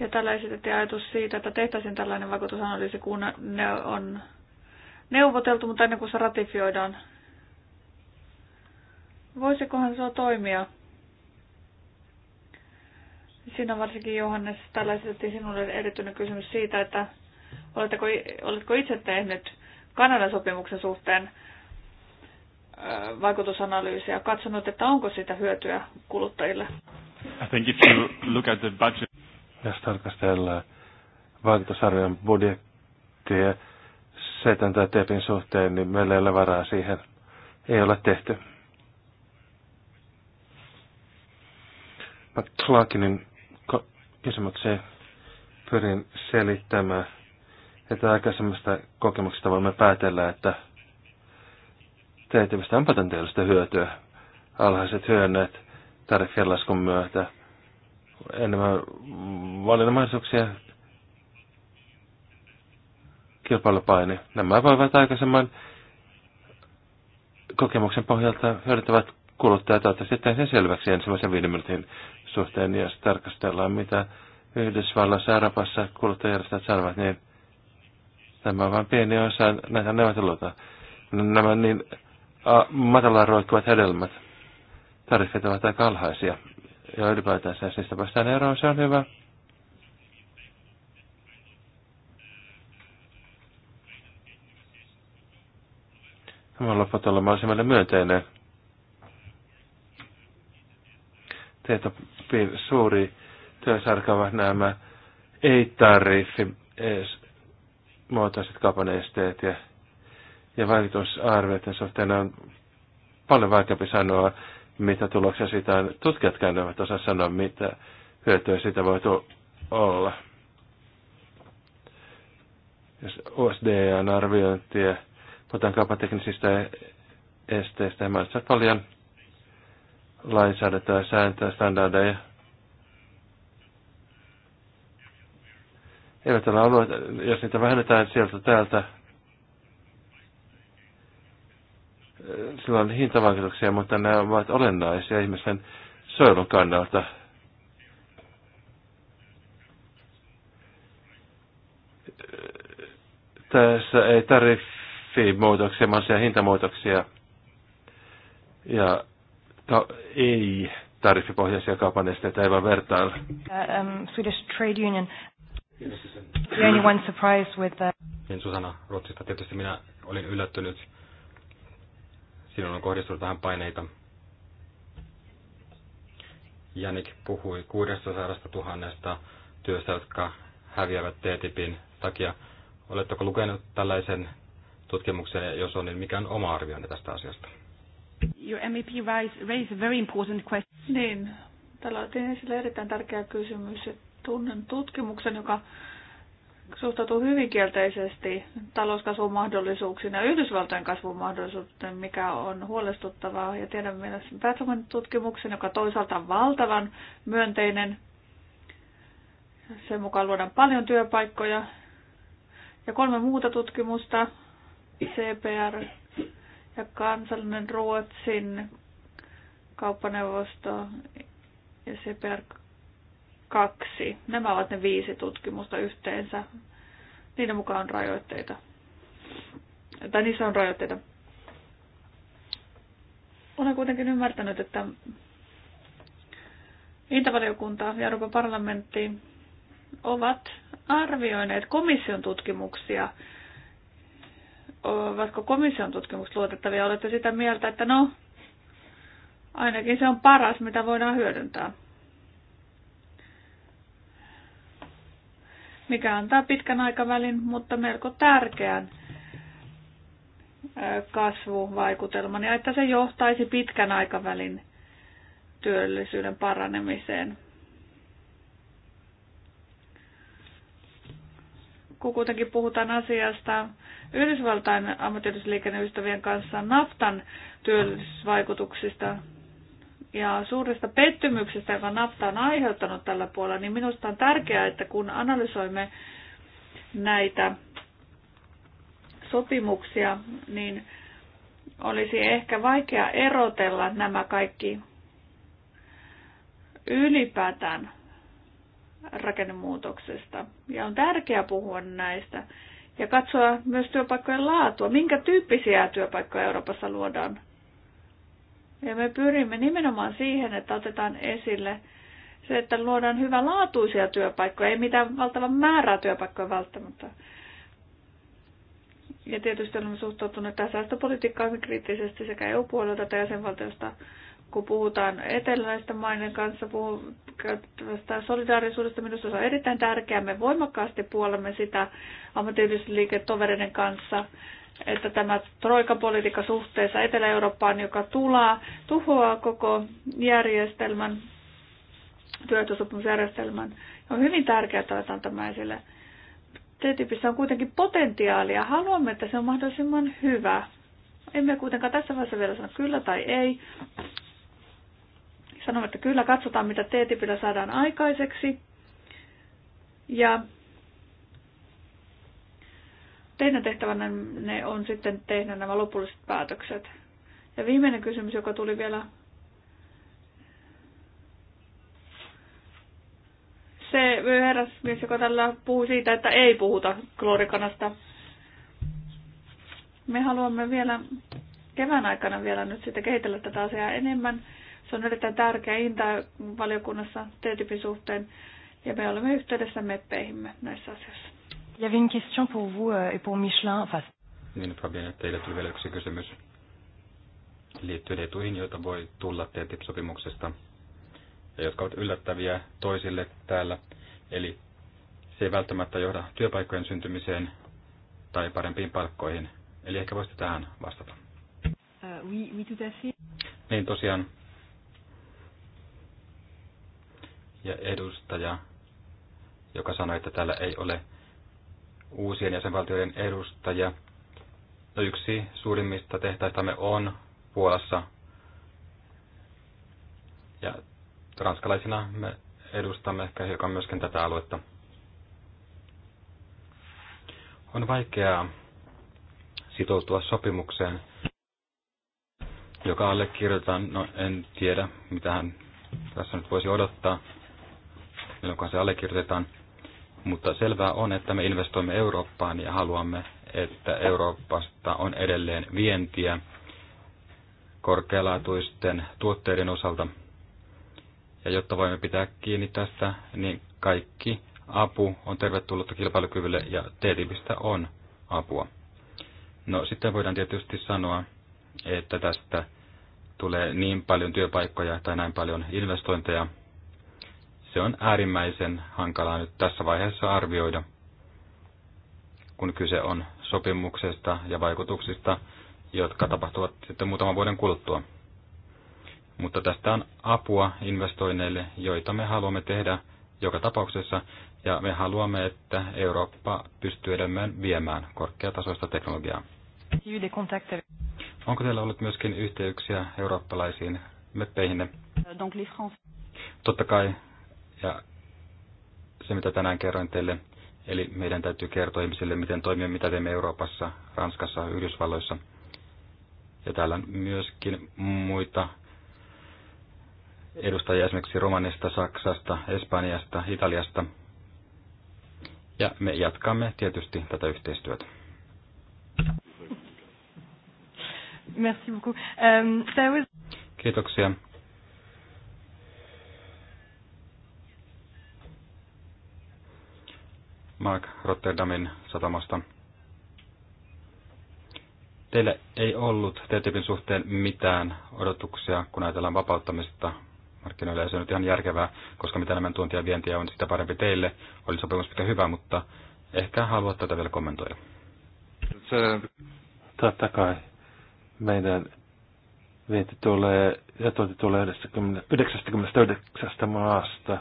Ja tällä esitettiin ajatus siitä, että tehtäisiin tällainen vaikutusanalyysi, kun ne on neuvoteltu, mutta ennen kuin se ratifioidaan. Voisikohan se toimia? Sinä varsinkin, Johannes, tällä esitettiin sinulle erityinen kysymys siitä, että oletteko, oletko itse tehnyt Kanadan sopimuksen suhteen vaikutusanalyysiä, katsonut, että onko siitä hyötyä kuluttajille? I think if you look at the budget... Jos tarkastellaan vaikutusarvion budjettia setan tai tepin suhteen, niin meillä ei ole varaa siihen. Ei ole tehty. Clarkinin kysymykseen pyrin selittämään, että aikaisemmasta kokemuksesta voimme päätellä, että teetivistä on potentiaalista hyötyä. Alhaiset hyönneet tariffien laskun myötä, enemmän valinnanmahdollisuuksia, kilpailupaine. Nämä voivat aikaisemman kokemuksen pohjalta hyödyttävät kuluttajat sitten sen selväksi ensimmäisen viiden minuutin suhteen, jos tarkastellaan, mitä Yhdysvalloissa Arabassa kuluttajärjestöt sanovat, niin tämä on vain pieni osa näitä neuvotteluita. Nämä niin matalaan roikkuvat hedelmät, tarvitset ovat aika alhaisia. Ja ylipäätänsä, jos niistä päästään eroon, se on hyvä. Tämä lopputulema olisi meille myönteinen. Tieto suuri työsarkava nämä ei-tariffi muotoiset kaupan esteet ja, ja vaikutusarvioiden suhteen on paljon vaikeampi sanoa, mitä tuloksia siitä on. Tutkijatkaan eivät osaa sanoa, mitä hyötyä siitä voi olla. Jos USD on arviointia, puhutaan kaupateknisistä esteistä, mä paljon lainsäädäntöä, sääntöä, standardeja. Eivät ole alueet, jos niitä vähennetään sieltä täältä, sillä on hintavaikutuksia, mutta nämä ovat olennaisia ihmisten suojelun kannalta. Tässä ei tarvitse muutoksia, siellä hintamuutoksia. Ja ta- no, ei tariffipohjaisia kaupan esteitä, ei vaan vertailla. Uh, um, Swedish Trade Union. The only one surprised with the... Uh, niin Susanna Ruotsista tietysti minä olin yllättynyt. sinun on kohdistunut vähän paineita. Janik puhui 600 000 työstä, jotka häviävät TTIPin takia. Oletteko lukenut tällaisen tutkimuksen, jos on, niin mikä on oma arvionne tästä asiasta? Your MEP raised a very important question. Niin, täällä otin esille erittäin tärkeä kysymys. Tunnen tutkimuksen, joka suhtautuu hyvin kielteisesti talouskasvun mahdollisuuksiin ja Yhdysvaltojen kasvun mahdollisuuteen, mikä on huolestuttavaa. Ja tiedän myös Battleman tutkimuksen, joka toisaalta on valtavan myönteinen. Sen mukaan luodaan paljon työpaikkoja. Ja kolme muuta tutkimusta, CPR, ja kansallinen Ruotsin kauppaneuvosto ja CPR 2. Nämä ovat ne viisi tutkimusta yhteensä. Niiden mukaan on rajoitteita. Tai niissä on rajoitteita. Olen kuitenkin ymmärtänyt, että Intavaliokunta ja Euroopan parlamentti ovat arvioineet komission tutkimuksia ovatko komission tutkimukset luotettavia? Olette sitä mieltä, että no, ainakin se on paras, mitä voidaan hyödyntää. mikä antaa pitkän aikavälin, mutta melko tärkeän kasvuvaikutelman, ja että se johtaisi pitkän aikavälin työllisyyden paranemiseen. Kun kuitenkin puhutaan asiasta, Yhdysvaltain ystävien kanssa naftan työllisyysvaikutuksista ja suuresta pettymyksestä, joka nafta on aiheuttanut tällä puolella, niin minusta on tärkeää, että kun analysoimme näitä sopimuksia, niin olisi ehkä vaikea erotella nämä kaikki ylipäätään rakennemuutoksesta. Ja on tärkeää puhua näistä ja katsoa myös työpaikkojen laatua, minkä tyyppisiä työpaikkoja Euroopassa luodaan. Ja me pyrimme nimenomaan siihen, että otetaan esille se, että luodaan hyvänlaatuisia työpaikkoja, ei mitään valtavan määrää työpaikkoja välttämättä. Ja tietysti olemme suhtautuneet tähän säästöpolitiikkaan kriittisesti sekä EU-puolelta että jäsenvaltiosta kun puhutaan eteläisten maiden kanssa puhutaan solidaarisuudesta, minusta se on erittäin tärkeää. Me voimakkaasti puolemme sitä ammattiyhdistysliiketovereiden kanssa, että tämä troikapolitiikka suhteessa Etelä-Eurooppaan, joka tulaa, tuhoaa koko järjestelmän, työtosopimusjärjestelmän. On hyvin tärkeää, että otetaan tämä esille. T-tyypissä on kuitenkin potentiaalia. Haluamme, että se on mahdollisimman hyvä. Emme kuitenkaan tässä vaiheessa vielä sano kyllä tai ei sanoivat, että kyllä katsotaan, mitä TTIPillä saadaan aikaiseksi. Ja teidän tehtävänne on sitten tehdä nämä lopulliset päätökset. Ja viimeinen kysymys, joka tuli vielä se herrasmies, joka tällä puhuu siitä, että ei puhuta kloorikanasta. Me haluamme vielä kevään aikana vielä nyt sitten kehitellä tätä asiaa enemmän. Se on erittäin tärkeä inta valiokunnassa TTIPin suhteen ja me olemme yhteydessä meppeihimme näissä asioissa. Il y avait une question pour vous euh, et pour Michelin. Enfin... Niin, Fabien, teille tuli vielä yksi kysymys liittyen etuihin, joita voi tulla TTIP-sopimuksesta ja jotka ovat yllättäviä toisille täällä. Eli se ei välttämättä johda työpaikkojen syntymiseen tai parempiin palkkoihin. Eli ehkä voisitte tähän vastata. Uh, oui, oui, tout à fait. Niin tosiaan, ja edustaja, joka sanoi, että täällä ei ole uusien jäsenvaltioiden edustajia. No yksi suurimmista tehtaistamme on Puolassa. Ja ranskalaisina me edustamme ehkä hiukan myöskin tätä aluetta. On vaikeaa sitoutua sopimukseen, joka allekirjoitetaan. No en tiedä, mitä hän tässä nyt voisi odottaa silloin kun se allekirjoitetaan. Mutta selvää on, että me investoimme Eurooppaan ja haluamme, että Euroopasta on edelleen vientiä korkealaatuisten tuotteiden osalta. Ja jotta voimme pitää kiinni tästä, niin kaikki apu on tervetullutta kilpailukyvylle ja TTIPistä on apua. No sitten voidaan tietysti sanoa, että tästä tulee niin paljon työpaikkoja tai näin paljon investointeja, se on äärimmäisen hankalaa nyt tässä vaiheessa arvioida, kun kyse on sopimuksesta ja vaikutuksista, jotka tapahtuvat sitten muutaman vuoden kuluttua. Mutta tästä on apua investoinneille, joita me haluamme tehdä joka tapauksessa, ja me haluamme, että Eurooppa pystyy edelleen viemään korkeatasoista teknologiaa. Onko teillä ollut myöskin yhteyksiä eurooppalaisiin meppeihinne? Totta kai ja se, mitä tänään kerroin teille, eli meidän täytyy kertoa ihmisille, miten toimia, mitä teemme Euroopassa, Ranskassa, Yhdysvalloissa. Ja täällä on myöskin muita edustajia esimerkiksi Romanista, Saksasta, Espanjasta, Italiasta. Ja me jatkamme tietysti tätä yhteistyötä. Merci beaucoup. Um, was... Kiitoksia. Mark Rotterdamin satamasta. Teillä ei ollut TTIPin suhteen mitään odotuksia, kun ajatellaan vapauttamista markkinoille, ja se on nyt ihan järkevää, koska mitä enemmän tuontia ja vientiä on, sitä parempi teille. Oli sopimus mikä hyvä, mutta ehkä haluat tätä vielä kommentoida. Se, totta kai meidän vienti tulee, ja tuonti tulee 99 maasta.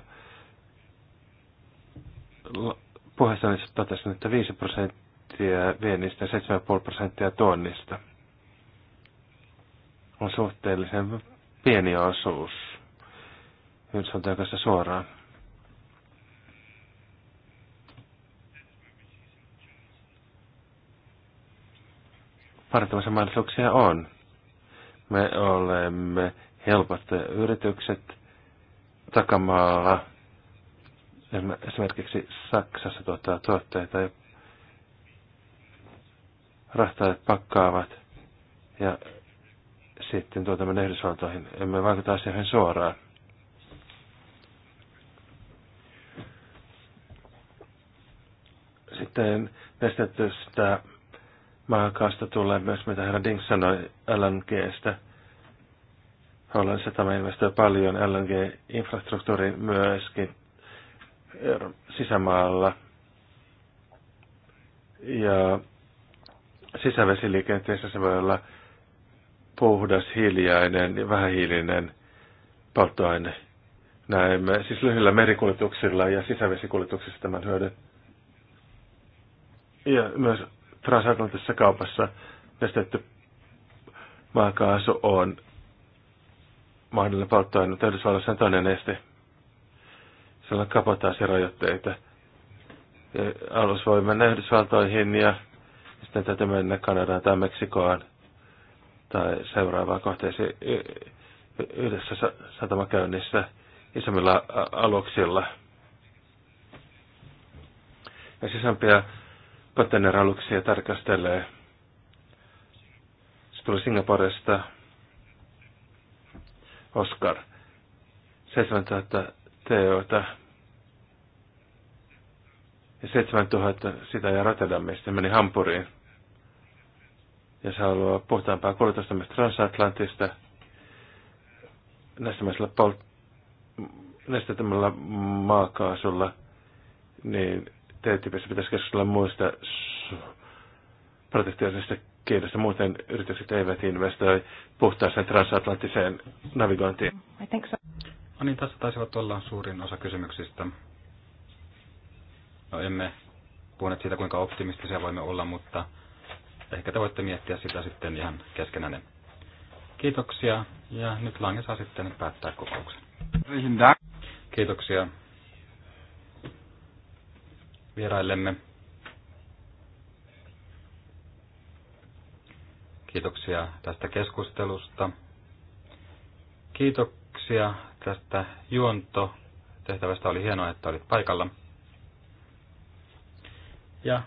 Puheessa olisi totesin, että 5 prosenttia viennistä ja 7,5 prosenttia tuonnista on suhteellisen pieni osuus Yhdysvaltain kanssa suoraan. Parantamisen mahdollisuuksia on. Me olemme helpot yritykset takamaalla esimerkiksi Saksassa tuottaa tuotteita ja rahtaajat pakkaavat ja sitten tuotamme Yhdysvaltoihin. Emme vaikuta asioihin suoraan. Sitten nestetystä maakaasta tulee myös, mitä herra Dink sanoi LNGstä. Hollannissa tämä investoi paljon LNG-infrastruktuuriin myöskin sisämaalla ja sisävesiliikenteessä se voi olla puhdas, hiljainen ja vähähiilinen polttoaine. Näemme siis lyhyillä merikuljetuksilla ja sisävesikuljetuksissa tämän hyödyn. Ja myös transatlanttisessa kaupassa nestetty maakaasu on mahdollinen polttoaine, mutta Yhdysvalloissa on toinen este – kapataan se rajoitteita. Alus voi mennä Yhdysvaltoihin ja sitten täytyy mennä Kanadaan tai Meksikoon tai seuraavaan kohteeseen yhdessä satamakäynnissä isommilla aluksilla. Ja sisämpiä kontenneraluksia tarkastelee. Se tuli Singaporesta Oscar 7000 teoita. Ja 7000 sitä ja Rotterdamista meni Hampuriin. se haluaa puhtaampaa kulutusta myös transatlantista. Näistä pol- nestetämällä maakaasulla, niin TTIPissä pitäisi keskustella muista protektiivisista kiinnosta Muuten yritykset eivät investoi puhtaaseen transatlanttiseen navigointiin. I think so. No niin, tässä taisivat olla suurin osa kysymyksistä. No emme puhuneet siitä, kuinka optimistisia voimme olla, mutta ehkä te voitte miettiä sitä sitten ihan keskenään. Kiitoksia ja nyt Lange saa sitten päättää kokouksen. Kiitoksia vieraillemme. Kiitoksia tästä keskustelusta. Kiitoksia tästä juonto tehtävästä. Oli hienoa, että olit paikalla. Ja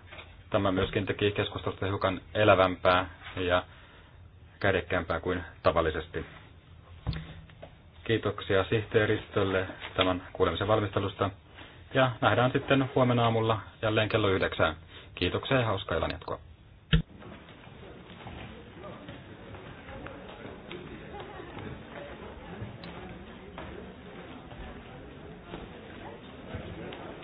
tämä myöskin teki keskustelusta hiukan elävämpää ja kädekkäämpää kuin tavallisesti. Kiitoksia sihteeristölle tämän kuulemisen valmistelusta. Ja nähdään sitten huomenna aamulla jälleen kello yhdeksään. Kiitoksia ja hauskaa illan jatkoa.